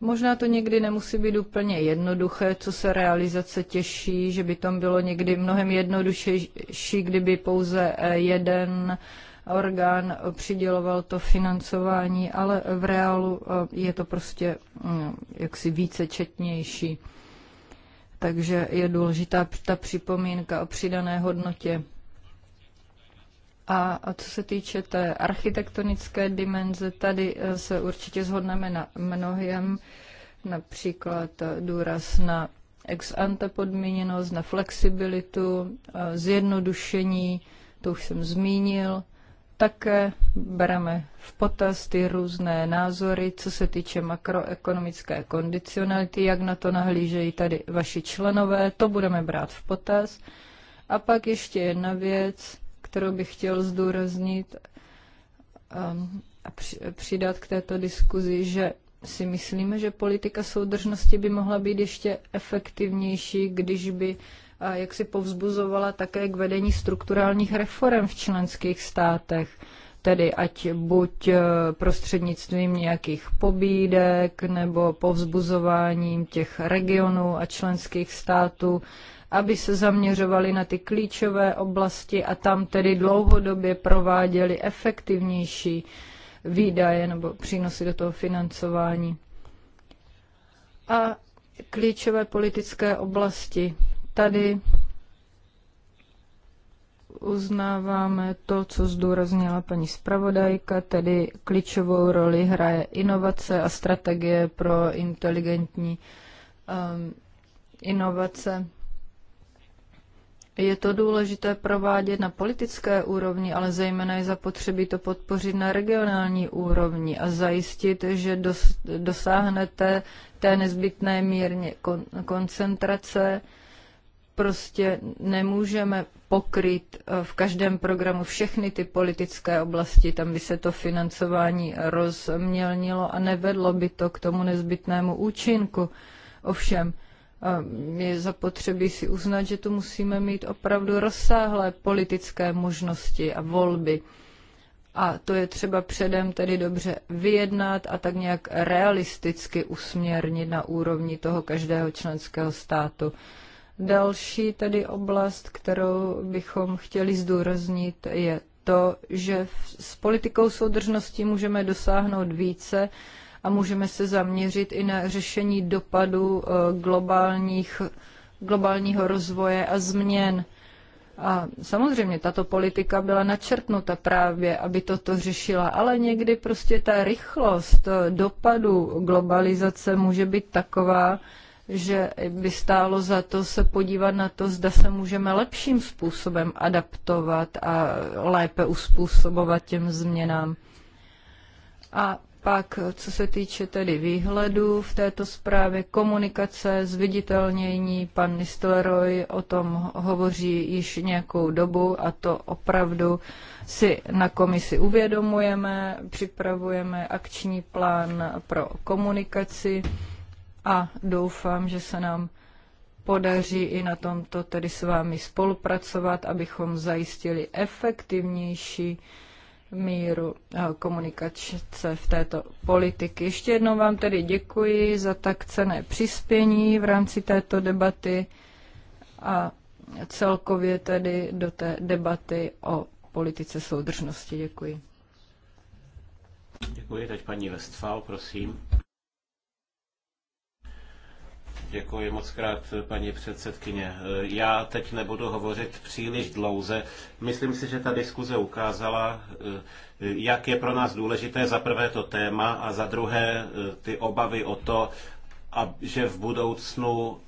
Možná to někdy nemusí být úplně jednoduché, co se realizace těší, že by tam bylo někdy mnohem jednodušší, kdyby pouze jeden orgán přiděloval to financování, ale v reálu eh, je to prostě mm, jaksi více četnější. Takže je důležitá ta připomínka o přidané hodnotě. A, a co se týče té architektonické dimenze, tady eh, se určitě zhodneme na mnohem, například eh, důraz na ex ante podmíněnost, na flexibilitu, eh, zjednodušení, to už jsem zmínil, také bereme v potaz ty různé názory, co se týče makroekonomické kondicionality, jak na to nahlížejí tady vaši členové, to budeme brát v potaz. A pak ještě jedna věc, kterou bych chtěl zdůraznit um, a přidat k této diskuzi, že si myslíme, že politika soudržnosti by mohla být ještě efektivnější, když by a jak si povzbuzovala také k vedení strukturálních reform v členských státech tedy ať buď eh, prostřednictvím nějakých pobídek nebo povzbuzováním těch regionů a členských států, aby se zaměřovali na ty klíčové oblasti a tam tedy dlouhodobě prováděli efektivnější výdaje nebo přínosy do toho financování. A klíčové politické oblasti Tady uznáváme to, co zdůraznila paní zpravodajka, tedy klíčovou roli hraje inovace a strategie pro inteligentní um, inovace. Je to důležité provádět na politické úrovni, ale zejména je zapotřebí to podpořit na regionální úrovni a zajistit, že dos, dosáhnete té nezbytné mírně kon, koncentrace prostě nemůžeme pokryt eh, v každém programu všechny ty politické oblasti, tam by se to financování rozmělnilo a nevedlo by to k tomu nezbytnému účinku. Ovšem, eh, je zapotřebí si uznat, že tu musíme mít opravdu rozsáhlé politické možnosti a volby. A to je třeba předem tedy dobře vyjednat a tak nějak realisticky usměrnit na úrovni toho každého členského státu. Další tedy oblast, kterou bychom chtěli zdůraznit, je to, že s politikou soudržnosti můžeme dosáhnout více a můžeme se zaměřit i na řešení dopadu eh, globálních, globálního rozvoje a změn. A samozřejmě tato politika byla načrtnuta právě, aby toto řešila, ale někdy prostě ta rychlost eh, dopadu globalizace může být taková, že by stálo za to se podívat na to, zda se můžeme lepším způsobem adaptovat a lépe uspůsobovat těm změnám. A pak, co se týče tedy výhledu v této zprávě, komunikace, zviditelnění, pan Nistelrooy o tom hovoří již nějakou dobu a to opravdu si na komisi uvědomujeme, připravujeme akční plán pro komunikaci a doufám, že se nám podaří i na tomto tedy s vámi spolupracovat, abychom zajistili efektivnější míru eh, komunikace v této politiky. Ještě jednou vám tedy děkuji za tak cené přispění v rámci této debaty a celkově tedy do té debaty o politice soudržnosti. Děkuji. Děkuji. Teď paní Westfál, prosím. Děkuji moc krát, paní předsedkyně. Já teď nebudu hovořit příliš dlouze. Myslím si, že ta diskuze ukázala, eh, jak je pro nás důležité za prvé to téma a za druhé eh, ty obavy o to, že v budoucnu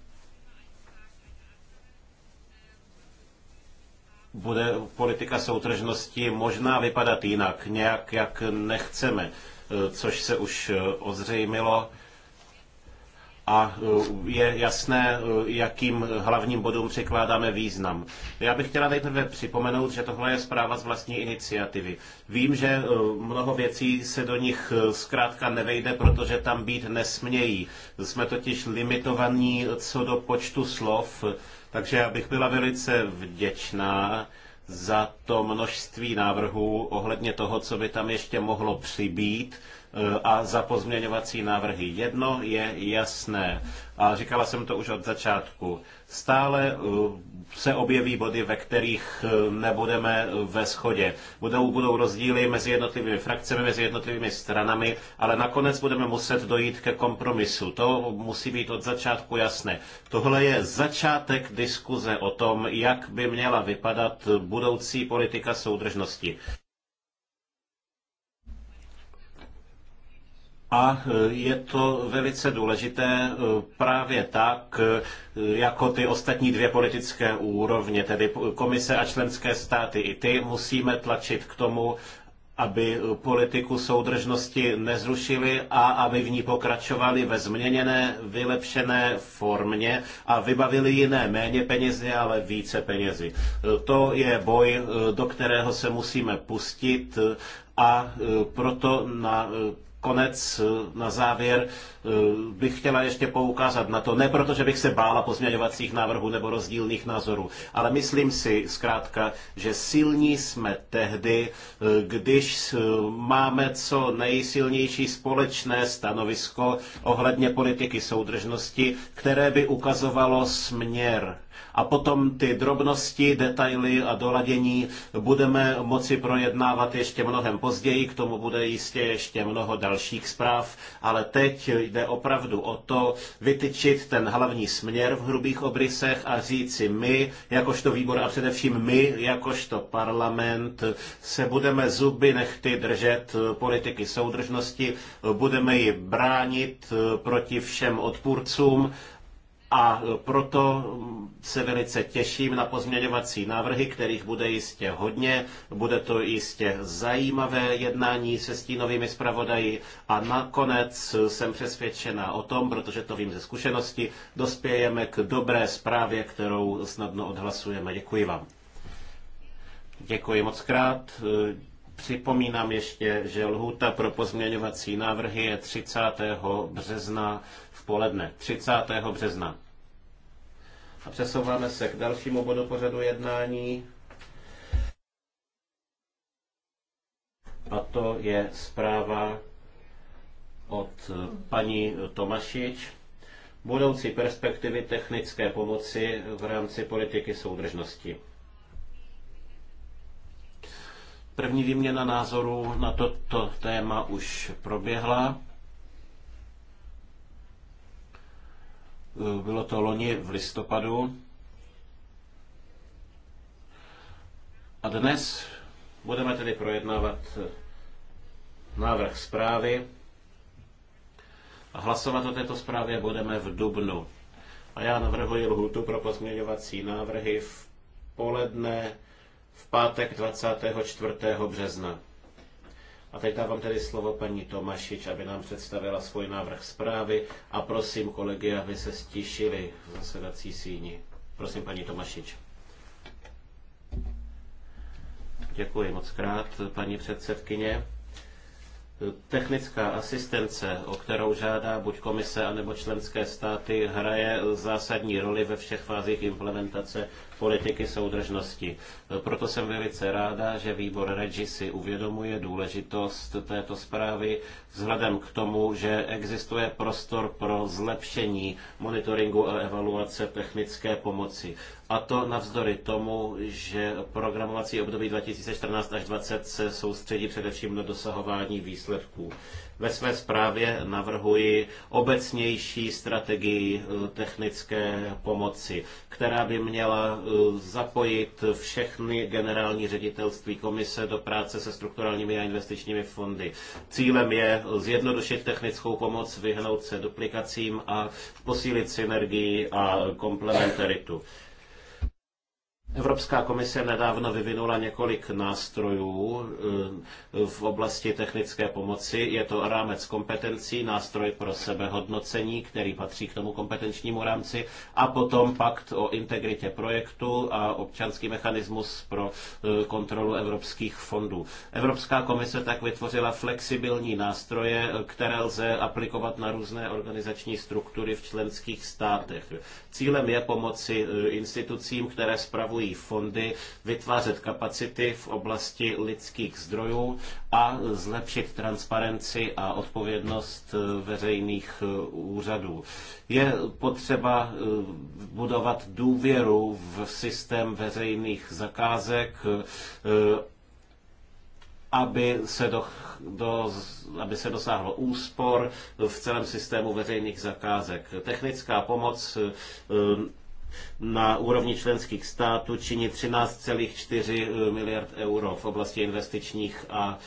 bude politika soutržnosti možná vypadat jinak, nějak jak nechceme, eh, což se už ozřejmilo a eh, je jasné, eh, jakým hlavním bodům překládáme význam. Já bych chtěla nejprve připomenout, že tohle je zpráva z vlastní iniciativy. Vím, že eh, mnoho věcí se do nich zkrátka nevejde, protože tam být nesmějí. Jsme totiž limitovaní co do počtu slov, takže já bych byla velice vděčná za to množství návrhů ohledně toho, co by tam ještě mohlo přibýt, a za pozměňovací návrhy. Jedno je jasné, a říkala jsem to už od začátku, stále uh, se objeví body, ve kterých uh, nebudeme ve shodě. Budou, budou rozdíly mezi jednotlivými frakcemi, mezi jednotlivými stranami, ale nakonec budeme muset dojít ke kompromisu. To musí být od začátku jasné. Tohle je začátek diskuze o tom, jak by měla vypadat budoucí politika soudržnosti. A eh, je to velice důležité eh, právě tak, eh, jako ty ostatní dvě politické úrovně, tedy komise a členské státy. I ty musíme tlačit k tomu, aby politiku soudržnosti nezrušili a aby v ní pokračovali ve změněné, vylepšené formě a vybavili jiné méně penězi, ale více penězi. To je boj, do kterého se musíme pustit a proto na Konec eh, na závěr, eh, bych chtěla ještě poukázat na to, ne proto, že bych se bála pozměňovacích návrhů nebo rozdílných názorů, ale myslím si zkrátka, že silní jsme tehdy, eh, když máme co nejsilnější společné stanovisko ohledně politiky soudržnosti, které by ukazovalo směr a potom ty drobnosti, detaily a doladění budeme moci projednávat ještě mnohem později, k tomu bude jistě ještě mnoho dalších zpráv, ale teď jde opravdu o to vytyčit ten hlavní směr v hrubých obrysech a říci my, jakožto výbor a především my, jakožto parlament, se budeme zuby nechty držet politiky soudržnosti, budeme ji bránit proti všem odpůrcům, a proto mm, se velice těším na pozměňovací návrhy, kterých bude jistě hodně. Bude to jistě zajímavé jednání se stínovými zpravodaji a nakonec jsem přesvědčena o tom, protože to vím ze zkušenosti, dospějeme k dobré zprávě, kterou snadno odhlasujeme. Děkuji vám. Děkuji moc krát. Připomínám ještě, že lhůta pro pozměňovací návrhy je 30. března v poledne. 30. března. A přesouváme se k dalšímu bodu pořadu jednání. A to je zpráva od paní Tomašič. Budoucí perspektivy technické pomoci v rámci politiky soudržnosti. První výměna názorů na toto téma už proběhla. Eh, bylo to loni v listopadu. A dnes budeme tedy projednávat eh, návrh zprávy a hlasovat o této zprávě budeme v Dubnu. A já navrhuji lhůtu pro pozměňovací návrhy v poledne v pátek 24. března. A teď dávám tedy slovo paní Tomašič, aby nám představila svůj návrh zprávy a prosím kolegy, aby se stišili v zasedací síni. Prosím, paní Tomašič. Děkuji moc krát, paní předsedkyně. Technická asistence, o kterou žádá buď komise, anebo členské státy, hraje zásadní roli ve všech fázích implementace politiky soudržnosti. Proto jsem velice ráda, že výbor Regi si uvědomuje důležitost této zprávy vzhledem k tomu, že existuje prostor pro zlepšení monitoringu a evaluace technické pomoci. A to navzdory tomu, že programovací období 2014 až 2020 se soustředí především na dosahování výsledků. Ve své zprávě navrhuji obecnější strategii eh, technické pomoci, která by měla eh, zapojit všechny generální ředitelství komise do práce se strukturálními a investičními fondy. Cílem je zjednodušit technickou pomoc, vyhnout se duplikacím a posílit synergii a komplementaritu. Evropská komise nedávno vyvinula několik nástrojů eh, v oblasti technické pomoci. Je to rámec kompetencí, nástroj pro sebehodnocení, který patří k tomu kompetenčnímu rámci, a potom pakt o integritě projektu a občanský mechanismus pro eh, kontrolu evropských fondů. Evropská komise tak vytvořila flexibilní nástroje, eh, které lze aplikovat na různé organizační struktury v členských státech. Cílem je pomoci institucím, které spravují navrhují fondy vytvářet kapacity v oblasti lidských zdrojů a zlepšit transparenci a odpovědnost eh, veřejných eh, úřadů. Je potřeba eh, budovat důvěru v systém veřejných zakázek aby se, do, do, aby se dosáhlo úspor v celém systému veřejných zakázek. Technická pomoc na úrovni členských států činí 13,4 eh, miliard euro v oblasti investičních a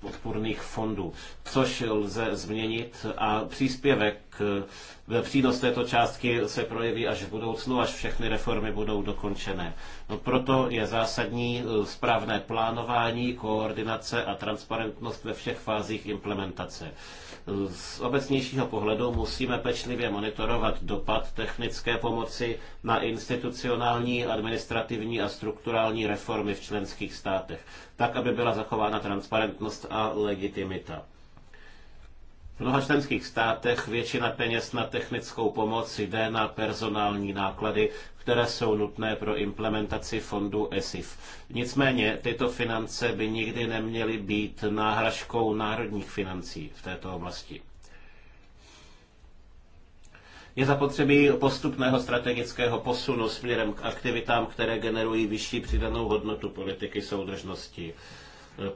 podpůrných eh, fondů, což lze změnit a příspěvek k, eh, přínos této částky se projeví až v budoucnu, až všechny reformy budou dokončené. No proto je zásadní eh, správné plánování, koordinace a transparentnost ve všech fázích implementace. Eh, z obecnějšího pohledu musíme pečlivě monitorovat dopad technické pomoci na institucionální, administrativní a strukturální reformy v členských státech, tak, aby byla zachována transparentnost a legitimita mnoha členských státech většina peněz na technickou pomoc jde na personální náklady, které jsou nutné pro implementaci fondu ESIF. Nicméně tyto finance by nikdy neměly být náhražkou národních financí v této oblasti. Je zapotřebí postupného strategického posunu směrem k aktivitám, které generují vyšší přidanou hodnotu politiky soudržnosti.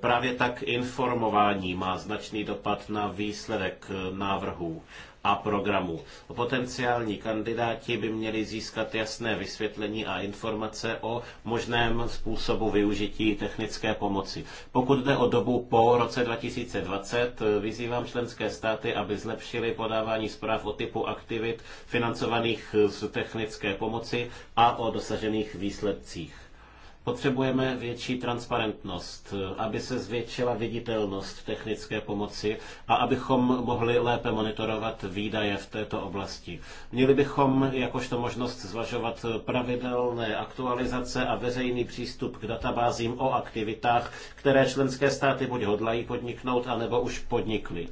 Právě tak informování má značný dopad na výsledek eh, návrhů a programů. Potenciální kandidáti by měli získat jasné vysvětlení a informace o možném způsobu využití technické pomoci. Pokud jde o dobu po roce 2020, eh, vyzývám členské státy, aby zlepšili podávání zpráv o typu aktivit financovaných eh, z technické pomoci a o dosažených výsledcích. Potřebujeme větší transparentnost, aby se zvětšila viditelnost technické pomoci a abychom mohli lépe monitorovat výdaje v této oblasti. Měli bychom jakožto možnost zvažovat pravidelné aktualizace a veřejný přístup k databázím o aktivitách, které členské státy buď hodlají podniknout, anebo už podnikly.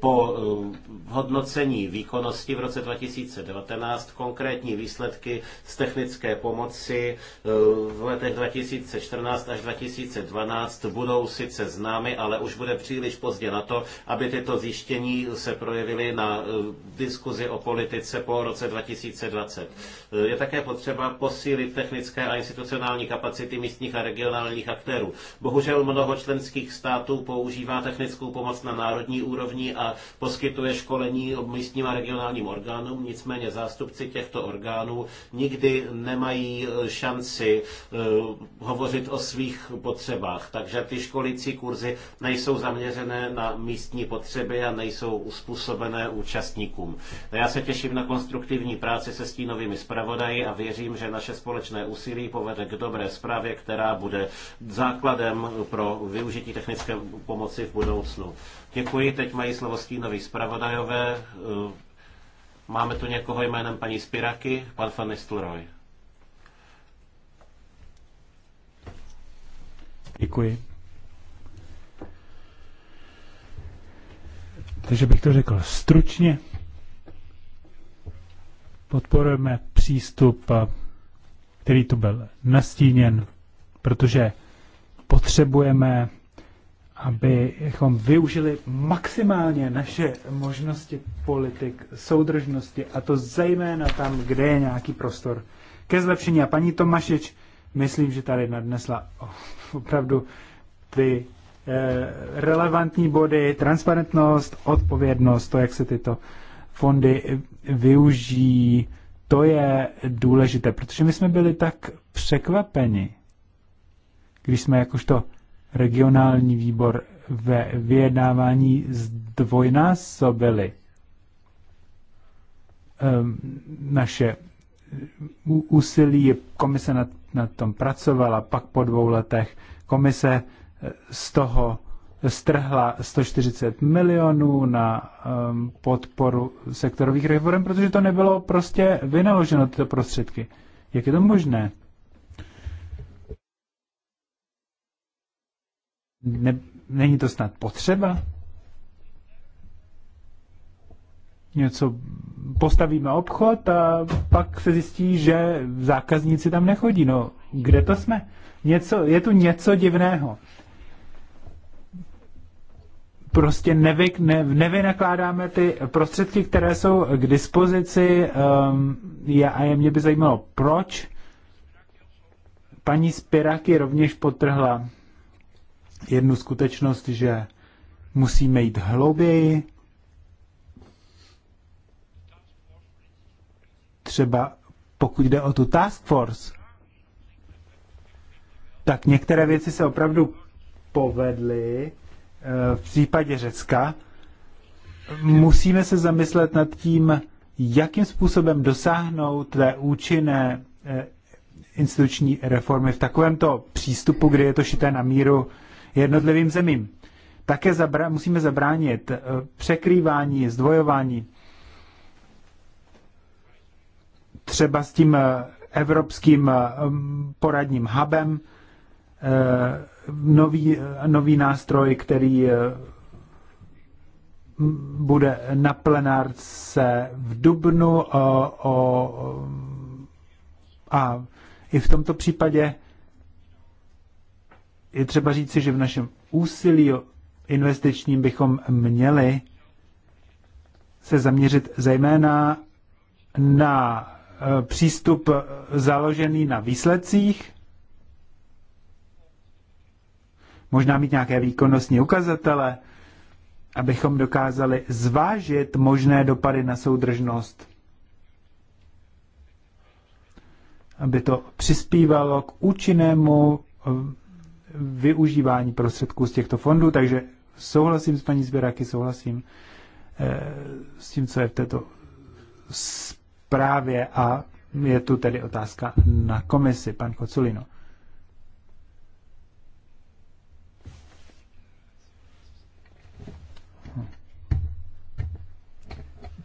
Po eh, hodnocení výkonnosti v roce 2019 konkrétní výsledky z technické pomoci eh, v letech 2014 až 2012 budou sice známy, ale už bude příliš pozdě na to, aby tyto zjištění se projevily na eh, diskuzi o politice po roce 2020. Eh, je také potřeba posílit technické a institucionální kapacity místních a regionálních aktérů. Bohužel mnoho členských států používá technickou pomoc na národní úrovni a poskytuje školení místním a regionálním orgánům, nicméně zástupci těchto orgánů nikdy nemají eh, šanci hovořit o svých potřebách. Takže ty školící kurzy nejsou zaměřené na místní potřeby a nejsou uspůsobené účastníkům. No já se těším na konstruktivní práci se stínovými zpravodaji a věřím, že naše společné úsilí povede k dobré zprávě, která bude základem pro využití technické pomoci v budoucnu. Děkuji, teď mají slovo stínoví zpravodajové. Máme tu někoho jménem paní Spiraky, pan Fanny Sturoj. Děkuji. Takže bych to řekl stručně. Podporujeme přístup, eh, který tu byl nastíněn, protože potřebujeme, abychom využili maximálně naše možnosti politik, soudržnosti, a to zejména tam, kde je nějaký prostor ke zlepšení. A paní Tomašič, myslím, že tady nadnesla opravdu ty eh, relevantní body, transparentnost, odpovědnost, to, jak se tyto fondy využijí, to je důležité, protože my jsme byli tak překvapeni, když jsme jakožto regionální výbor ve vyjednávání zdvojnásobili ehm, naše úsilí komise nad na tom pracovala, pak po dvou letech komise eh, z toho strhla 140 milionů na um, podporu sektorových reform, protože to nebylo prostě vynaloženo tyto prostředky. Jak je to možné? Ne, není to snad potřeba? něco postavíme obchod a pak se zjistí, že zákazníci tam nechodí. No, kde to jsme? Něco, je tu něco divného. Prostě nevy, ne, nevynakládáme ty prostředky, které jsou k dispozici um, ehm, já, a je mě by zajímalo, proč paní Spiraky rovněž potrhla jednu skutečnost, že musíme jít hlouběji, třeba pokud jde o tu task force, tak některé věci se opravdu povedly eh, v případě Řecka. Musíme se zamyslet nad tím, jakým způsobem dosáhnout té účinné eh, instituční reformy v takovémto přístupu, kdy je to šité na míru jednotlivým zemím. Také zabra- musíme zabránit eh, překrývání, zdvojování třeba s tím eh, evropským eh, poradním hubem, eh, nový, nový nástroj, který bude na plenárce v Dubnu o, o, a i v tomto případě je třeba říci, že v našem úsilí investičním bychom měli se zaměřit zejména na Eh, přístup eh, založený na výsledcích, možná mít nějaké výkonnostní ukazatele, abychom dokázali zvážit možné dopady na soudržnost, aby to přispívalo k účinnému eh, využívání prostředků z těchto fondů, takže souhlasím s paní Zběraky, souhlasím s tím, co je v této právě a je tu tedy otázka na komisi, pan Koculino.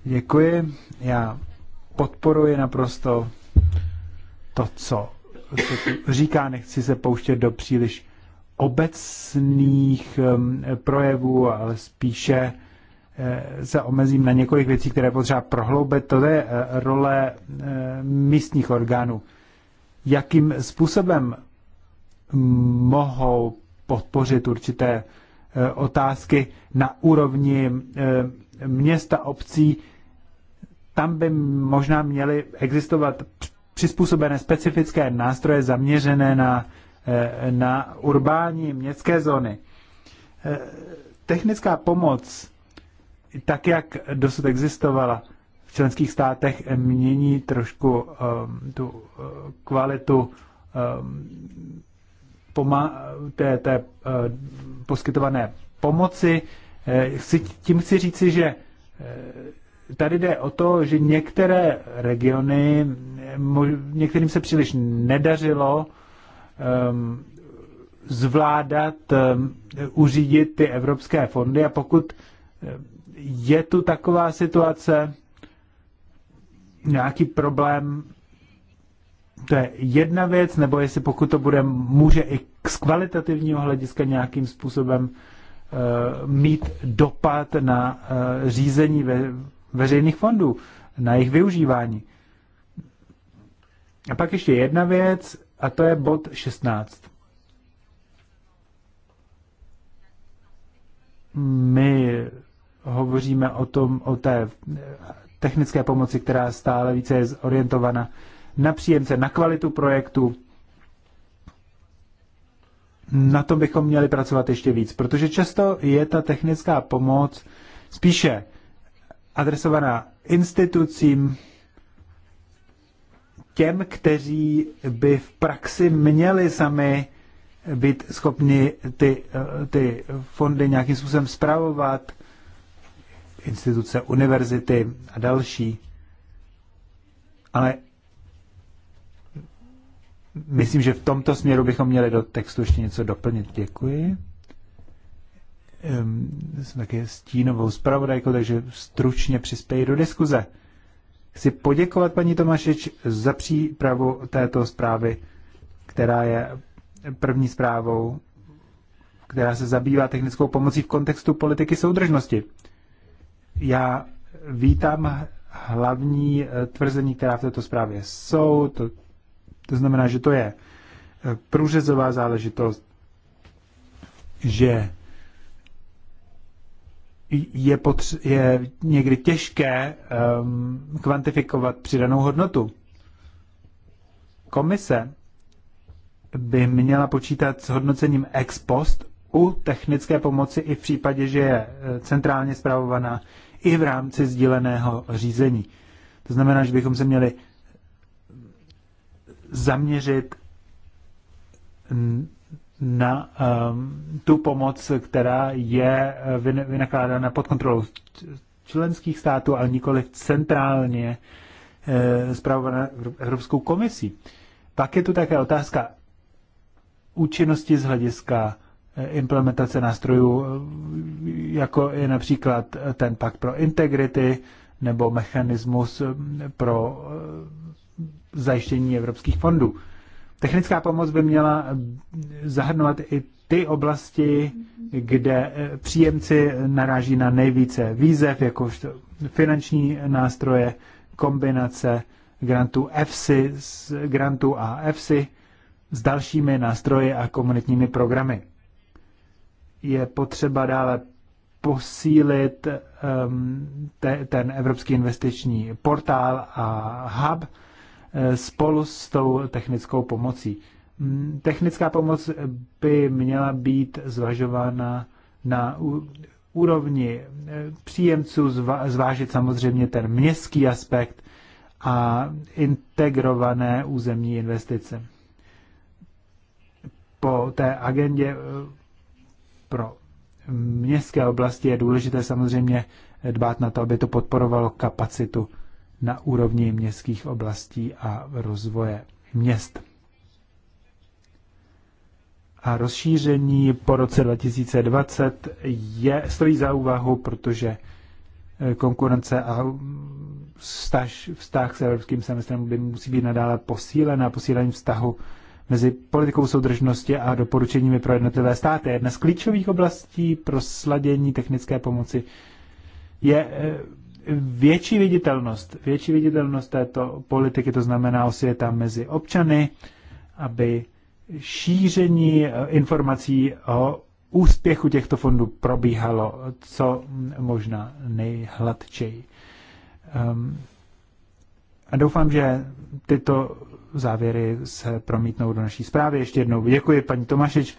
Děkuji. Já podporuji naprosto to, co se tu říká. Nechci se pouštět do příliš obecných um, projevů, ale spíše Eh, se omezím na několik věcí, které potřeba prohloubit. To je eh, role eh, místních orgánů. Jakým způsobem mohou podpořit určité otázky na úrovni města, obcí, tam by možná měly existovat přizpůsobené specifické nástroje zaměřené na, na urbání městské zóny. Technická pomoc tak, jak dosud existovala v členských státech, mění trošku um, tu uh, kvalitu um, té, té uh, poskytované pomoci. Eh, chci, tím chci říci, že eh, tady jde o to, že některé regiony, některým se příliš nedařilo um, zvládat, um, uřídit ty evropské fondy a pokud eh, je tu taková situace, nějaký problém, to je jedna věc, nebo jestli pokud to bude, může i z kvalitativního hlediska nějakým způsobem uh, mít dopad na uh, řízení ve, veřejných fondů, na jejich využívání. A pak ještě jedna věc, a to je bod 16. My hovoříme o, tom, o té technické pomoci, která stále více je zorientovaná na příjemce, na kvalitu projektu. Na tom bychom měli pracovat ještě víc, protože často je ta technická pomoc spíše adresovaná institucím, těm, kteří by v praxi měli sami být schopni ty, ty fondy nějakým způsobem zpravovat, instituce, univerzity a další. Ale myslím, že v tomto směru bychom měli do textu ještě něco doplnit. Děkuji. Ehm, jsem také stínovou zpravodajkou, takže stručně přispěji do diskuze. Chci poděkovat paní Tomašič za přípravu této zprávy, která je první zprávou, která se zabývá technickou pomocí v kontextu politiky soudržnosti. Já vítám hlavní eh, tvrzení, která v této zprávě jsou. To, to znamená, že to je eh, průřezová záležitost, že je, potř- je někdy těžké um, kvantifikovat přidanou hodnotu. Komise by měla počítat s hodnocením ex post u technické pomoci i v případě, že je eh, centrálně zpravovaná i v rámci sdíleného řízení. To znamená, že bychom se měli zaměřit na um, tu pomoc, která je vynakládána pod kontrolou členských států, ale nikoli centrálně e, eh, zpravovaná Evropskou komisí. Pak je tu také otázka účinnosti z hlediska implementace nástrojů, jako je například ten pakt pro integrity nebo mechanismus pro eh, zajištění evropských fondů. Technická pomoc by měla zahrnovat i ty oblasti, kde eh, příjemci naráží na nejvíce výzev, jako finanční nástroje, kombinace grantů EFSI, grantů a EFSI s dalšími nástroji a komunitními programy je potřeba dále posílit um, te, ten Evropský investiční portál a hub eh, spolu s tou technickou pomocí. Mm, technická pomoc by měla být zvažována na úrovni eh, příjemců, zvážit samozřejmě ten městský aspekt a integrované územní investice. Po té agendě eh, pro městské oblasti je důležité samozřejmě dbát na to, aby to podporovalo kapacitu na úrovni městských oblastí a rozvoje měst. A rozšíření po roce 2020 je, stojí za úvahu, protože eh, konkurence a vztah, vztah s evropským semestrem by musí být nadále posílena. Posílení vztahu mezi politikou soudržnosti a doporučeními pro jednotlivé státy. Jedna z klíčových oblastí pro sladění technické pomoci je e, větší viditelnost. Větší viditelnost této politiky, to znamená osvěta mezi občany, aby šíření e, informací o úspěchu těchto fondů probíhalo co možná nejhladčej. Um, a doufám, že tyto závěry se promítnou do naší zprávy. Ještě jednou děkuji, paní Tomašič.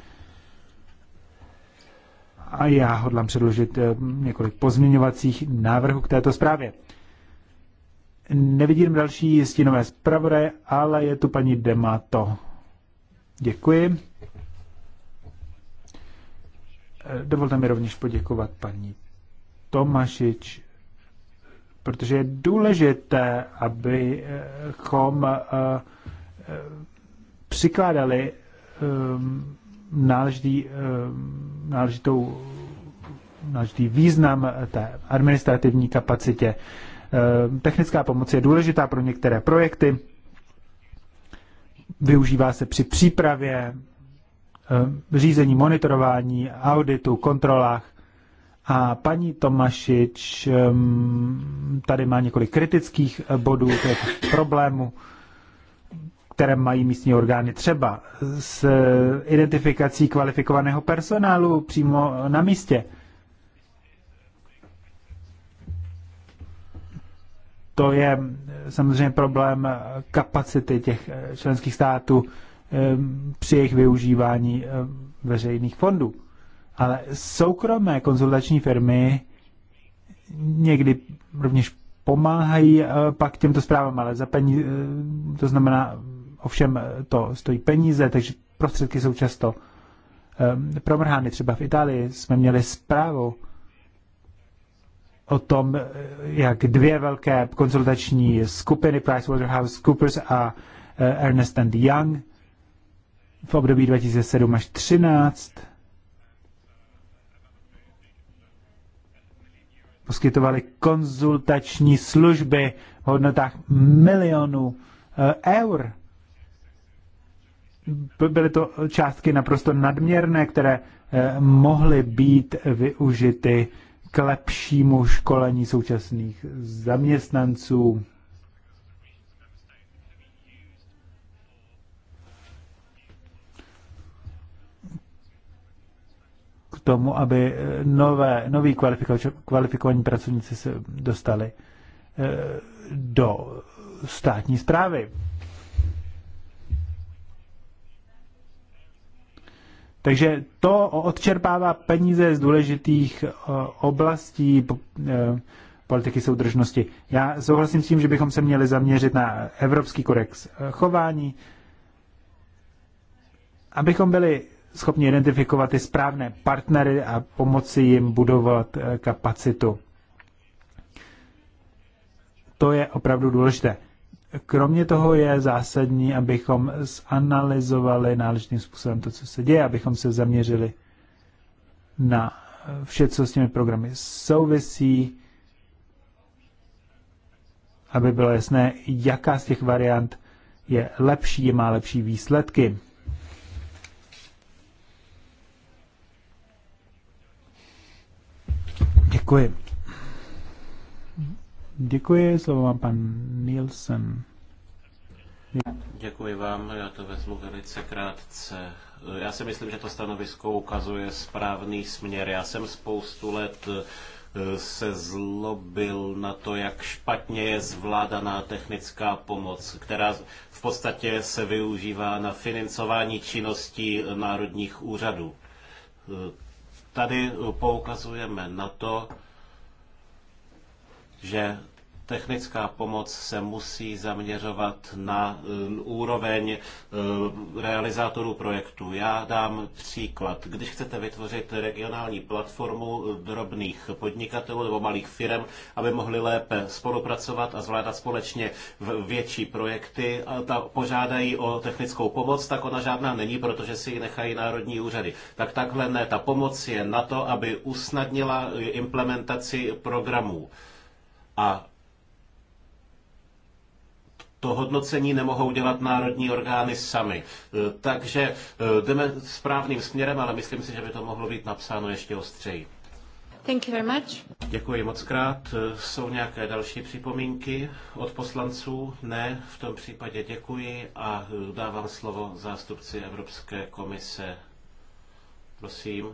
A já hodlám předložit eh, několik pozměňovacích návrhů k této zprávě. Nevidím další stínové zpravodaje, ale je tu paní Demato. Děkuji. Eh, dovolte mi rovněž poděkovat paní Tomašič protože je důležité, abychom eh, eh, přikládali eh, náležitý, náležitou, náležitý význam té administrativní kapacitě. Technická pomoc je důležitá pro některé projekty, využívá se při přípravě, řízení, monitorování, auditu, kontrolách a paní Tomašič tady má několik kritických bodů, těch problémů, které mají místní orgány třeba s identifikací kvalifikovaného personálu přímo na místě. To je samozřejmě problém kapacity těch členských států při jejich využívání veřejných fondů. Ale soukromé konzultační firmy někdy rovněž pomáhají eh, pak těmto zprávám, ale za peníze, eh, to znamená, ovšem eh, to stojí peníze, takže prostředky jsou často promrhány. Třeba v Itálii jsme měli zprávu o tom, jak dvě velké konzultační skupiny, PricewaterhouseCoopers a Ernest Young, v období 2007 až 2013 poskytovali konzultační služby v hodnotách milionů eh, eur. Byly to částky naprosto nadměrné, které eh, mohly být využity k lepšímu školení současných zaměstnanců tomu, aby eh, nové, noví kvalifikovaní pracovníci se dostali eh, do státní zprávy. Takže to odčerpává peníze z důležitých eh, oblastí politiky soudržnosti. Já souhlasím s tím, že bychom se měli zaměřit na Evropský kodex chování, abychom byli schopni identifikovat ty správné partnery a pomoci jim budovat eh, kapacitu. To je opravdu důležité. Kromě toho je zásadní, abychom zanalizovali náležitým způsobem to, co se děje, abychom se zaměřili na eh, vše, co s těmi programy souvisí, aby bylo jasné, jaká z těch variant je lepší, má lepší výsledky. Děkuji. Děkuji, slovo vám pan Nielsen. Děkuji vám, já to vezmu velice krátce. Já si myslím, že to stanovisko ukazuje správný směr. Já jsem spoustu let eh, se zlobil na to, jak špatně je zvládaná technická pomoc, která v podstatě se využívá na financování činností národních úřadů. Eh, Tady eh, poukazujeme na to, že technická pomoc se musí zaměřovat na eh, úroveň eh, realizátorů projektu. Já dám příklad. Když chcete vytvořit regionální platformu eh, drobných podnikatelů nebo malých firm, aby mohli lépe spolupracovat a zvládat společně větší projekty, a ta požádají o technickou pomoc, tak ona žádná není, protože si ji nechají národní úřady. Tak takhle ne. Ta pomoc je na to, aby usnadnila implementaci programů. A to hodnocení nemohou dělat národní orgány sami. E, takže e, jdeme správným směrem, ale myslím si, že by to mohlo být napsáno ještě ostřeji. Thank you very much. Děkuji moc krát. E, jsou nějaké další připomínky od poslanců? Ne, v tom případě děkuji a dávám slovo zástupci Evropské komise. Prosím.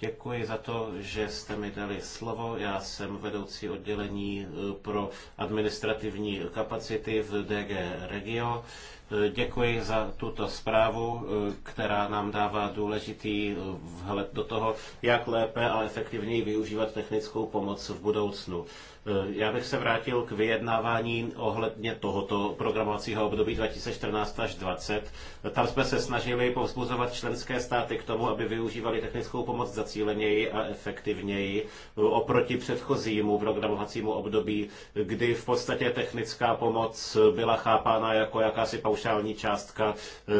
Děkuji za to, že jste mi dali slovo. Já jsem vedoucí oddělení eh, pro administrativní kapacity v DG Regio. Eh, děkuji za tuto zprávu, eh, která nám dává důležitý vhled do toho, jak lépe a efektivněji využívat technickou pomoc v budoucnu. Eh, já bych se vrátil k vyjednávání ohledně tohoto programovacího období 2014 až 2020. Tam jsme se snažili povzbuzovat členské státy k tomu, aby využívali technickou pomoc zacíleněji a efektivněji eh, oproti předchozímu programovacímu období, kdy v podstatě technická pomoc eh, byla chápána jako jakási paušální částka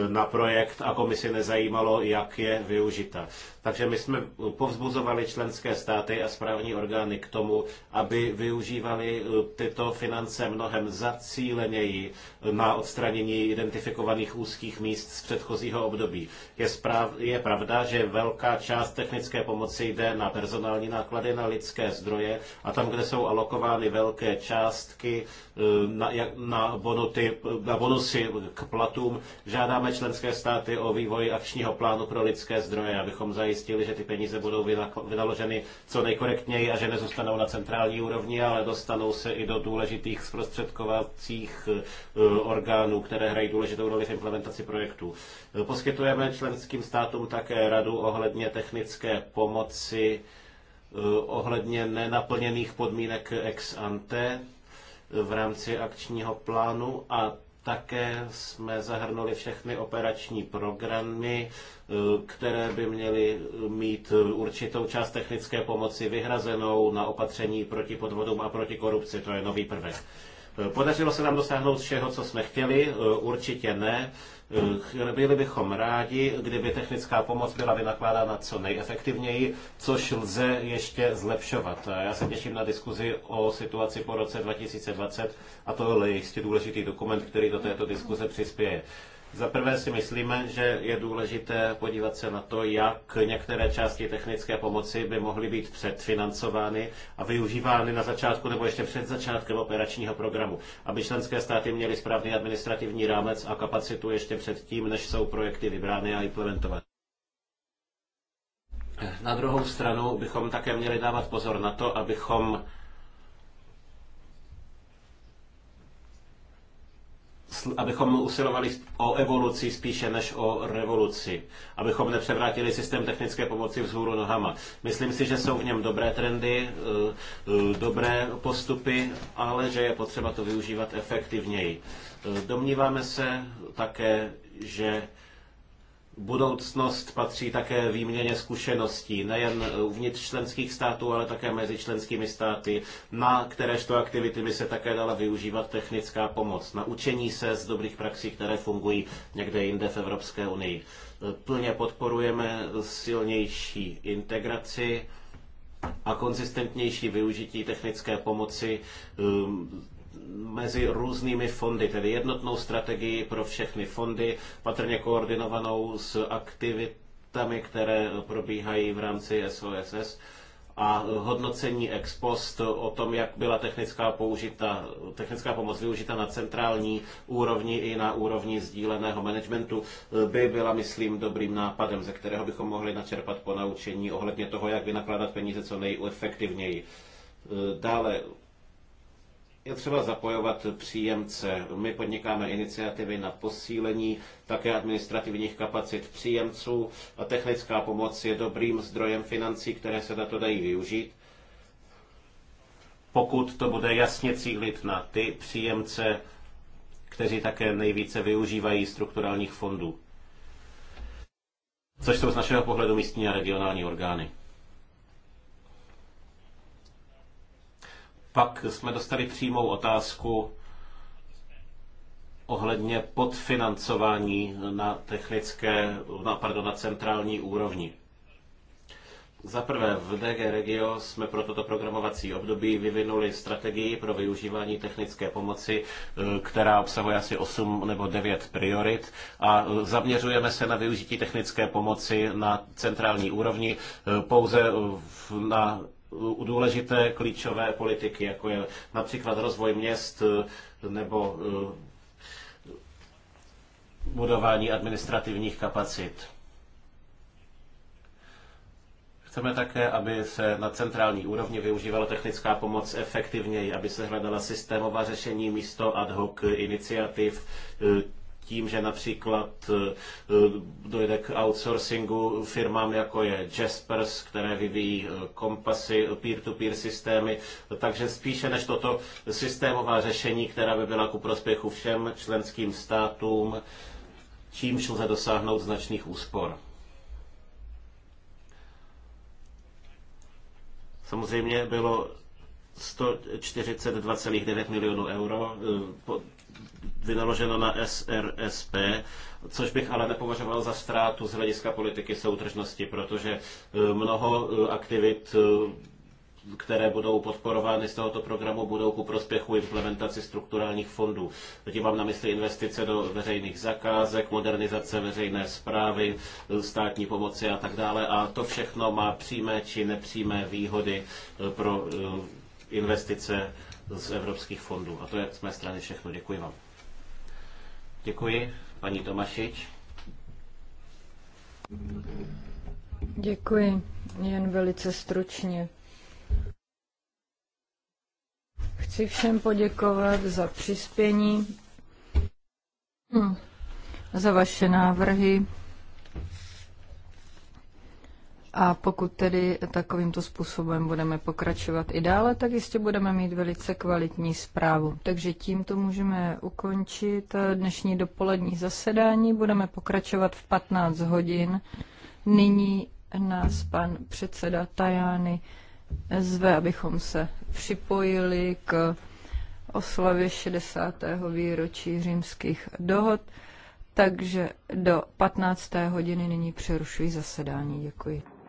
na projekt a komisi nezajímalo, jak je využita. Takže my jsme povzbuzovali členské státy a správní orgány k tomu, aby využívali využívali e, tyto finance mnohem zacíleněji na odstranění identifikovaných úzkých míst z předchozího období. Je, správ, je pravda, že velká část technické pomoci jde na personální náklady, na lidské zdroje a tam, kde jsou alokovány velké částky e, na, na, bonuty, na bonusy k platům, žádáme členské státy o vývoj akčního plánu pro lidské zdroje, abychom zajistili, že ty peníze budou vynaloženy co nejkorektněji a že nezůstanou na centrální úrovni, ale dostanou se i do důležitých zprostředkovacích eh, orgánů, které hrají důležitou roli v implementaci projektů. Poskytujeme členským státům také radu ohledně technické pomoci, eh, ohledně nenaplněných podmínek ex ante v rámci akčního plánu a také jsme zahrnuli všechny operační programy, eh, které by měly eh, mít eh, určitou část technické pomoci vyhrazenou na opatření proti podvodům a proti korupci. To je nový prvek. Podařilo se nám dosáhnout všeho, co jsme chtěli? Určitě ne. Eh, byli bychom rádi, kdyby technická pomoc byla vynakládána co nejefektivněji, což lze ještě zlepšovat. Já se těším na diskuzi o situaci po roce 2020 a to je jistě důležitý dokument, který do této diskuze přispěje. Za prvé si myslíme, že je důležité podívat se na to, jak některé části technické pomoci by mohly být předfinancovány a využívány na začátku nebo ještě před začátkem operačního programu, aby členské státy měly správný administrativní rámec a kapacitu ještě předtím, než jsou projekty vybrány a implementovány. Na druhou stranu bychom také měli dávat pozor na to, abychom abychom usilovali o evoluci spíše než o revoluci, abychom nepřevrátili systém technické pomoci vzhůru nohama. Myslím si, že jsou v něm dobré trendy, eh, eh, dobré postupy, ale že je potřeba to využívat efektivněji. Eh, domníváme se také, že budoucnost patří také výměně zkušeností, nejen uvnitř členských států, ale také mezi členskými státy, na to aktivity by se také dala využívat technická pomoc, na učení se z dobrých praxí, které fungují někde jinde v Evropské unii. Plně podporujeme silnější integraci a konzistentnější využití technické pomoci mezi různými fondy, tedy jednotnou strategii pro všechny fondy, patrně koordinovanou s aktivitami, které probíhají v rámci SOSS a hodnocení ex post o tom, jak byla technická, použita, technická pomoc využita na centrální úrovni i na úrovni sdíleného managementu, by byla, myslím, dobrým nápadem, ze kterého bychom mohli načerpat po naučení ohledně toho, jak vynakládat peníze co nejefektivněji. Dále je třeba zapojovat příjemce. My podnikáme iniciativy na posílení také administrativních kapacit příjemců a technická pomoc je dobrým zdrojem financí, které se na to dají využít. Pokud to bude jasně cílit na ty příjemce, kteří také nejvíce využívají strukturálních fondů, což jsou z našeho pohledu místní a regionální orgány. Pak jsme dostali přímou otázku ohledně podfinancování na technické, na, pardon, na centrální úrovni. Za prvé, v DG Regio jsme pro toto programovací období vyvinuli strategii pro využívání technické pomoci, e, která obsahuje asi 8 nebo 9 priorit a zaměřujeme se na využití technické pomoci na centrální úrovni e, pouze na důležité klíčové politiky, jako je například rozvoj měst eh, nebo eh, budování administrativních kapacit. Chceme také, aby se na centrální úrovni využívala technická pomoc efektivněji, aby se hledala systémová řešení místo ad hoc iniciativ eh, tím, že například eh, eh, dojde k outsourcingu firmám, jako je Jaspers, které vyvíjí eh, kompasy, peer-to-peer -peer systémy. Takže spíše než toto systémová řešení, která by byla ku prospěchu všem členským státům, čímž lze dosáhnout značných úspor. Samozřejmě bylo 142,9 milionů euro vynaloženo na SRSP, což bych ale nepovažoval za ztrátu z hlediska politiky soudržnosti, protože eh, mnoho eh, aktivit eh, které budou podporovány z tohoto programu, budou ku prospěchu implementaci strukturálních fondů. Tím mám na mysli investice do veřejných zakázek, modernizace veřejné zprávy, státní pomoci a tak dále. A to všechno má přímé či nepřímé výhody pro investice z evropských fondů. A to je z mé strany všechno. Děkuji vám. Děkuji, paní Tomašič. Děkuji, jen velice stručně. Chci všem poděkovat za přispění, hm, za vaše návrhy, a pokud tedy takovýmto způsobem budeme pokračovat i dále, tak jistě budeme mít velice kvalitní zprávu. Takže tímto můžeme ukončit dnešní dopolední zasedání. Budeme pokračovat v 15 hodin. Nyní nás pan předseda Tajány zve, abychom se připojili k oslavě 60. výročí římských dohod. Takže do 15. hodiny nyní přerušuji zasedání. Děkuji.